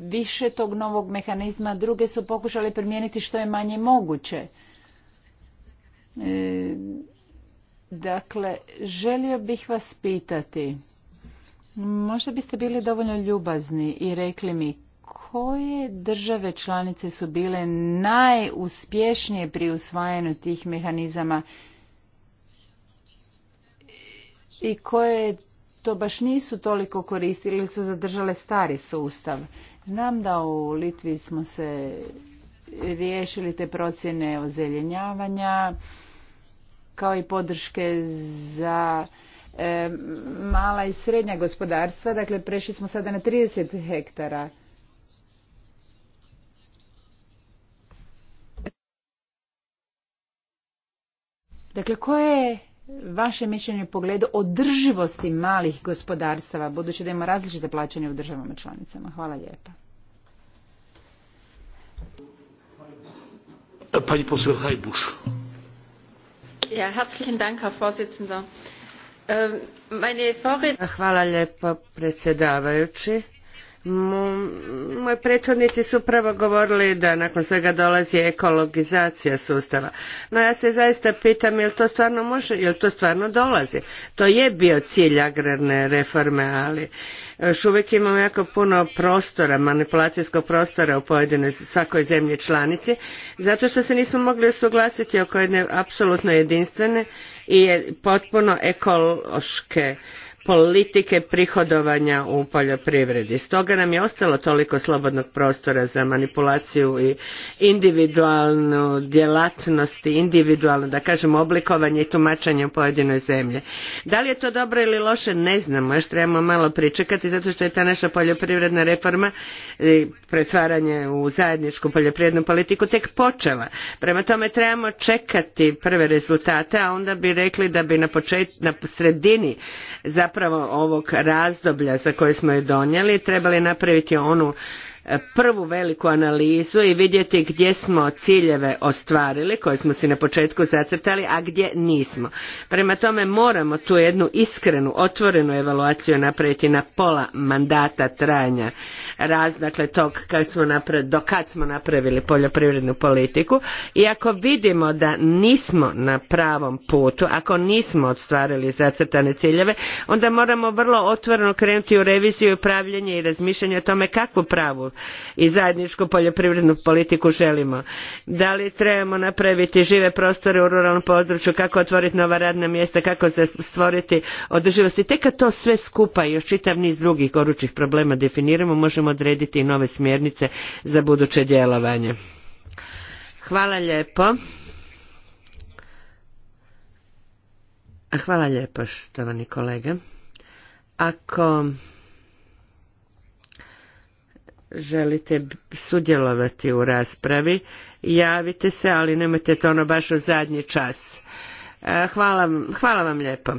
[SPEAKER 3] više tog novog mehanizma, druge su pokušali primijeniti što je manje moguće. E, dakle, želio bih vas pitati, možda biste bili dovoljno ljubazni i rekli mi koje države članice su bile najuspješnije pri usvajanju tih mehanizama i koje to baš nisu toliko koristili ili su zadržale stari sustav. Znam da u Litvi smo se riješili te procjene ozeljenjavanja kao i podrške za e, mala i srednja gospodarstva. Dakle, prešli smo sada na 30 hektara. Dakle, koje vaše mišljenje u pogledu održivosti malih gospodarstava, budući da ima različite plaćanje u državama članicama? Hvala lijepa. Pani Ja, herzlichen Dank, Herr Vorsitzender.
[SPEAKER 4] Ähm, Hvala lijepa predsjedavajući. Moji prethodnici su upravo govorili da nakon svega dolazi ekologizacija sustava. No ja se zaista pitam jel to stvarno može, jel to stvarno dolazi. To je bio cilj agrarne reforme, ali još uvijek imamo jako puno prostora, manipulacijskog prostora u pojedinoj svakoj zemlji članici, zato što se nismo mogli usuglasiti oko jedne apsolutno jedinstvene i potpuno ekološke politike prihodovanja u poljoprivredi. Stoga nam je ostalo toliko slobodnog prostora za manipulaciju i individualnu djelatnost i individualno, da kažem, oblikovanje i tumačenje u pojedinoj zemlji. Da li je to dobro ili loše, ne znamo, još trebamo malo pričekati zato što je ta naša poljoprivredna reforma i pretvaranje u zajedničku poljoprivrednu politiku tek počela. Prema tome trebamo čekati prve rezultate, a onda bi rekli da bi na, počet, na sredini za zapravo ovog razdoblja za koje smo je donijeli trebali napraviti onu prvu veliku analizu i vidjeti gdje smo ciljeve ostvarili koje smo si na početku zacrtali, a gdje nismo. Prema tome moramo tu jednu iskrenu, otvorenu evaluaciju napraviti na pola mandata trajanja raz, dakle tog kad smo napravili, do kad smo napravili poljoprivrednu politiku i ako vidimo da nismo na pravom putu, ako nismo ostvarili zacrtane ciljeve, onda moramo vrlo otvoreno krenuti u reviziju, pravljenje i razmišljanje o tome kakvu pravu i zajedničku poljoprivrednu politiku želimo. Da li trebamo napraviti žive prostore u ruralnom području, kako otvoriti nova radna mjesta, kako se stvoriti održivost i tek kad to sve skupa i još čitav niz drugih gorućih problema definiramo, možemo odrediti i nove smjernice za buduće djelovanje. Hvala lijepo. Hvala lijepo, štovani kolege Ako želite sudjelovati u raspravi, javite se, ali nemojte to ono baš u zadnji čas. E, hvala, hvala vam lijepo.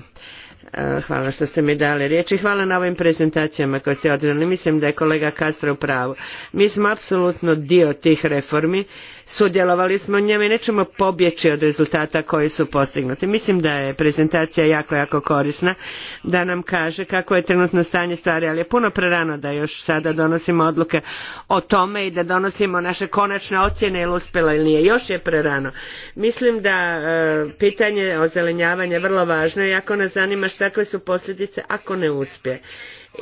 [SPEAKER 4] E, hvala što ste mi dali riječ i hvala na ovim prezentacijama koje ste odredili. Mislim da je kolega Kastro u pravu. Mi smo apsolutno dio tih reformi sudjelovali smo u njemu i nećemo pobjeći od rezultata koji su postignuti. Mislim da je prezentacija jako, jako korisna da nam kaže kako je trenutno stanje stvari, ali je puno prerano da još sada donosimo odluke o tome i da donosimo naše konačne ocjene ili uspjela ili nije. Još je prerano. Mislim da e, pitanje ozelenjavanja je vrlo važno i ako nas zanima šta su posljedice ako ne uspije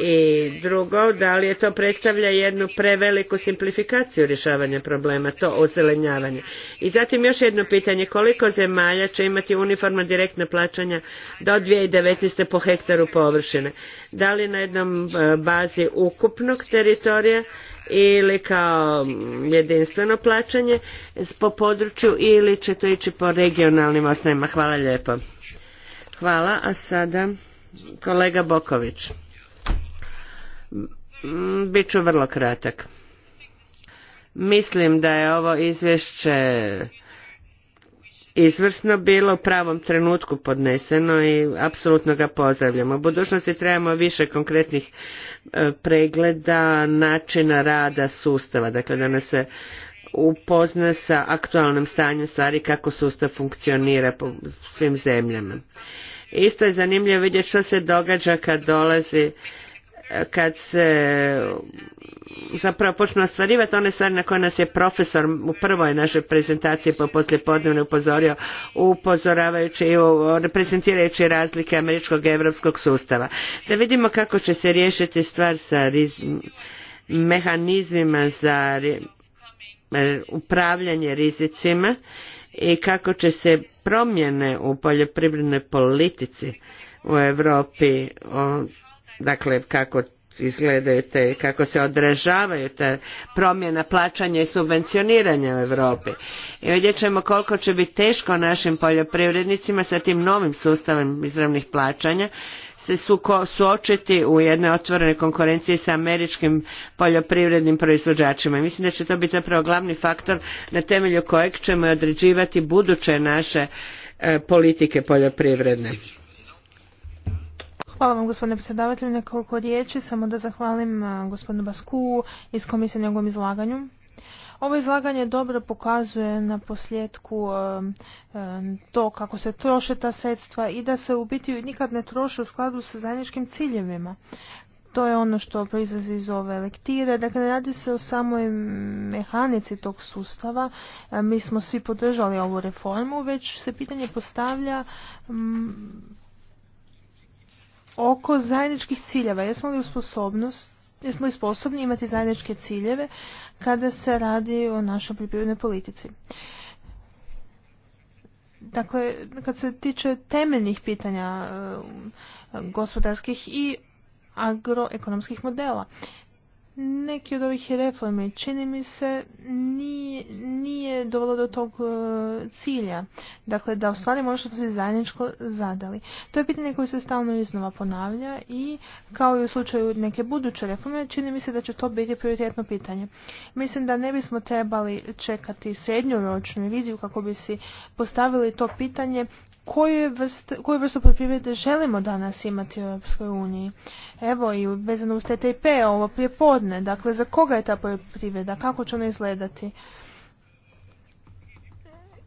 [SPEAKER 4] i drugo, da li je to predstavlja jednu preveliku simplifikaciju rješavanja problema, to ozelenjavanje. I zatim još jedno pitanje, koliko zemalja će imati uniforma direktna plaćanja do 2019. po hektaru površine? Da li na jednom e, bazi ukupnog teritorija ili kao jedinstveno plaćanje po području ili će to ići po regionalnim osnovima? Hvala lijepo. Hvala, a sada kolega Boković. Mm, ću vrlo kratak. Mislim da je ovo izvješće izvrsno bilo u pravom trenutku podneseno i apsolutno ga pozdravljamo. U budućnosti trebamo više konkretnih e, pregleda načina rada sustava, dakle da nas se upozna sa aktualnim stanjem stvari kako sustav funkcionira po svim zemljama. Isto je zanimljivo vidjeti što se događa kad dolazi kad se zapravo počnu ostvarivati one stvari na koje nas je profesor u prvoj našoj prezentaciji po podnevne upozorio upozoravajući i reprezentirajući razlike američkog i europskog sustava. Da vidimo kako će se riješiti stvar sa mehanizmima za upravljanje rizicima i kako će se promjene u poljoprivrednoj politici u Europi dakle kako izgledaju te, kako se odražavaju te promjena plaćanja i subvencioniranja u Europi. I vidjet ćemo koliko će biti teško našim poljoprivrednicima sa tim novim sustavom izravnih plaćanja se suočiti u jednoj otvorenoj konkurenciji sa američkim poljoprivrednim proizvođačima. Mislim da će to biti zapravo glavni faktor na temelju kojeg ćemo određivati buduće naše e, politike poljoprivredne.
[SPEAKER 1] Hvala vam gospodine predsjedavatelju. Nekoliko riječi, samo da zahvalim gospodinu Basku iz komisije na njegovom izlaganju. Ovo izlaganje dobro pokazuje na posljedku to kako se troše ta sredstva i da se u biti nikad ne troše u skladu sa zajedničkim ciljevima. To je ono što proizlazi iz ove lektire. Dakle, ne radi se o samoj mehanici tog sustava. Mi smo svi podržali ovu reformu, već se pitanje postavlja oko zajedničkih ciljeva. Jesmo li, sposobnost, jesmo li sposobni imati zajedničke ciljeve kada se radi o našoj poljoprivrednoj politici? Dakle, kad se tiče temeljnih pitanja eh, gospodarskih i agroekonomskih modela neki od ovih reformi, čini mi se, nije, nije dovelo do tog e, cilja. Dakle, da ostvarimo ono što smo se zajedničko zadali. To je pitanje koje se stalno iznova ponavlja i kao i u slučaju neke buduće reforme, čini mi se da će to biti prioritetno pitanje. Mislim da ne bismo trebali čekati srednjoročnu viziju kako bi si postavili to pitanje koju vrstu, poljoprivrede želimo danas imati u Europskoj uniji. Evo i vezano uz TTIP, ovo podne. dakle za koga je ta poljoprivreda, kako će ona izgledati,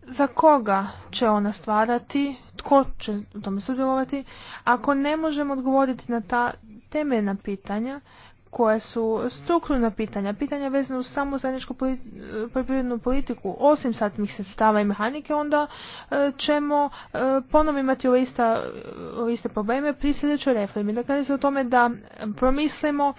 [SPEAKER 1] za koga će ona stvarati, tko će u tome sudjelovati, ako ne možemo odgovoriti na ta temeljna pitanja, koje su strukturna pitanja, pitanja vezane u samu zajedničku poljoprivrednu politiku, osim satnih sredstava i mehanike, onda e, ćemo e, ponovno imati ove, iste probleme pri sljedećoj reformi. Dakle, radi se o tome da promislimo,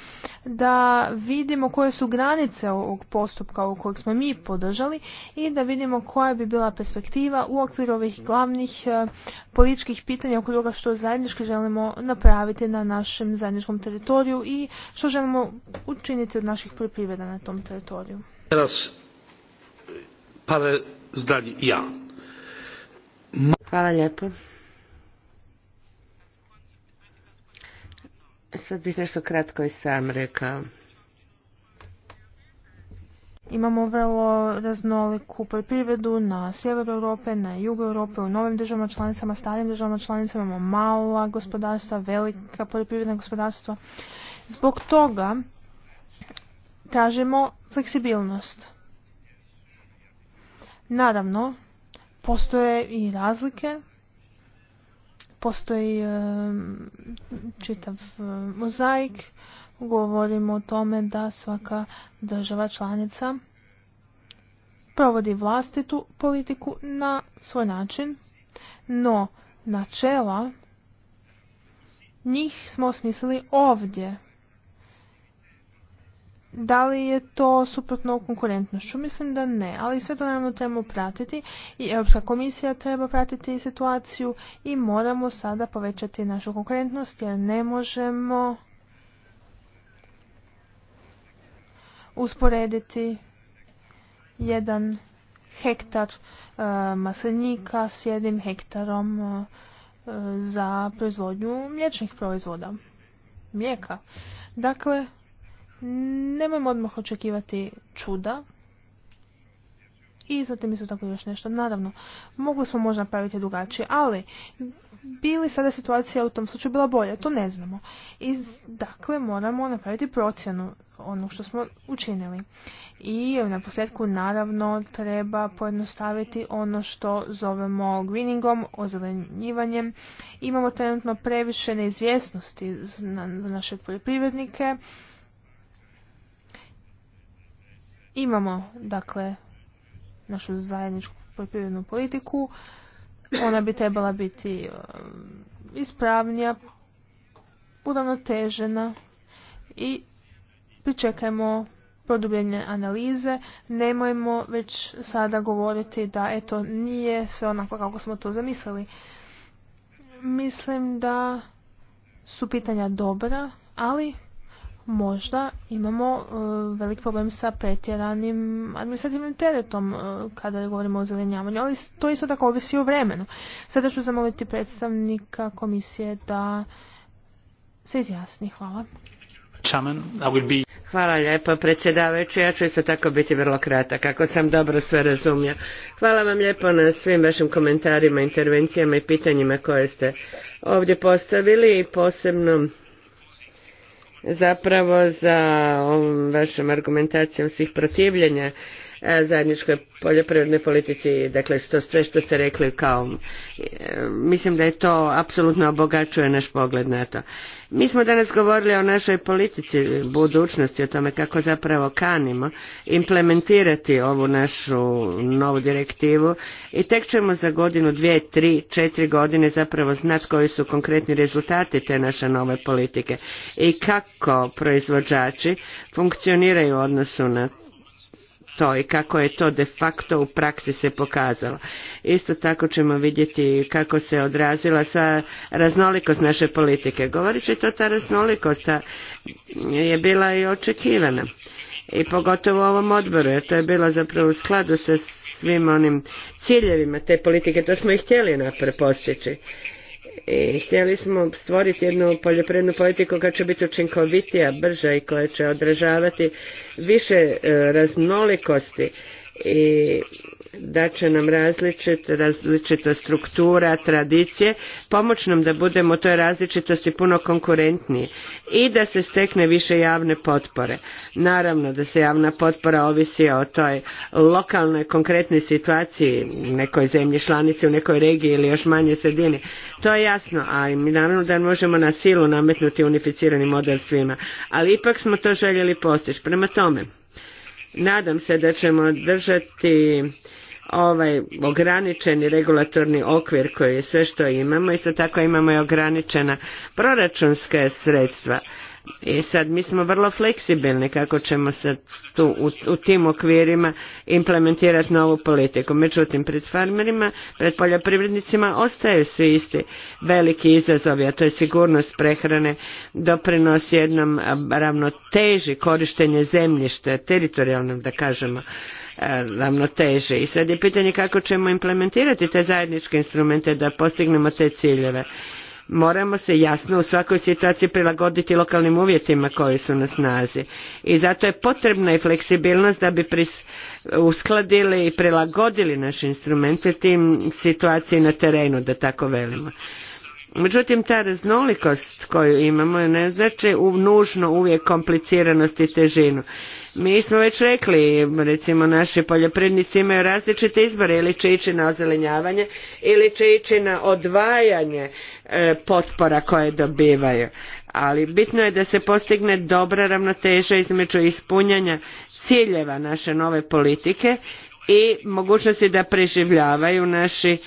[SPEAKER 1] da vidimo koje su granice ovog postupka u kojeg smo mi podržali i da vidimo koja bi bila perspektiva u okviru ovih glavnih e, političkih pitanja oko toga što zajednički želimo napraviti na našem zajedničkom teritoriju i što želimo želimo učiniti od naših poljoprivreda na tom teritoriju.
[SPEAKER 2] Teraz e,
[SPEAKER 4] Hvala lijepo. Sad bih nešto kratko i sam rekao. Imamo vrlo
[SPEAKER 1] raznoliku poljoprivredu na sjeveru Europe, na jugu Europe, u novim državama članicama, starim državama članicama, imamo mala gospodarstva, velika poljoprivredna gospodarstva. Zbog toga tražimo fleksibilnost. Naravno, postoje i razlike, postoji čitav mozaik, govorimo o tome da svaka država članica provodi vlastitu politiku na svoj način, no načela njih smo osmislili ovdje da li je to suprotno konkurentnošću? Mislim da ne, ali sve to naravno trebamo pratiti i Europska komisija treba pratiti situaciju i moramo sada povećati našu konkurentnost jer ne možemo usporediti jedan hektar e, s jednim hektarom e, za proizvodnju mliječnih proizvoda, mlijeka. Dakle, nemojmo odmah očekivati čuda. I zatim isto tako još nešto. Naravno, mogli smo možda napraviti drugačije, ali bili li sada situacija u tom slučaju bila bolja? To ne znamo. I dakle, moramo napraviti procjenu ono što smo učinili. I na posljedku, naravno, treba pojednostaviti ono što zovemo greeningom, ozelenjivanjem. Imamo trenutno previše neizvjesnosti za naše poljoprivrednike Imamo, dakle, našu zajedničku poljoprivrednu politiku. Ona bi trebala biti um, ispravnija, uravnotežena i pričekajmo produbljenje analize. Nemojmo već sada govoriti da eto nije sve onako kako smo to zamislili. Mislim da su pitanja dobra, ali možda imamo e, velik problem sa pretjeranim administrativnim teretom e, kada govorimo o zelenjavanju, ali to isto tako ovisi o vremenu. Sada ću zamoliti predstavnika komisije da se izjasni. Hvala.
[SPEAKER 4] Hvala lijepo predsjedavajući, ja ću isto tako biti vrlo kratak, ako sam dobro sve razumio. Hvala vam lijepo na svim vašim komentarima, intervencijama i pitanjima koje ste ovdje postavili i posebno zapravo za ovom vašom argumentacijom svih protivljenja e, zajedničkoj poljoprivrednoj politici, dakle što, sve što ste rekli kao, e, mislim da je to apsolutno obogaćuje naš pogled na to. Mi smo danas govorili o našoj politici budućnosti, o tome kako zapravo kanimo implementirati ovu našu novu direktivu i tek ćemo za godinu, dvije, tri, četiri godine zapravo znati koji su konkretni rezultati te naše nove politike i kako proizvođači funkcioniraju u odnosu na to i kako je to de facto u praksi se pokazalo. Isto tako ćemo vidjeti kako se odrazila sa raznolikost naše politike. Govorit to ta raznolikost je bila i očekivana. I pogotovo u ovom odboru, jer to je bilo zapravo u skladu sa svim onim ciljevima te politike, to smo i htjeli napre postići i htjeli smo stvoriti jednu poljoprivrednu politiku koja će biti učinkovitija, brža i koja će održavati više e, raznolikosti i da će nam različit, različita struktura, tradicije, pomoć nam da budemo u toj različitosti puno konkurentniji i da se stekne više javne potpore. Naravno da se javna potpora ovisi o toj lokalnoj konkretnoj situaciji u nekoj zemlji članici, u nekoj regiji ili još manje sredini. To je jasno, a mi naravno da možemo na silu nametnuti unificirani model svima, ali ipak smo to željeli postići. Prema tome, nadam se da ćemo držati ovaj ograničeni regulatorni okvir koji je sve što imamo, isto tako imamo i ograničena proračunska sredstva. I sad mi smo vrlo fleksibilni kako ćemo se tu u, u tim okvirima implementirati novu politiku. Međutim, pred farmerima, pred poljoprivrednicima ostaju svi isti veliki izazovi, a to je sigurnost prehrane, doprinos jednom ravnoteži korištenje zemljišta, teritorijalnom da kažemo E, ravnoteže. I sad je pitanje kako ćemo implementirati te zajedničke instrumente da postignemo te ciljeve. Moramo se jasno u svakoj situaciji prilagoditi lokalnim uvjetima koji su na snazi. I zato je potrebna i fleksibilnost da bi uskladili i prilagodili naše instrumente tim situaciji na terenu, da tako velimo. Međutim, ta raznolikost koju imamo ne znači u nužno uvijek kompliciranost i težinu. Mi smo već rekli, recimo naši poljoprivrednici imaju različite izbore, ili će ići na ozelenjavanje, ili će ići na odvajanje e, potpora koje dobivaju. Ali bitno je da se postigne dobra ravnoteža između ispunjanja ciljeva naše nove politike i mogućnosti da preživljavaju naši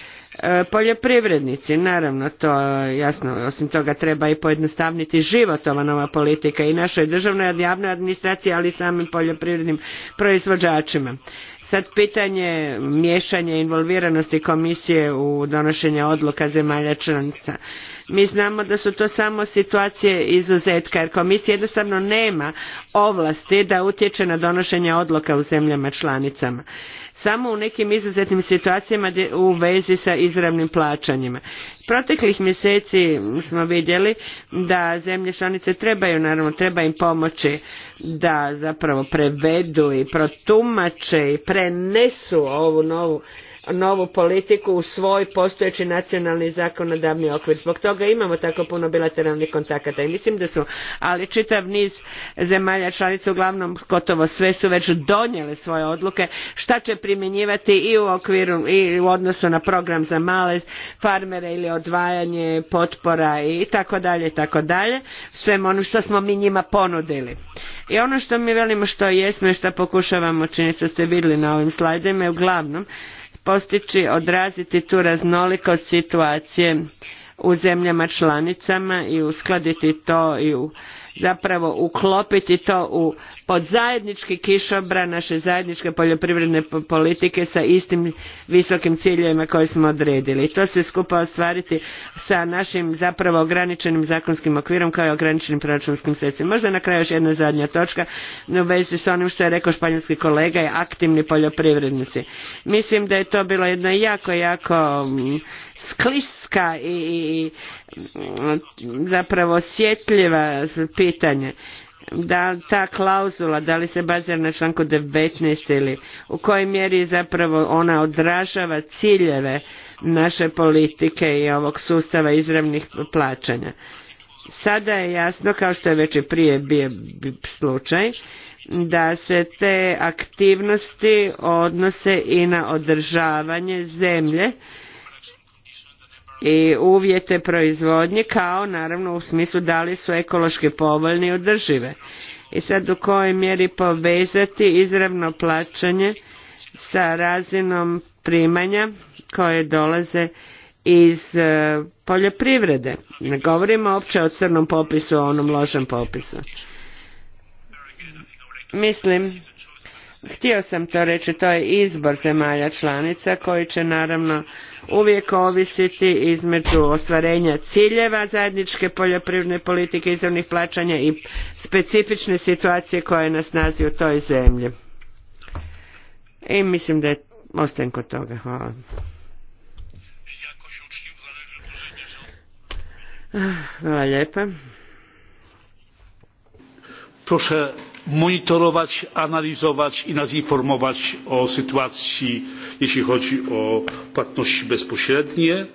[SPEAKER 4] E, poljoprivrednici. Naravno, to e, jasno, osim toga treba i pojednostavniti život ova nova politika i našoj državnoj javnoj administraciji, ali i samim poljoprivrednim proizvođačima. Sad pitanje miješanja involviranosti komisije u donošenje odluka zemalja članica. Mi znamo da su to samo situacije izuzetka jer komisija jednostavno nema ovlasti da utječe na donošenje odluka u zemljama članicama samo u nekim izuzetnim situacijama u vezi sa izravnim plaćanjima. Proteklih mjeseci smo vidjeli da zemlje članice trebaju, naravno treba im pomoći da zapravo prevedu i protumače i prenesu ovu novu novu politiku u svoj postojeći nacionalni zakonodavni okvir. Zbog toga imamo tako puno bilateralnih kontakata i mislim da su, ali čitav niz zemalja članica, uglavnom gotovo sve su već donijele svoje odluke šta će primjenjivati i u okviru i u odnosu na program za male farmere ili odvajanje potpora i tako dalje i tako dalje, svem onom što smo mi njima ponudili. I ono što mi velimo što jesmo i što pokušavamo činiti, što ste vidjeli na ovim slajdima, je uglavnom postići odraziti tu raznolikost situacije u zemljama članicama i uskladiti to i u zapravo uklopiti to u pod zajednički kišobran naše zajedničke poljoprivredne politike sa istim visokim ciljevima koje smo odredili. I to se skupa ostvariti sa našim zapravo ograničenim zakonskim okvirom kao i ograničenim proračunskim sredstvima. Možda na kraju još jedna zadnja točka u vezi s onim što je rekao španjolski kolega i aktivni poljoprivrednici. Mislim da je to bilo jedna jako, jako skliska i zapravo osjetljiva pitanje da ta klauzula, da li se bazira na članku 19 ili u kojoj mjeri zapravo ona odražava ciljeve naše politike i ovog sustava izravnih plaćanja. Sada je jasno, kao što je već i prije bio slučaj, da se te aktivnosti odnose i na održavanje zemlje i uvjete proizvodnje kao naravno u smislu da li su ekološki povoljni i održive. I sad u kojoj mjeri povezati izravno plaćanje sa razinom primanja koje dolaze iz e, poljoprivrede. Ne govorimo opće o crnom popisu, o onom lošem popisu. Mislim Htio sam to reći, to je izbor zemalja članica koji će naravno uvijek ovisiti između ostvarenja ciljeva zajedničke poljoprivredne politike izravnih plaćanja i specifične situacije koja je na snazi u toj zemlji. I mislim da je, ostajem kod toga. Hvala. Ah, hvala lijepa.
[SPEAKER 2] Proszę monitorować analizować i nas informować o sytuacji jeśli chodzi o płatności bezpośrednie.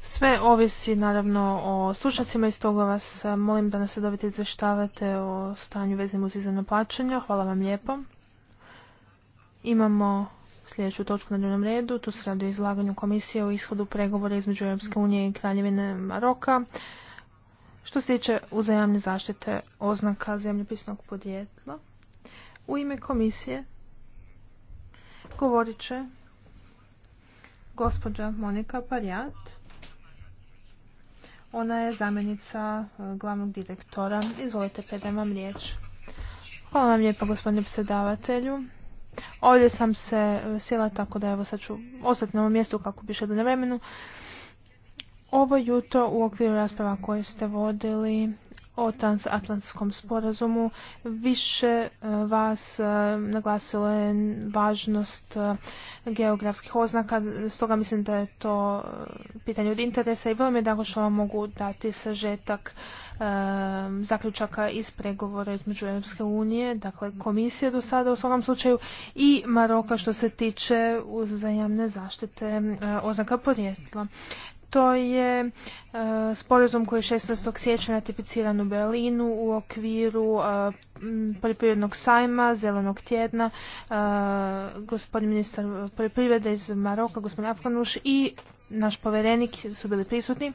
[SPEAKER 1] Sve ovisi naravno o stručnjacima i stoga vas e, molim da nas redovito izvještavate o stanju vezanim uz izravna plaćanja. Hvala vam lijepo. Imamo sljedeću točku na dnevnom redu. Tu se radi o izlaganju komisije o ishodu pregovora između Europske unije i Kraljevine Maroka. Što se tiče uzajamne zaštite oznaka zemljopisnog podjetla, u ime komisije govorit će gospođa Monika Parijat. Ona je zamjenica e, glavnog direktora. Izvolite, predajem vam riječ. Hvala vam lijepo, gospodine predsjedavatelju. Ovdje sam se e, sjela tako da evo sad ću ostati na ovom mjestu kako bi do na vremenu. Ovo jutro u okviru rasprava koje ste vodili o transatlantskom sporazumu više e, vas e, naglasilo je važnost e, geografskih oznaka, stoga mislim da je to pitanje od interesa i vrlo mi je drago što vam mogu dati sažetak zaključaka iz pregovora između Europske unije, dakle komisije do sada u svakom slučaju i Maroka što se tiče uzajamne zaštite oznaka porijekla. To je e, sporazum koji je 16. siječnja ratificiran u Berlinu u okviru e, poljoprivrednog sajma, zelenog tjedna, e, gospodin ministar poljoprivrede iz Maroka, gospodin Afganuš i naš povjerenik su bili prisutni.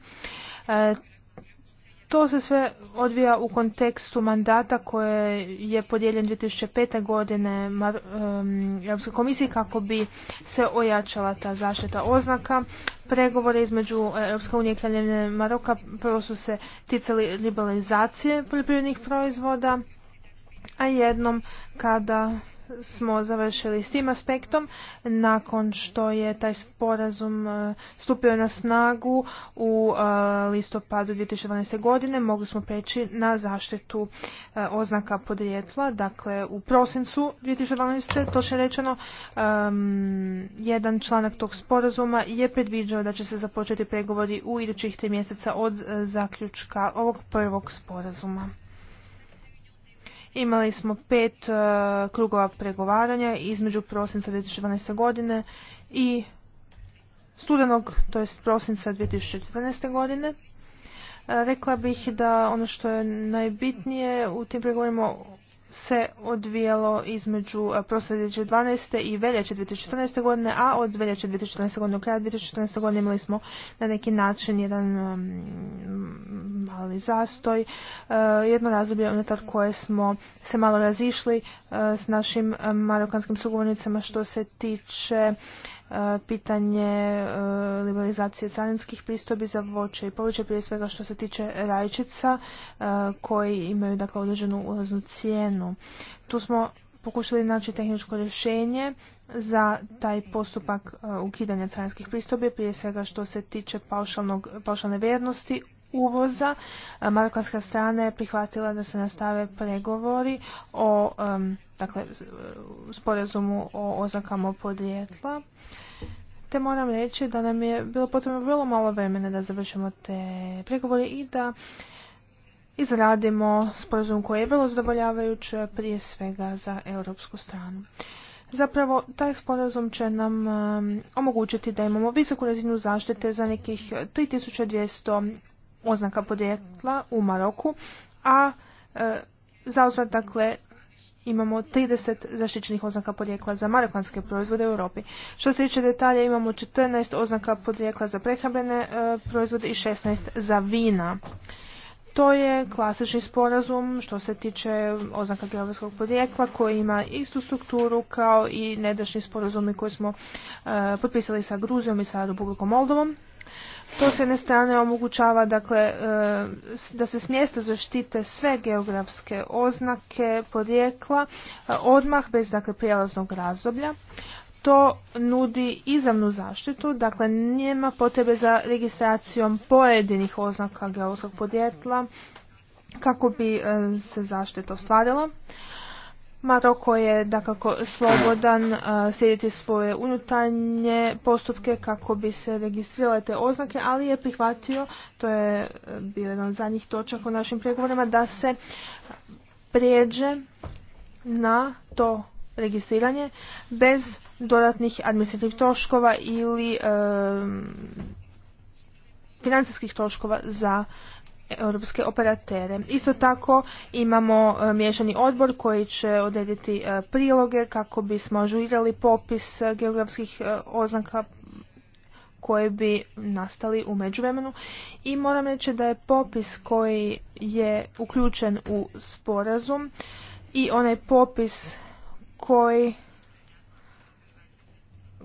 [SPEAKER 1] To se sve odvija u kontekstu mandata koje je podijeljen 2005. godine Europske komisiji kako bi se ojačala ta zaštita oznaka. Pregovore između Europske unije i Kraljevine Maroka prvo su se ticali liberalizacije poljoprivrednih proizvoda, a jednom kada smo završili s tim aspektom nakon što je taj sporazum e, stupio na snagu u e, listopadu 2012. godine mogli smo preći na zaštitu e, oznaka podrijetla dakle u prosincu 2012. točno rečeno jedan članak tog sporazuma je predviđao da će se započeti pregovori u idućih tri mjeseca od zaključka ovog prvog sporazuma. Imali smo pet e, krugova pregovaranja između prosinca 2012. godine i studenog, to jest prosinca 2014. godine. E, rekla bih da ono što je najbitnije u tim pregovorima se odvijalo između tisuće e, 2012. i veljače 2014. godine, a od veljače 2014. godine do kraja 2014. godine imali smo na neki način jedan mm, mali zastoj, e, jedno razdoblje unutar koje smo se malo razišli e, s našim marokanskim sugovornicama što se tiče E, pitanje e, liberalizacije carinskih pristojbi za voće i povrće, prije svega što se tiče rajčica e, koji imaju dakle određenu ulaznu cijenu. Tu smo pokušali naći tehničko rješenje za taj postupak ukidanja carinskih pristojbi, prije svega što se tiče paušalne vrijednosti uvoza. Marokanska strana je prihvatila da se nastave pregovori o dakle, sporazumu o oznakama podrijetla. Te moram reći da nam je bilo potrebno vrlo malo vremena da završimo te pregovore i da izradimo sporazum koji je vrlo zadovoljavajuć prije svega za europsku stranu. Zapravo, taj sporazum će nam omogućiti da imamo visoku razinu zaštite za nekih 3200 oznaka podrijetla u Maroku, a e, dakle imamo 30 zaštićenih oznaka porijekla za marokanske proizvode u Europi. Što se tiče detalja imamo 14 oznaka podrijekla za prehrambene e, proizvode i 16 za vina. To je klasični sporazum što se tiče oznaka geografskog porijekla koji ima istu strukturu kao i nedašnji sporazumi koji smo e, potpisali sa Gruzijom i sa Republikom Moldovom. To s jedne strane omogućava dakle, e, da se smjesta zaštite sve geografske oznake porijekla e, odmah bez dakle, prijelaznog razdoblja. To nudi izravnu zaštitu, dakle nema potrebe za registracijom pojedinih oznaka geografskog podjetla kako bi e, se zaštita ostvarila. Maroko je dakako slobodan slijediti svoje unutarnje postupke kako bi se registrirale te oznake, ali je prihvatio, to je e, bio jedan od zadnjih točaka u našim pregovorima, da se prijeđe na to registriranje bez dodatnih administrativnih troškova ili e, financijskih troškova za europske operatere. Isto tako imamo e, mješani odbor koji će odrediti e, priloge kako bismo ažurirali popis e, geografskih oznaka koje bi nastali u međuvremenu i moram reći da je popis koji je uključen u sporazum i onaj popis koji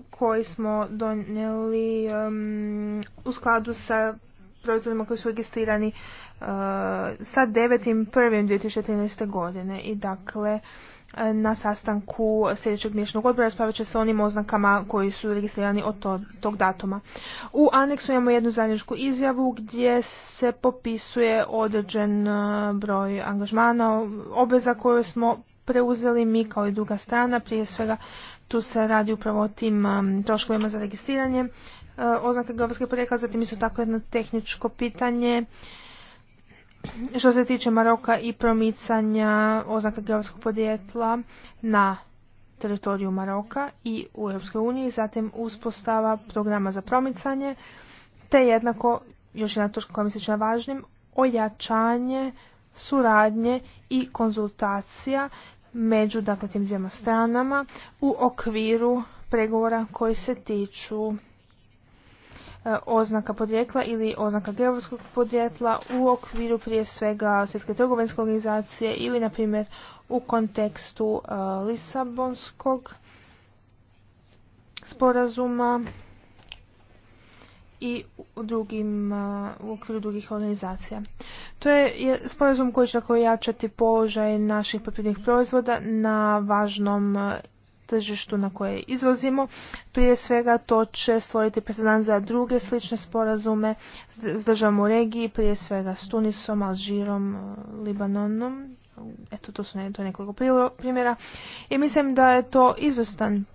[SPEAKER 1] koji smo donijeli u skladu sa proizvodima koji su registrirani uh, sa 9.1.2013. godine i dakle uh, na sastanku sljedećeg mješnog odbora spavit će se onim oznakama koji su registrirani od tog datuma. U aneksu imamo jednu zajedničku izjavu gdje se popisuje određen uh, broj angažmana, obveza koju smo preuzeli mi kao i druga strana, prije svega tu se radi upravo o tim um, troškovima za registriranje Eh, oznake geografske porijekla, zatim isto tako jedno tehničko pitanje što se tiče Maroka i promicanja oznaka geografskog podjetla na teritoriju Maroka i u EU. zatim uspostava programa za promicanje, te jednako, još jedna točka koja mi se čina važnim, ojačanje suradnje i konzultacija među dakle, tim dvijema stranama u okviru pregovora koji se tiču E, oznaka podrijetla ili oznaka geografskog podrijetla u okviru prije svega svjetske trgovinske organizacije ili na primjer u kontekstu e, Lisabonskog sporazuma i u, drugim, e, okviru drugih organizacija. To je sporazum koji će tako jačati položaj naših poljoprivrednih proizvoda na važnom tržištu na koje izvozimo. Prije svega to će stvoriti presedan za druge slične sporazume s državom u regiji, prije svega s Tunisom, Alžirom, Libanonom. Eto, to su nekoliko primjera. I mislim da je to izvrstan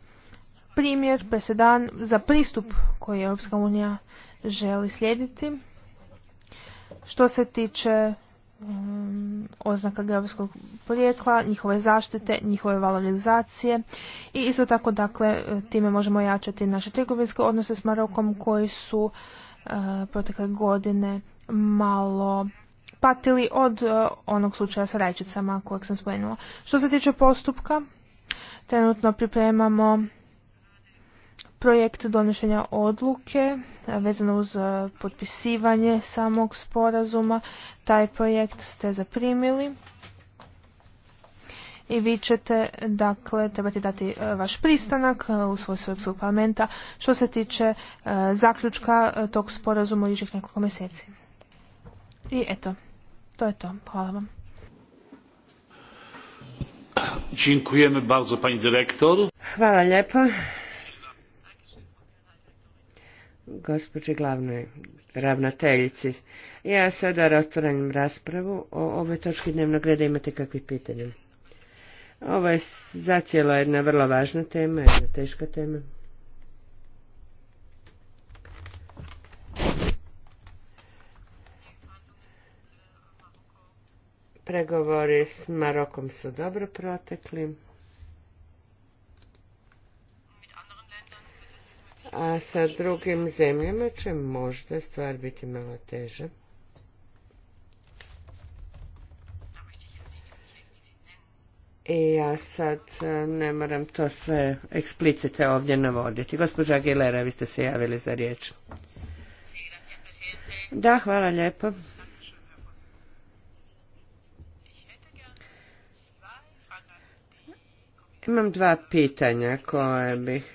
[SPEAKER 1] primjer, presedan za pristup koji Europska unija želi slijediti. Što se tiče Mm, oznaka geografskog porijekla, njihove zaštite, njihove valorizacije i isto tako dakle time možemo jačati naše trgovinske odnose s Marokom koji su e, protekle godine malo patili od e, onog slučaja sa rajčicama kojeg sam spomenula. Što se tiče postupka, trenutno pripremamo projekt donošenja odluke vezano uz potpisivanje samog sporazuma. Taj projekt ste zaprimili i vi ćete dakle trebati dati vaš pristanak u svoj svojeg parlamenta što se tiče zaključka tog sporazuma u idućih nekoliko mjeseci. I eto, to je to. Hvala vam.
[SPEAKER 2] Dziękujemy bardzo pani dyrektor.
[SPEAKER 4] Hvala gospođi glavnoj ravnateljici. Ja sada otvorim raspravu o ovoj točki dnevnog reda imate kakvih pitanja. Ovo je zacijelo jedna vrlo važna tema, jedna teška tema. Pregovori s Marokom su dobro protekli. a sa drugim zemljama će možda stvar biti malo teža. I ja sad e, ne moram to sve eksplicite ovdje navoditi. Gospođa Aguilera, vi ste se javili za riječ. Da, hvala lijepo. Imam dva pitanja koje bih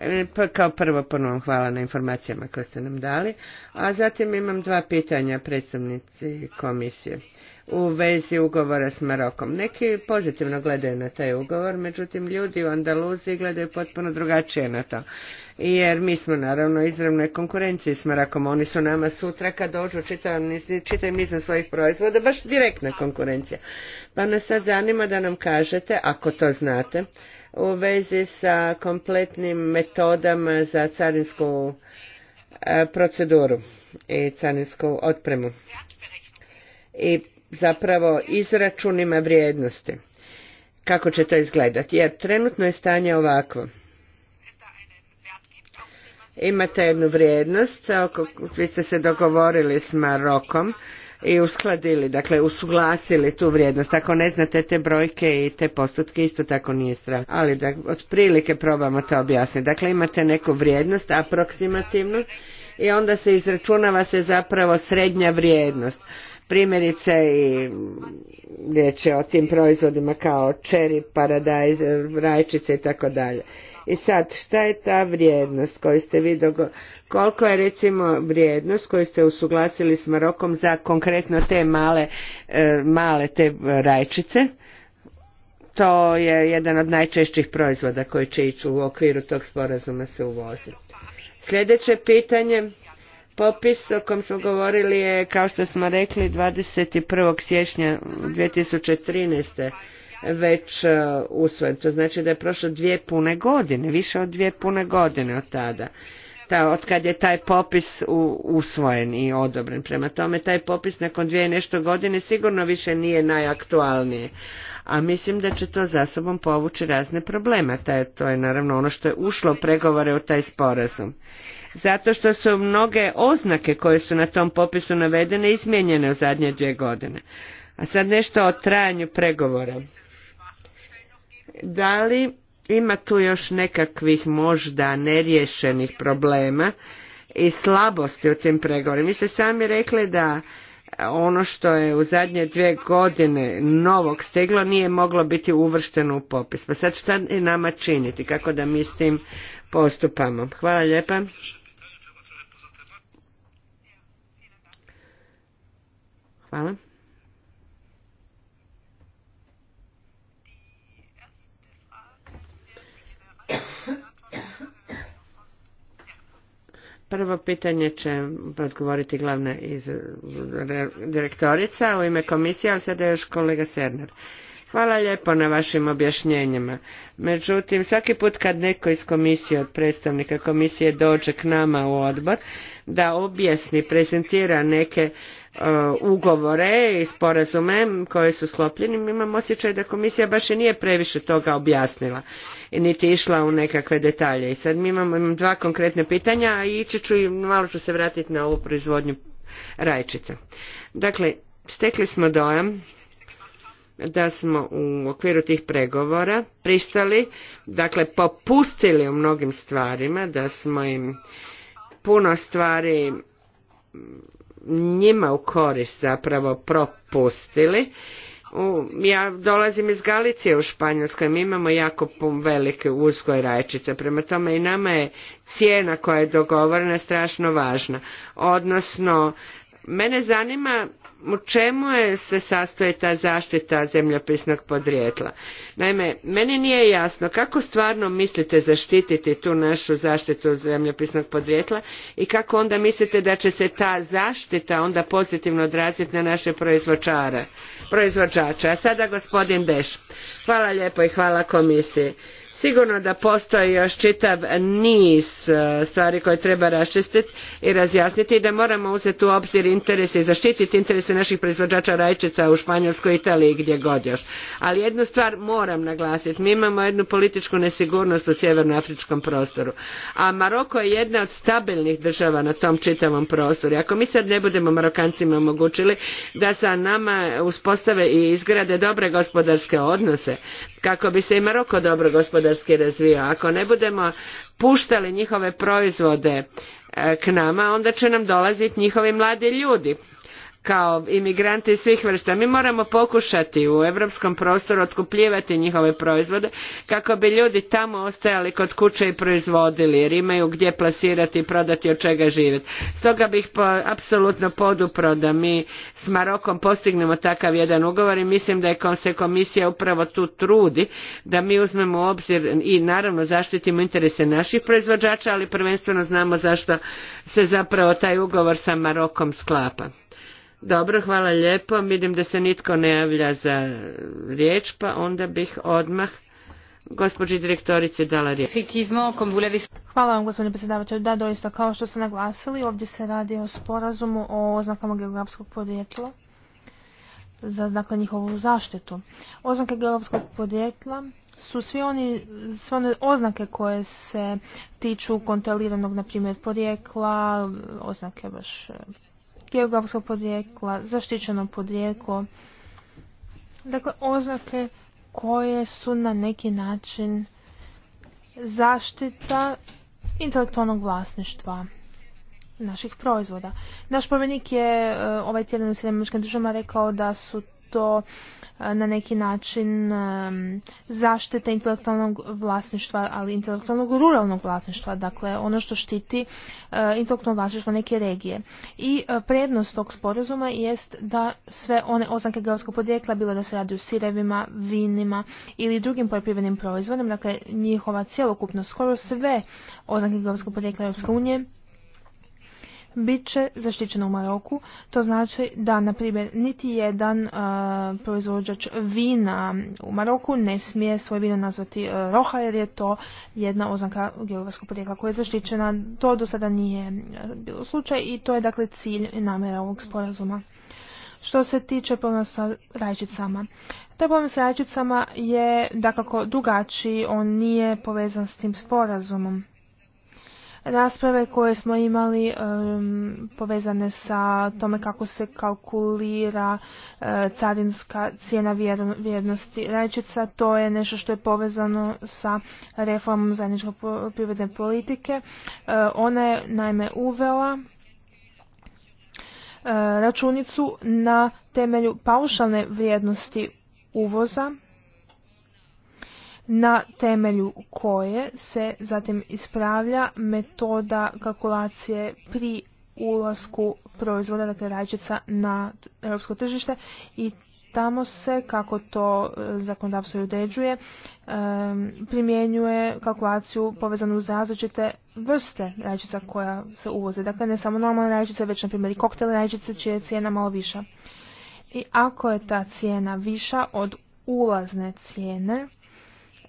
[SPEAKER 4] E, pa kao prvo ponovno hvala na informacijama koje ste nam dali, a zatim imam dva pitanja predstavnici komisije u vezi ugovora s Marokom. Neki pozitivno gledaju na taj ugovor, međutim ljudi u Andaluziji gledaju potpuno drugačije na to. Jer mi smo naravno izravnoj konkurenciji s Marokom. Oni su nama sutra kad dođu čitaju niz svojih proizvoda, baš direktna konkurencija. Pa nas sad zanima da nam kažete, ako to znate, u vezi sa kompletnim metodama za carinsku e, proceduru i carinsku otpremu i zapravo izračunima vrijednosti. Kako će to izgledati? Jer trenutno je stanje ovakvo. Imate jednu vrijednost, vi ste se dogovorili s Marokom i uskladili, dakle usuglasili tu vrijednost. Ako ne znate te brojke i te postotke isto tako nije strah. Ali da otprilike probamo to objasniti. Dakle imate neku vrijednost aproksimativnu i onda se izračunava se zapravo srednja vrijednost. Primjerice i riječ je o tim proizvodima kao čeri, paradajz, rajčice i tako dalje. I sad, šta je ta vrijednost koju ste vi dogo... Koliko je recimo vrijednost koju ste usuglasili s Marokom za konkretno te male, e, male te rajčice? To je jedan od najčešćih proizvoda koji će ići u okviru tog sporazuma se uvoziti. Sljedeće pitanje, popis o kom smo govorili je, kao što smo rekli, 21. siječnja 2013 već e, usvojen. To znači da je prošlo dvije pune godine, više od dvije pune godine od tada. Ta, od kad je taj popis u, usvojen i odobren. Prema tome, taj popis nakon dvije nešto godine sigurno više nije najaktualnije A mislim da će to za sobom povući razne probleme. to je naravno ono što je ušlo u pregovore u taj sporazum. Zato što su mnoge oznake koje su na tom popisu navedene izmijenjene u zadnje dvije godine. A sad nešto o trajanju pregovora. Da li ima tu još nekakvih možda neriješenih problema i slabosti u tim pregovorima? Vi ste sami rekli da ono što je u zadnje dvije godine novog steglo nije moglo biti uvršteno u popis. Pa sad šta je nama činiti, kako da mi s tim postupamo? Hvala lijepa. Hvala. Prvo pitanje će odgovoriti glavna iz direktorica u ime komisije, ali sada je još kolega Sernar. Hvala lijepo na vašim objašnjenjima. Međutim, svaki put kad neko iz komisije, od predstavnika komisije dođe k nama u odbor, da objasni, prezentira neke E, ugovore i sporazume koje su sklopljeni, imam osjećaj da komisija baš i nije previše toga objasnila i niti išla u nekakve detalje. I sad mi imamo imam dva konkretna pitanja, a ići ću i malo ću se vratiti na ovu proizvodnju rajčica. Dakle, stekli smo dojam da smo u okviru tih pregovora pristali, dakle popustili u mnogim stvarima, da smo im puno stvari njima u korist zapravo propustili. U, ja dolazim iz Galicije u Španjolskoj, mi imamo jako velike uzgoj rajčice, prema tome i nama je cijena koja je dogovorena strašno važna. Odnosno, mene zanima u čemu je se sastoji ta zaštita zemljopisnog podrijetla. Naime, meni nije jasno kako stvarno mislite zaštititi tu našu zaštitu zemljopisnog podrijetla i kako onda mislite da će se ta zaštita onda pozitivno odraziti na naše proizvođače. A sada gospodin Deš. Hvala lijepo i hvala komisiji. Sigurno da postoji još čitav niz e, stvari koje treba raščistiti i razjasniti i da moramo uzeti u obzir interese i zaštititi interese naših proizvođača rajčica u Španjolskoj, Italiji gdje god još. Ali jednu stvar moram naglasiti. Mi imamo jednu političku nesigurnost u sjevernoafričkom prostoru. A Maroko je jedna od stabilnih država na tom čitavom prostoru. Ako mi sad ne budemo Marokancima omogućili da sa nama uspostave i izgrade dobre gospodarske odnose, kako bi se i Maroko dobro gospodar gospodarski razvijao. Ako ne budemo puštali njihove proizvode e, k nama, onda će nam dolaziti njihovi mladi ljudi kao imigranti svih vrsta. Mi moramo pokušati u europskom prostoru otkupljivati njihove proizvode kako bi ljudi tamo ostajali kod kuće i proizvodili jer imaju gdje plasirati i prodati od čega živjeti. Stoga bih apsolutno podupro da mi s Marokom postignemo takav jedan ugovor i mislim da je se komisija upravo tu trudi da mi uzmemo u obzir i naravno zaštitimo interese naših proizvođača ali prvenstveno znamo zašto se zapravo taj ugovor sa Marokom sklapa. Dobro, hvala lijepo. Vidim da se nitko ne javlja za riječ, pa onda bih odmah gospođi direktorici dala riječ.
[SPEAKER 1] Hvala vam gospodine predsjedavate. Da, doista, kao što ste naglasili, ovdje se radi o sporazumu o oznakama geografskog podrijetla za dakle, njihovu zaštitu. Oznake geografskog podrijetla su svi oni, sve one oznake koje se tiču kontroliranog, na primjer, porijekla, oznake baš geografskog podrijekla, zaštićeno podrijeklo, dakle oznake koje su na neki način zaštita intelektualnog vlasništva naših proizvoda. Naš povjerenik je e, ovaj tjedan u Sjedinjenim državama rekao da su to na neki način zaštite intelektualnog vlasništva, ali intelektualnog ruralnog vlasništva, dakle ono što štiti intelektualno vlasništvo neke regije. I prednost tog sporazuma jest da sve one oznake geografskog podrijekla, bilo da se radi o sirevima, vinima ili drugim poljoprivrednim proizvodima, dakle njihova cijelokupnost, skoro sve oznake geografskog podrijekla Europske unije bit će zaštićena u Maroku. To znači da, na primjer, niti jedan e, proizvođač vina u Maroku ne smije svoje vino nazvati e, roha jer je to jedna oznaka geografskog porijekla koja je zaštićena. To do sada nije e, bilo slučaj i to je dakle cilj i namjera ovog sporazuma. Što se tiče problema sa rajčicama. Taj problem sa rajčicama je dakako drugačiji, on nije povezan s tim sporazumom rasprave koje smo imali povezane sa tome kako se kalkulira e, carinska cijena vrijednosti rajčica. To je nešto što je povezano sa reformom zajedničke privredne politike. E, ona je naime uvela e, računicu na temelju paušalne vrijednosti uvoza na temelju koje se zatim ispravlja metoda kalkulacije pri ulasku proizvoda, dakle rajčica na europsko tržište i tamo se, kako to e, zakonodavstvo određuje, e, primjenjuje kalkulaciju povezanu uz različite vrste rajčica koja se uvoze. Dakle, ne samo normalne rajčice, već na primjer i koktele rajčice čija je cijena malo viša. I ako je ta cijena viša od ulazne cijene,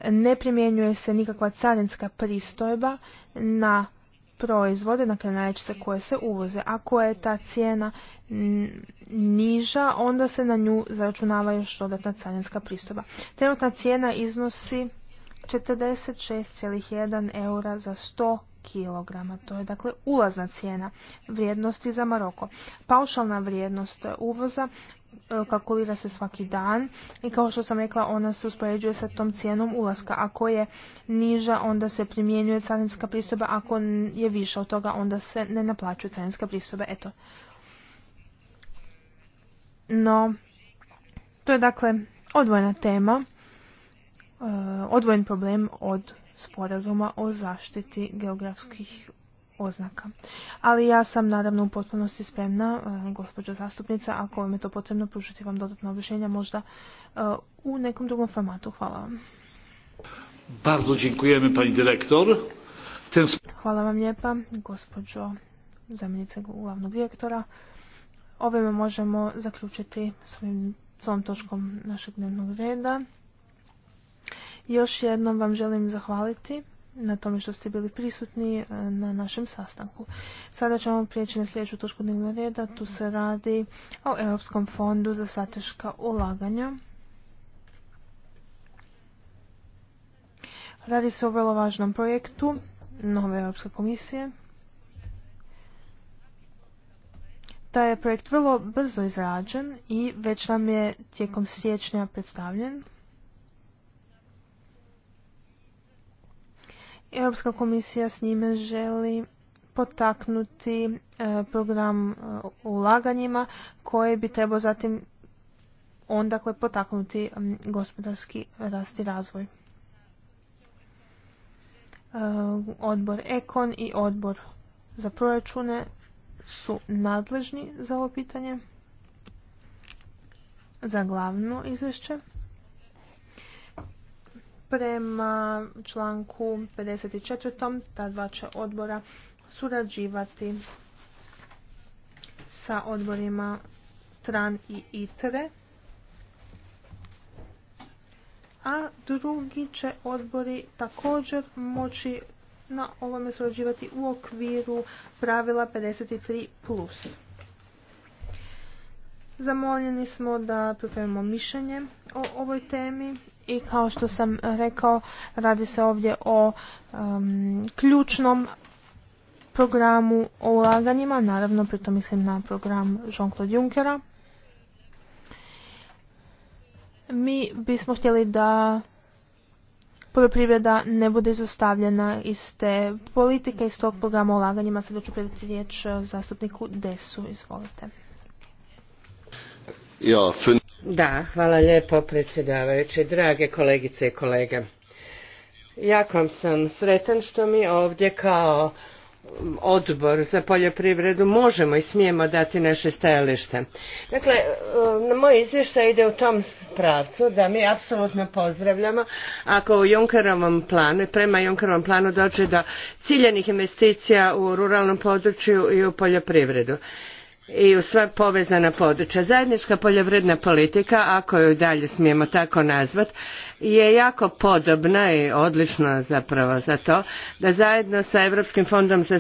[SPEAKER 1] ne primjenjuje se nikakva carinska pristojba na proizvode, dakle najčešće koje se uvoze. Ako je ta cijena niža, onda se na nju zaračunava još dodatna carinska pristojba. Trenutna cijena iznosi 46,1 eura za 100 kilograma. To je dakle ulazna cijena vrijednosti za Maroko. Paušalna vrijednost uvoza E, kalkulira se svaki dan i kao što sam rekla ona se uspoređuje sa tom cijenom ulaska. Ako je niža onda se primjenjuje carinska pristojba, ako je viša od toga onda se ne naplaćuje carinska pristojba. Eto. No, to je dakle odvojena tema, e, odvojen problem od sporazuma o zaštiti geografskih oznaka. Ali ja sam naravno u potpunosti spremna, e, gospođo zastupnica, ako vam je to potrebno, pružiti vam dodatno objašnjenja možda e, u nekom drugom formatu. Hvala vam.
[SPEAKER 2] Bardzo dziękujemy pani dyrektor.
[SPEAKER 1] Hvala vam lijepa, gospođo zamjenice glavnog direktora. Ovime možemo zaključiti s ovom točkom našeg dnevnog reda. Još jednom vam želim zahvaliti na tome što ste bili prisutni e, na našem sastanku. Sada ćemo prijeći na sljedeću točku dnevnog reda. Tu se radi o Europskom fondu za strateška ulaganja. Radi se o vrlo važnom projektu nove Europske komisije. Taj je projekt vrlo brzo izrađen i već nam je tijekom siječnja predstavljen. Europska komisija s njime želi potaknuti e, program e, ulaganjima koje bi trebao zatim onda potaknuti gospodarski rast i razvoj. E, odbor Ekon i odbor za proračune su nadležni za ovo pitanje, za glavno izvješće. Prema članku 54. ta dva će odbora surađivati sa odborima TRAN i ITRE. A drugi će odbori također moći na ovome surađivati u okviru pravila 53+. Zamoljeni smo da pripremimo mišljenje o ovoj temi i kao što sam rekao radi se ovdje o ključnom programu o ulaganjima, naravno pritom mislim na program Jean-Claude Junckera. Mi bismo htjeli da poljoprivreda ne bude izostavljena iz te politike, iz tog programa ulaganjima. Sada ću predati riječ e, zastupniku Desu, izvolite.
[SPEAKER 4] Ja, da, hvala lijepo predsjedavajući, drage kolegice i kolege. Jako sam sretan što mi ovdje kao odbor za poljoprivredu možemo i smijemo dati naše stajalište. Dakle, e, moj izvještaj ide u tom pravcu da mi apsolutno pozdravljamo ako u Junckerovom planu, prema Junckerovom planu dođe do ciljenih investicija u ruralnom području i u poljoprivredu i u sva povezana područja. Zajednička poljoprivredna politika, ako ju dalje smijemo tako nazvat, je jako podobna i odlična zapravo za to da zajedno sa Europskim fondom za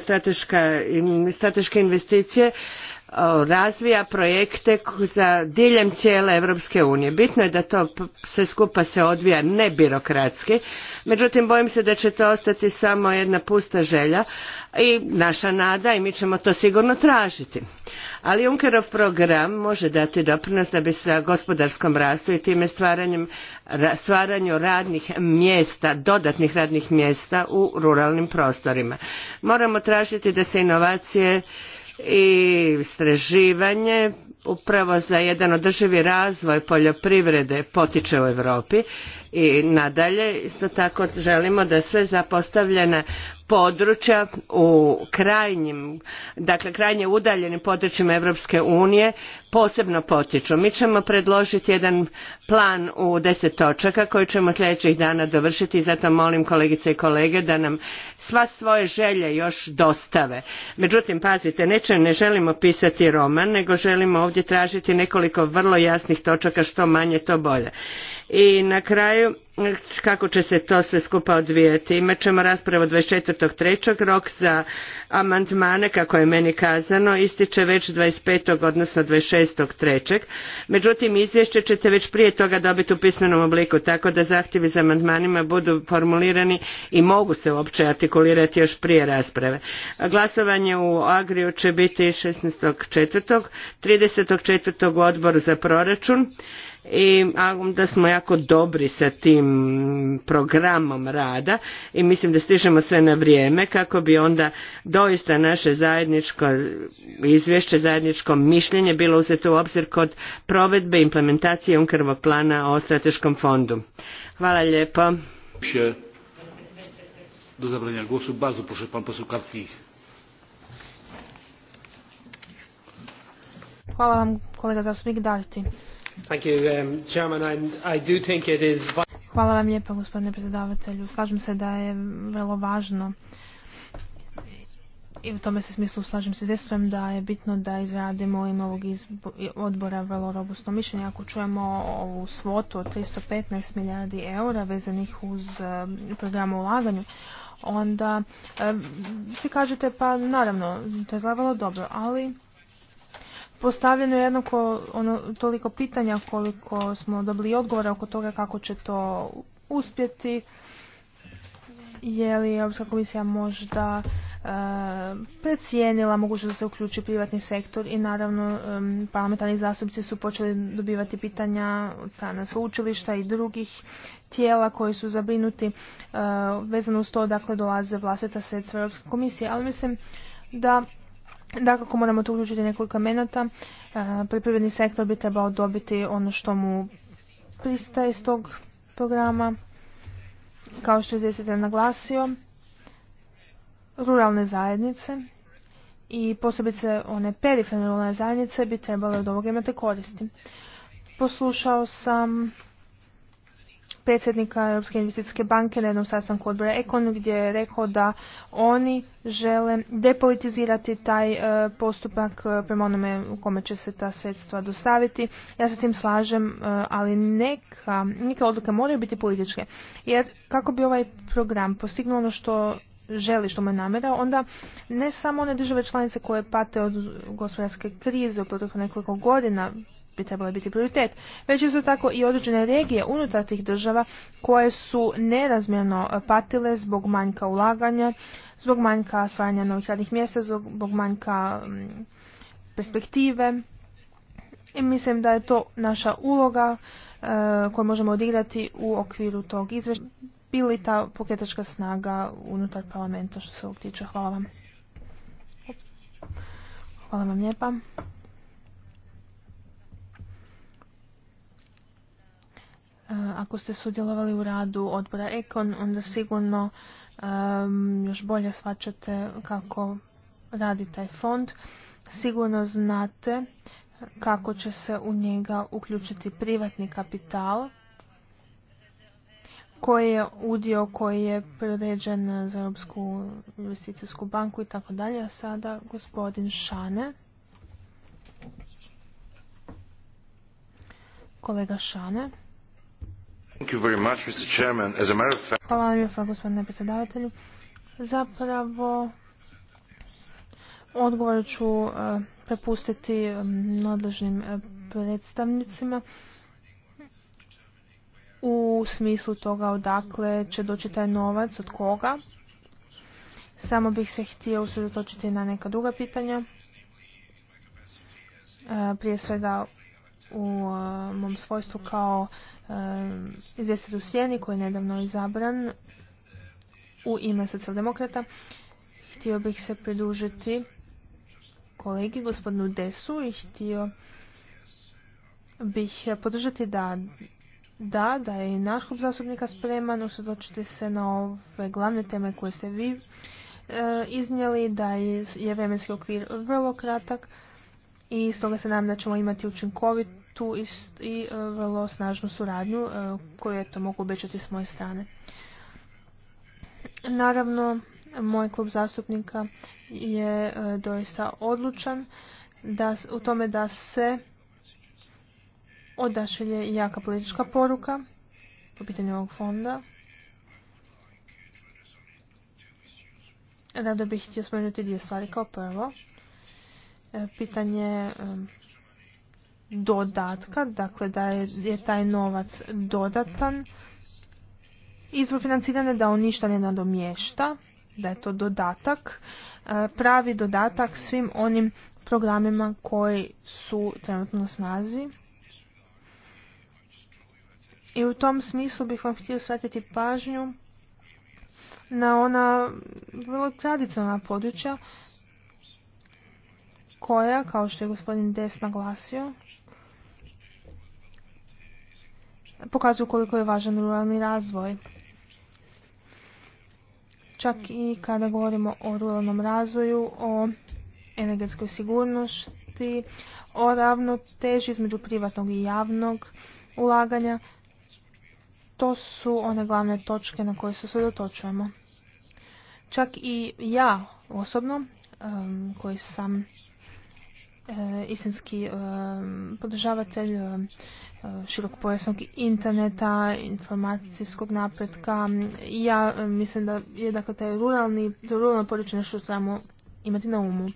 [SPEAKER 4] strateške investicije razvija projekte za diljem cijele Europske unije. Bitno je da to sve skupa se odvija nebirokratski, međutim bojim se da će to ostati samo jedna pusta želja i naša nada i mi ćemo to sigurno tražiti. Ali Junckerov program može dati doprinos da bi se gospodarskom rastu i time stvaranjem, stvaranju radnih mjesta, dodatnih radnih mjesta u ruralnim prostorima. Moramo tražiti da se inovacije i istraživanje upravo za jedan održivi razvoj poljoprivrede potiče u Europi i nadalje isto tako želimo da sve zapostavljene područja u krajnjim, dakle krajnje udaljenim područjima Europske unije posebno potiču. Mi ćemo predložiti jedan plan u deset točaka koji ćemo sljedećih dana dovršiti i zato molim kolegice i kolege da nam sva svoje želje još dostave. Međutim, pazite, neće, ne želimo pisati roman, nego želimo ovdje tražiti nekoliko vrlo jasnih točaka što manje to bolje. I na kraju kako će se to sve skupa odvijati. Imat ćemo raspravu 24.3. Rok za amandmane, kako je meni kazano, ističe već 25. odnosno 26.3. Međutim, izvješće ćete već prije toga dobiti u pismenom obliku, tako da zahtjevi za amandmanima budu formulirani i mogu se uopće artikulirati još prije rasprave. Glasovanje u Agriju će biti 16.4. 30.4. u odboru za proračun i da smo jako dobri sa tim programom rada i mislim da stižemo sve na vrijeme kako bi onda doista naše zajedničko izvješće, zajedničko mišljenje bilo uzeto u obzir kod provedbe implementacije unkrvog plana o strateškom fondu. Hvala lijepo. pan
[SPEAKER 1] Hvala vam kolega zastupnik dalti.
[SPEAKER 2] Um,
[SPEAKER 1] Hvala vam lijepa gospodine predsjedavatelju. Slažem se da je vrlo važno i u tome se smislu slažem se desujem da je bitno da izradimo im ovog odbora vrlo robustno mišljenje. Ako čujemo ovu svotu od 315 milijardi eura vezanih uz um, program ulaganju, onda e, kažete pa naravno to je vrlo dobro, ali postavljeno je jednako ono, toliko pitanja koliko smo dobili odgovore oko toga kako će to uspjeti. Je li Europska komisija možda e, precijenila mogućnost da se uključi privatni sektor i naravno e, parlamentarni zastupci su počeli dobivati pitanja od strana sveučilišta i drugih tijela koji su zabrinuti e, vezano uz to dakle dolaze vlastita sredstva Europske komisije. Ali mislim da Dakako moramo tu uključiti nekoliko menata, e, Poljoprivredni sektor bi trebao dobiti ono što mu pristaje iz tog programa. Kao što je izvjestitelj naglasio, ruralne zajednice i posebice one periferne zajednice bi trebale od ovoga imati koristi. Poslušao sam predsjednika Europske investicijske banke na jednom sastanku odbora ECON gdje je rekao da oni žele depolitizirati taj e, postupak e, prema onome u kome će se ta sredstva dostaviti. Ja se s tim slažem, e, ali neka, neke odluke moraju biti političke. Jer kako bi ovaj program postignuo ono što želi što mu je namjera, onda ne samo one države članice koje pate od gospodarske krize u proteklih nekoliko godina bi trebale biti prioritet, već isto tako i određene regije unutar tih država koje su nerazmjerno patile zbog manjka ulaganja, zbog manjka svajanja novih radnih mjesta, zbog manjka mm, perspektive. I mislim da je to naša uloga e, koju možemo odigrati u okviru tog izvješća bili ta pokretačka snaga unutar parlamenta što se ovog tiče. Hvala vam. Hvala vam lijepa. Eh, ako ste sudjelovali u radu odbora Ekon, onda sigurno još bolje shvaćate kako radi taj fond. Sigurno znate kako će se u njega uključiti privatni kapital, koji je udio koji je priređen za Europsku investicijsku banku i tako dalje. A sada gospodin Šane. Kolega Šane.
[SPEAKER 2] Hvala
[SPEAKER 1] vam lijepa gospodine predsjedavatelju. Zapravo odgovor ću e, prepustiti e, nadležnim e, predstavnicima u smislu toga odakle će doći taj novac, od koga. Samo bih se htio usredotočiti na neka druga pitanja. Prije svega u e, mom svojstvu kao e, izvjestitelj u Sjeni koji je nedavno izabran u ime socijaldemokrata. Htio bih se pridružiti kolegi gospodinu Desu i htio bih podržati da da, da je i naš klub zastupnika spreman usudočite se na ove glavne teme koje ste vi e, iznijeli, da je vremenski okvir vrlo kratak i stoga se nadam da ćemo imati učinkovit tu i e, vrlo snažnu suradnju e, koju je to mogu obećati s moje strane. Naravno, moj klub zastupnika je e, doista odlučan u tome da se odašelje jaka politička poruka po pitanju ovog fonda. Rado bih htio spomenuti dvije stvari kao prvo. Pitanje dodatka, dakle da je, taj novac dodatan, izvor financiranja da on ništa ne nadomješta, da je to dodatak, e, pravi dodatak svim onim programima koji su trenutno na snazi. I u tom smislu bih vam htio shvatiti pažnju na ona vrlo tradicionalna područja koja, kao što je gospodin Des naglasio, pokazuju koliko je važan ruralni razvoj. Čak i kada govorimo o ruralnom razvoju, o energetskoj sigurnosti, o ravnoteži između privatnog i javnog ulaganja, to su one glavne točke na koje se sredotočujemo. Čak i ja osobno, koji sam E, istinski e, podržavatelj e, pojasnog interneta, informacijskog napretka. I ja mislim da je dakle taj ruralni, ruralno područje nešto što trebamo imati na umu.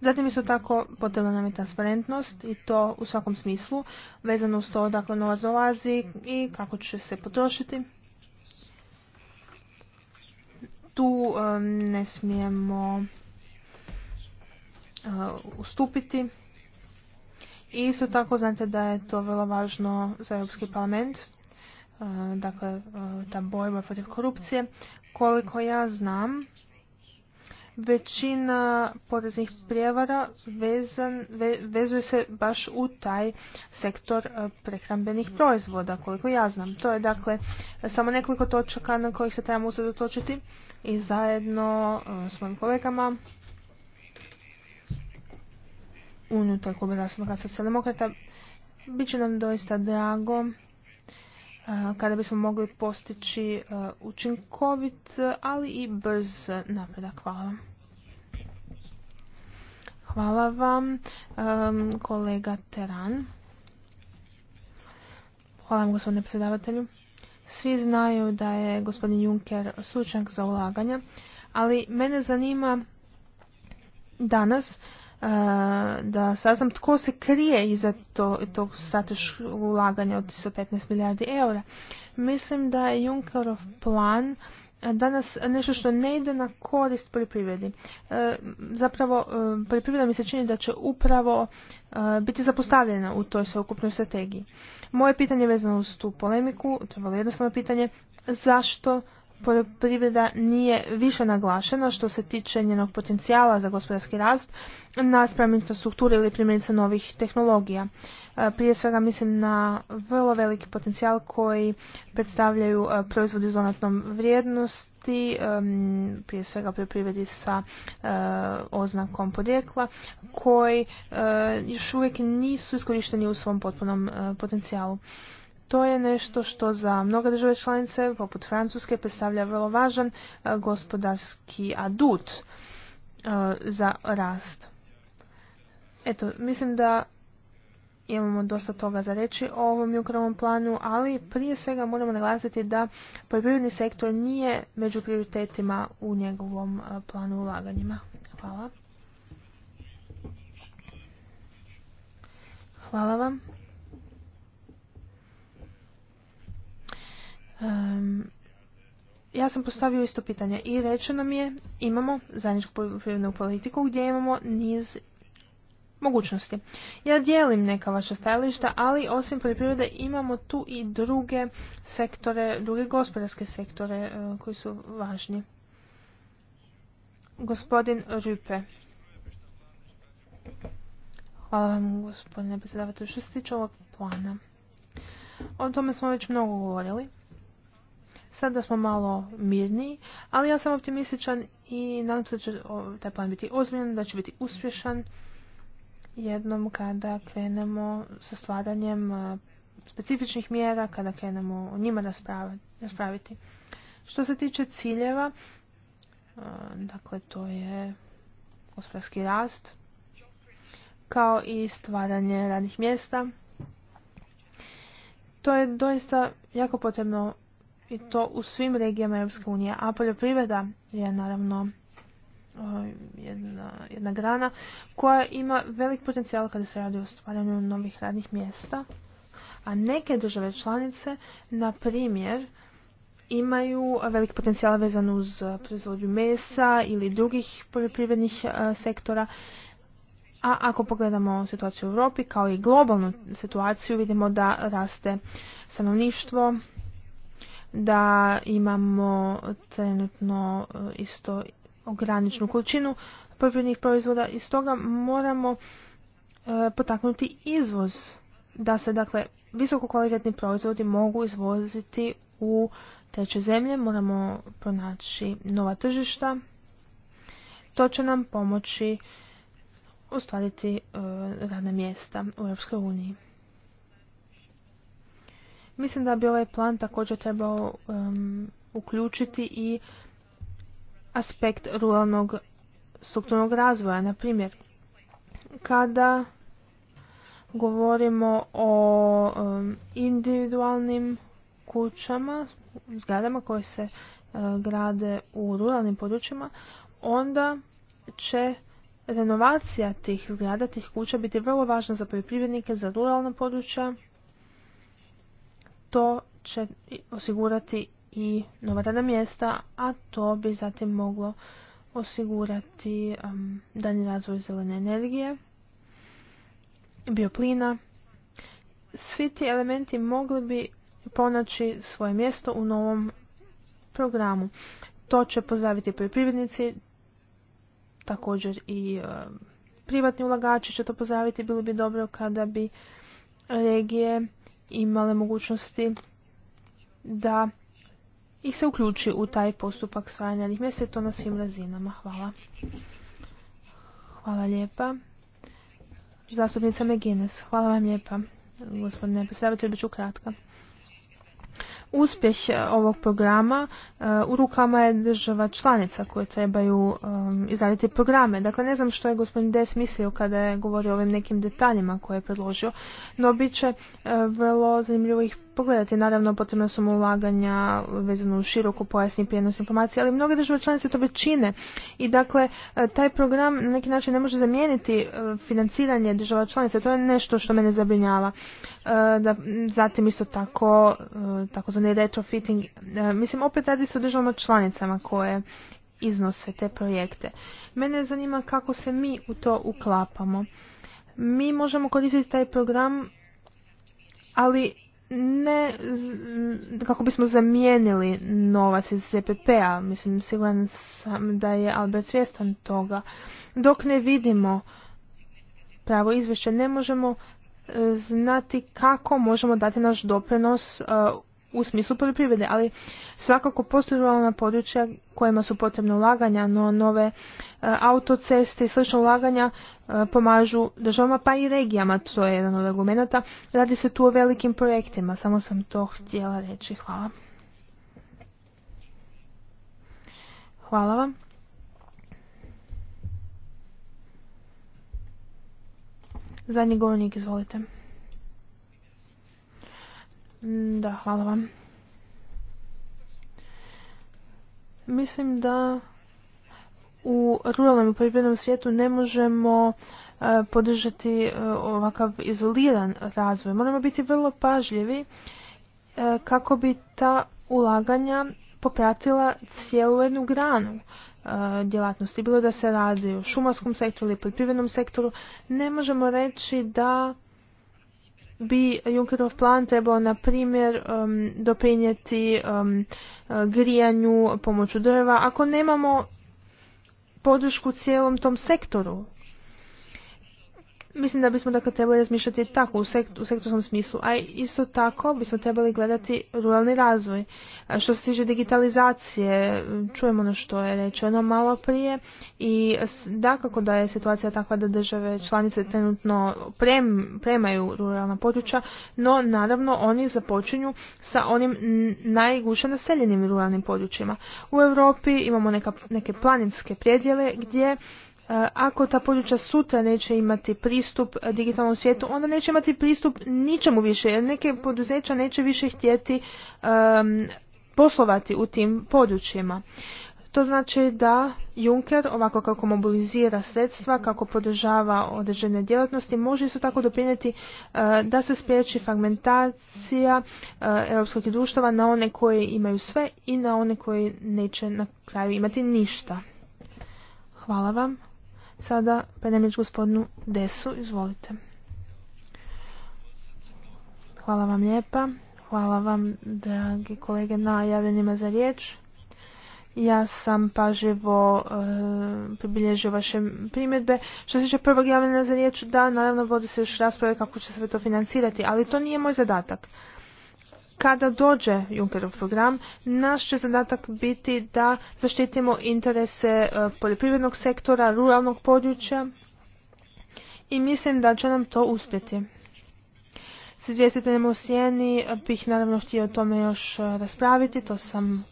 [SPEAKER 1] Zatim isto tako potrebna nam je transparentnost i to u svakom smislu, vezano uz to odakle novac dolazi i kako će se potrošiti. Tu ne smijemo Uh, ustupiti. I isto tako znate da je to vrlo važno za Europski parlament, uh, dakle uh, ta borba protiv korupcije. Koliko ja znam, većina poreznih prijevara vezan, vezuje se baš u taj sektor prehrambenih proizvoda, koliko ja znam. To je dakle samo nekoliko točaka na kojih se trebamo usredotočiti i zajedno s mojim kolegama unutar kluba zastupnika socijaldemokrata. Biće nam doista drago e, kada bismo mogli postići e, učinkovit, ali i brz napredak. Hvala. Hvala vam, e, kolega Teran. Hvala vam, gospodine predsjedavatelju. Svi znaju da je gospodin Juncker slučajnik za ulaganja, ali mene zanima danas da saznam tko se krije iza to, tog strateškog ulaganja od petnaest milijardi eura. Mislim da je Junckerov plan danas nešto što ne ide na korist poljoprivredi. E, zapravo, e, poljoprivreda mi se čini da će upravo e, biti zapostavljena u toj sveukupnoj strategiji. Moje pitanje je vezano uz tu polemiku, to je vrlo jednostavno pitanje, zašto poljoprivreda nije više naglašena što se tiče njenog potencijala za gospodarski rast naspram infrastrukture ili primjerice novih tehnologija. E, prije svega mislim na vrlo veliki potencijal koji predstavljaju e, proizvodi u zonatnom vrijednosti, e, prije svega poljoprivredi sa oznakom podjekla, koji još uvijek nisu iskorišteni u svom potpunom potencijalu. To je nešto što za mnoge države članice, poput Francuske, predstavlja vrlo važan e, gospodarski adut e, za rast. Eto, mislim da imamo dosta toga za reći o ovom ukrovom planu, ali prije svega moramo naglasiti da poljoprivredni sektor nije među prioritetima u njegovom e, planu ulaganjima. Hvala. Hvala vam. ja sam postavio isto pitanje i rečeno mi je imamo zajedničku poljoprivrednu politiku gdje imamo niz mogućnosti. Ja dijelim neka vaša stajališta, ali osim poljoprivrede imamo tu i druge sektore, druge gospodarske sektore e, koji su važni. Gospodin Rupe. Hvala vam gospodine predsjedavatelju što se tiče ovog plana. O tome smo već mnogo govorili. Sada smo malo mirniji, ali ja sam optimističan i nadam se da će taj plan biti ozbiljan, da će biti uspješan jednom kada krenemo sa stvaranjem specifičnih mjera, kada krenemo o njima raspraviti. Što se tiče ciljeva, dakle to je gospodarski rast, kao i stvaranje radnih mjesta. To je doista jako potrebno i to u svim regijama Europske unije. A poljoprivreda je naravno jedna, jedna grana koja ima velik potencijal kada se radi o stvaranju novih radnih mjesta. A neke države članice, na primjer, imaju velik potencijal vezan uz proizvodnju mesa ili drugih poljoprivrednih e, sektora. A ako pogledamo situaciju u Europi kao i globalnu situaciju vidimo da raste stanovništvo, da imamo trenutno e, isto ograničnu količinu poljoprivrednih proizvoda i stoga moramo e, potaknuti izvoz da se dakle visoko kvalitetni proizvodi mogu izvoziti u treće zemlje, moramo pronaći nova tržišta. To će nam pomoći ostvariti e, radna mjesta u Europskoj uniji. Mislim da bi ovaj plan također trebao uključiti i aspekt ruralnog strukturnog razvoja. Na primjer, kada govorimo o individualnim kućama, zgradama koje se e, grade u ruralnim područjima, onda će renovacija tih zgrada, tih kuća biti vrlo važna za poljoprivrednike, za ruralna područja to će osigurati i nova radna mjesta, a to bi zatim moglo osigurati um, razvoj zelene energije, bioplina. Svi ti elementi mogli bi ponaći svoje mjesto u novom programu. To će pozdraviti poljoprivrednici, također i um, privatni ulagači će to pozdraviti. Bilo bi dobro kada bi regije imale mogućnosti da ih se uključi u taj postupak svajanja njih mjesta to na svim razinama. Hvala. Hvala lijepa. Zastupnica Megines, hvala vam lijepa. Gospodine predsjedavatelju, bit ću kratka uspjeh e, ovog programa e, u rukama je država članica koje trebaju um, izraditi programe. Dakle, ne znam što je gospodin Des mislio kada je govorio o ovim nekim detaljima koje je predložio, no bit će e, vrlo zanimljivih pogledati. Naravno, potrebna su mu ulaganja vezano u široko pojasni prijenos informacije, ali mnoge države članice to već čine. I dakle, e, taj program na neki način ne može zamijeniti e, financiranje država članica. To je nešto što mene zabrinjava. E, zatim isto tako, takozvani retrofitting. Mislim, opet radi se o državama članicama koje iznose te projekte. Mene zanima kako se mi u to uklapamo. Mi možemo koristiti taj program, ali ne kako bismo zamijenili novac iz ZPP-a. Mislim, siguran sam da je Albert svjestan toga. Dok ne vidimo pravo izvješće, ne možemo e, znati kako možemo dati naš doprinos e, u smislu poljoprivrede, ali svakako postoje ruralna područja kojima su potrebne ulaganja, no nove e, autoceste i slična ulaganja e, pomažu državama pa i regijama, to je jedan od argumenta. Radi se tu o velikim projektima, samo sam to htjela reći. Hvala. Hvala vam. Zadnji govornik, izvolite. Mm, da, hvala vam. Mislim da u ruralnom i poljoprivrednom svijetu ne možemo e, podržati e, ovakav izoliran razvoj. Moramo biti vrlo pažljivi e, kako bi ta ulaganja popratila cijelu jednu granu djelatnosti. Bilo da se radi o šumarskom sektoru ili poljoprivrednom sektoru, ne možemo reći da bi Junckerov plan trebao na primjer um, doprinijeti um, grijanju pomoću drva ako nemamo podršku cijelom tom sektoru Mislim da bismo dakle trebali razmišljati tako u, sekt, u sektorskom smislu, a isto tako bismo trebali gledati ruralni razvoj. Što se tiče digitalizacije, čujemo ono što je rečeno malo prije i dakako da je situacija takva da države članice trenutno premaju ruralna područja, no naravno oni započinju sa onim najguše naseljenim ruralnim područjima. U Europi imamo neka, neke planinske predjele gdje ako ta područja sutra neće imati pristup digitalnom svijetu, onda neće imati pristup ničemu više, jer neke poduzeća neće više htjeti poslovati u tim područjima. To znači da Juncker, ovako kako mobilizira sredstva, kako podržava određene djelatnosti, može isto tako doprinijeti eh, da se spriječi fragmentacija europskog eh, europskih društava na one koje imaju sve i na one koji neće na kraju imati ništa. Hvala vam. Sada predajem gospodinu Desu, izvolite. Hvala vam lijepa. Hvala vam, dragi kolege, na javljenima za riječ. Ja sam pažljivo eh, pribilježio vaše primjedbe. Što se tiče prvog javljenja za riječ, da, naravno vodi se još rasprave kako će se to financirati, ali to nije moj zadatak kada dođe Junckerov program, naš će zadatak biti da zaštitimo interese e, poljoprivrednog sektora, ruralnog područja i mislim da će nam to uspjeti. S izvjestiteljem u Sijeni bih naravno htio o tome još e, raspraviti, to sam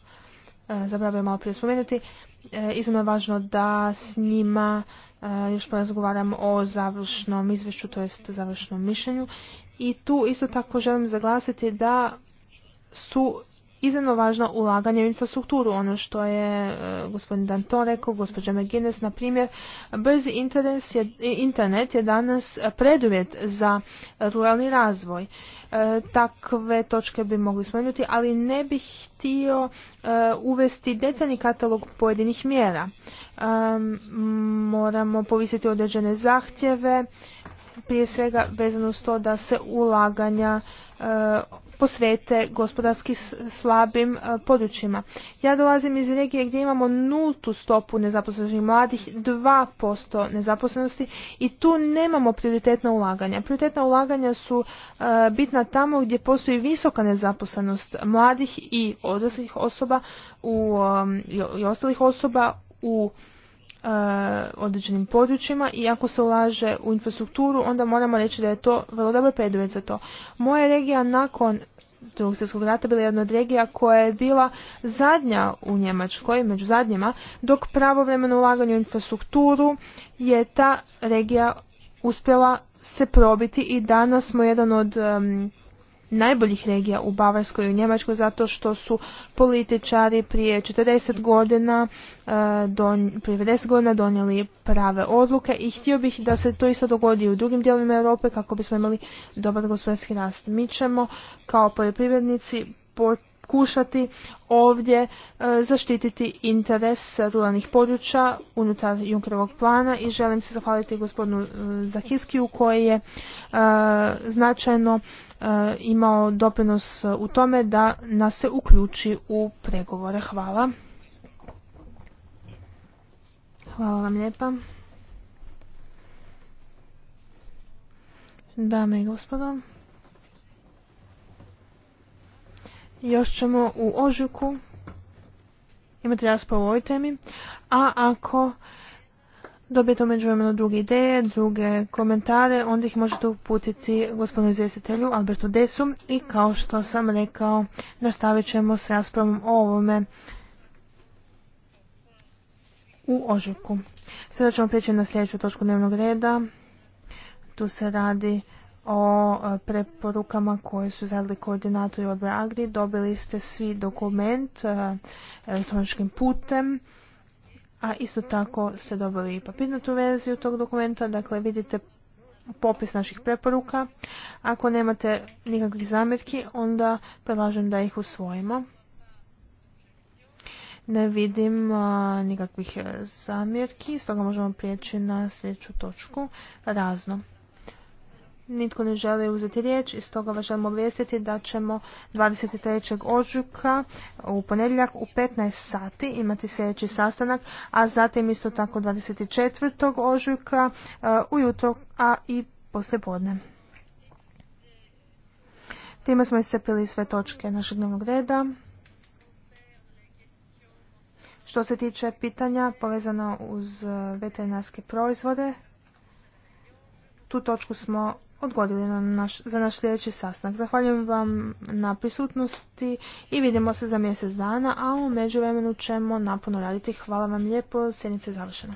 [SPEAKER 1] e, zabravio malo prije spomenuti. Iznimno je važno da s njima još porazgovaram o završnom izvješću, to jest završnom mišljenju. I tu isto tako želim zaglasiti da su iznimno važna ulaganja u infrastrukturu. Ono što je e, gospodin Danton rekao, gospođa McGuinness, na primjer, brzi internet je, internet je danas preduvjet za ruralni razvoj. E, takve točke bi mogli spomenuti, ali ne bih htio e, uvesti detaljni katalog pojedinih mjera. moramo povisiti određene zahtjeve, prije svega vezano s to da se ulaganja posvete gospodarski slabim e, područjima. Ja dolazim iz regije gdje imamo nultu stopu nezaposlenosti mladih, 2% nezaposlenosti i tu nemamo prioritetna ulaganja. Prioritetna ulaganja su e, bitna tamo gdje postoji visoka nezaposlenost mladih i odraslih osoba u, e, i ostalih osoba u E, određenim područjima i ako se ulaže u infrastrukturu onda moramo reći da je to vrlo dobar preduvjet za to. Moja regija nakon drugog svjetskog rata bila jedna od regija koja je bila zadnja u Njemačkoj, među zadnjima, dok pravovremeno ulaganje u
[SPEAKER 2] infrastrukturu
[SPEAKER 1] je ta regija uspjela se probiti i danas smo jedan od najboljih regija u Bavarskoj i u Njemačkoj zato što su političari prije 40 godina, e, prije 50 godina donijeli prave odluke i htio bih da se to isto dogodi u drugim dijelovima Europe kako bismo imali dobar gospodarski rast. Mi ćemo kao poljoprivrednici pokušati ovdje e, zaštititi interes ruralnih područja unutar Junkerovog plana i želim se zahvaliti gospodinu e, Zahiskiju koji je e, značajno imao doprinos u tome da nas se uključi u pregovore. Hvala. Hvala vam lijepa. Dame i gospodo. Još ćemo u ožujku imati raspravu o ovoj temi, a ako dobijete u vremenu druge ideje, druge komentare, onda ih možete uputiti gospodinu izvjestitelju Albertu Desu i kao što sam rekao, nastavit ćemo s raspravom o ovome u ožujku. Sada ćemo prijeći na sljedeću točku dnevnog reda. Tu se radi o e, preporukama koje su zadali koordinatori odbora Agri. Dobili ste svi dokument e, elektroničkim putem, a isto tako ste dobili i papirnatu verziju tog dokumenta. Dakle, vidite popis naših preporuka. Ako nemate nikakvih zamjerki, onda predlažem da ih usvojimo. Ne vidim e, nikakvih zamjerki, stoga možemo prijeći na sljedeću točku razno. Nitko ne želi uzeti riječ i stoga vas želimo obvijestiti da ćemo 23. ožujka u ponedjeljak u 15 sati imati sljedeći sastanak, a zatim isto tako 24. ožujka uh, ujutro, a i poslijepodne. Time smo iscepili sve točke našeg dnevnog reda. Što se tiče pitanja povezano uz veterinarske proizvode, tu točku smo odgodili na naš, za naš sljedeći sastanak. Zahvaljujem vam na prisutnosti i vidimo se za mjesec dana, a u međuvremenu ćemo napuno raditi. Hvala vam lijepo, sjednica je završena.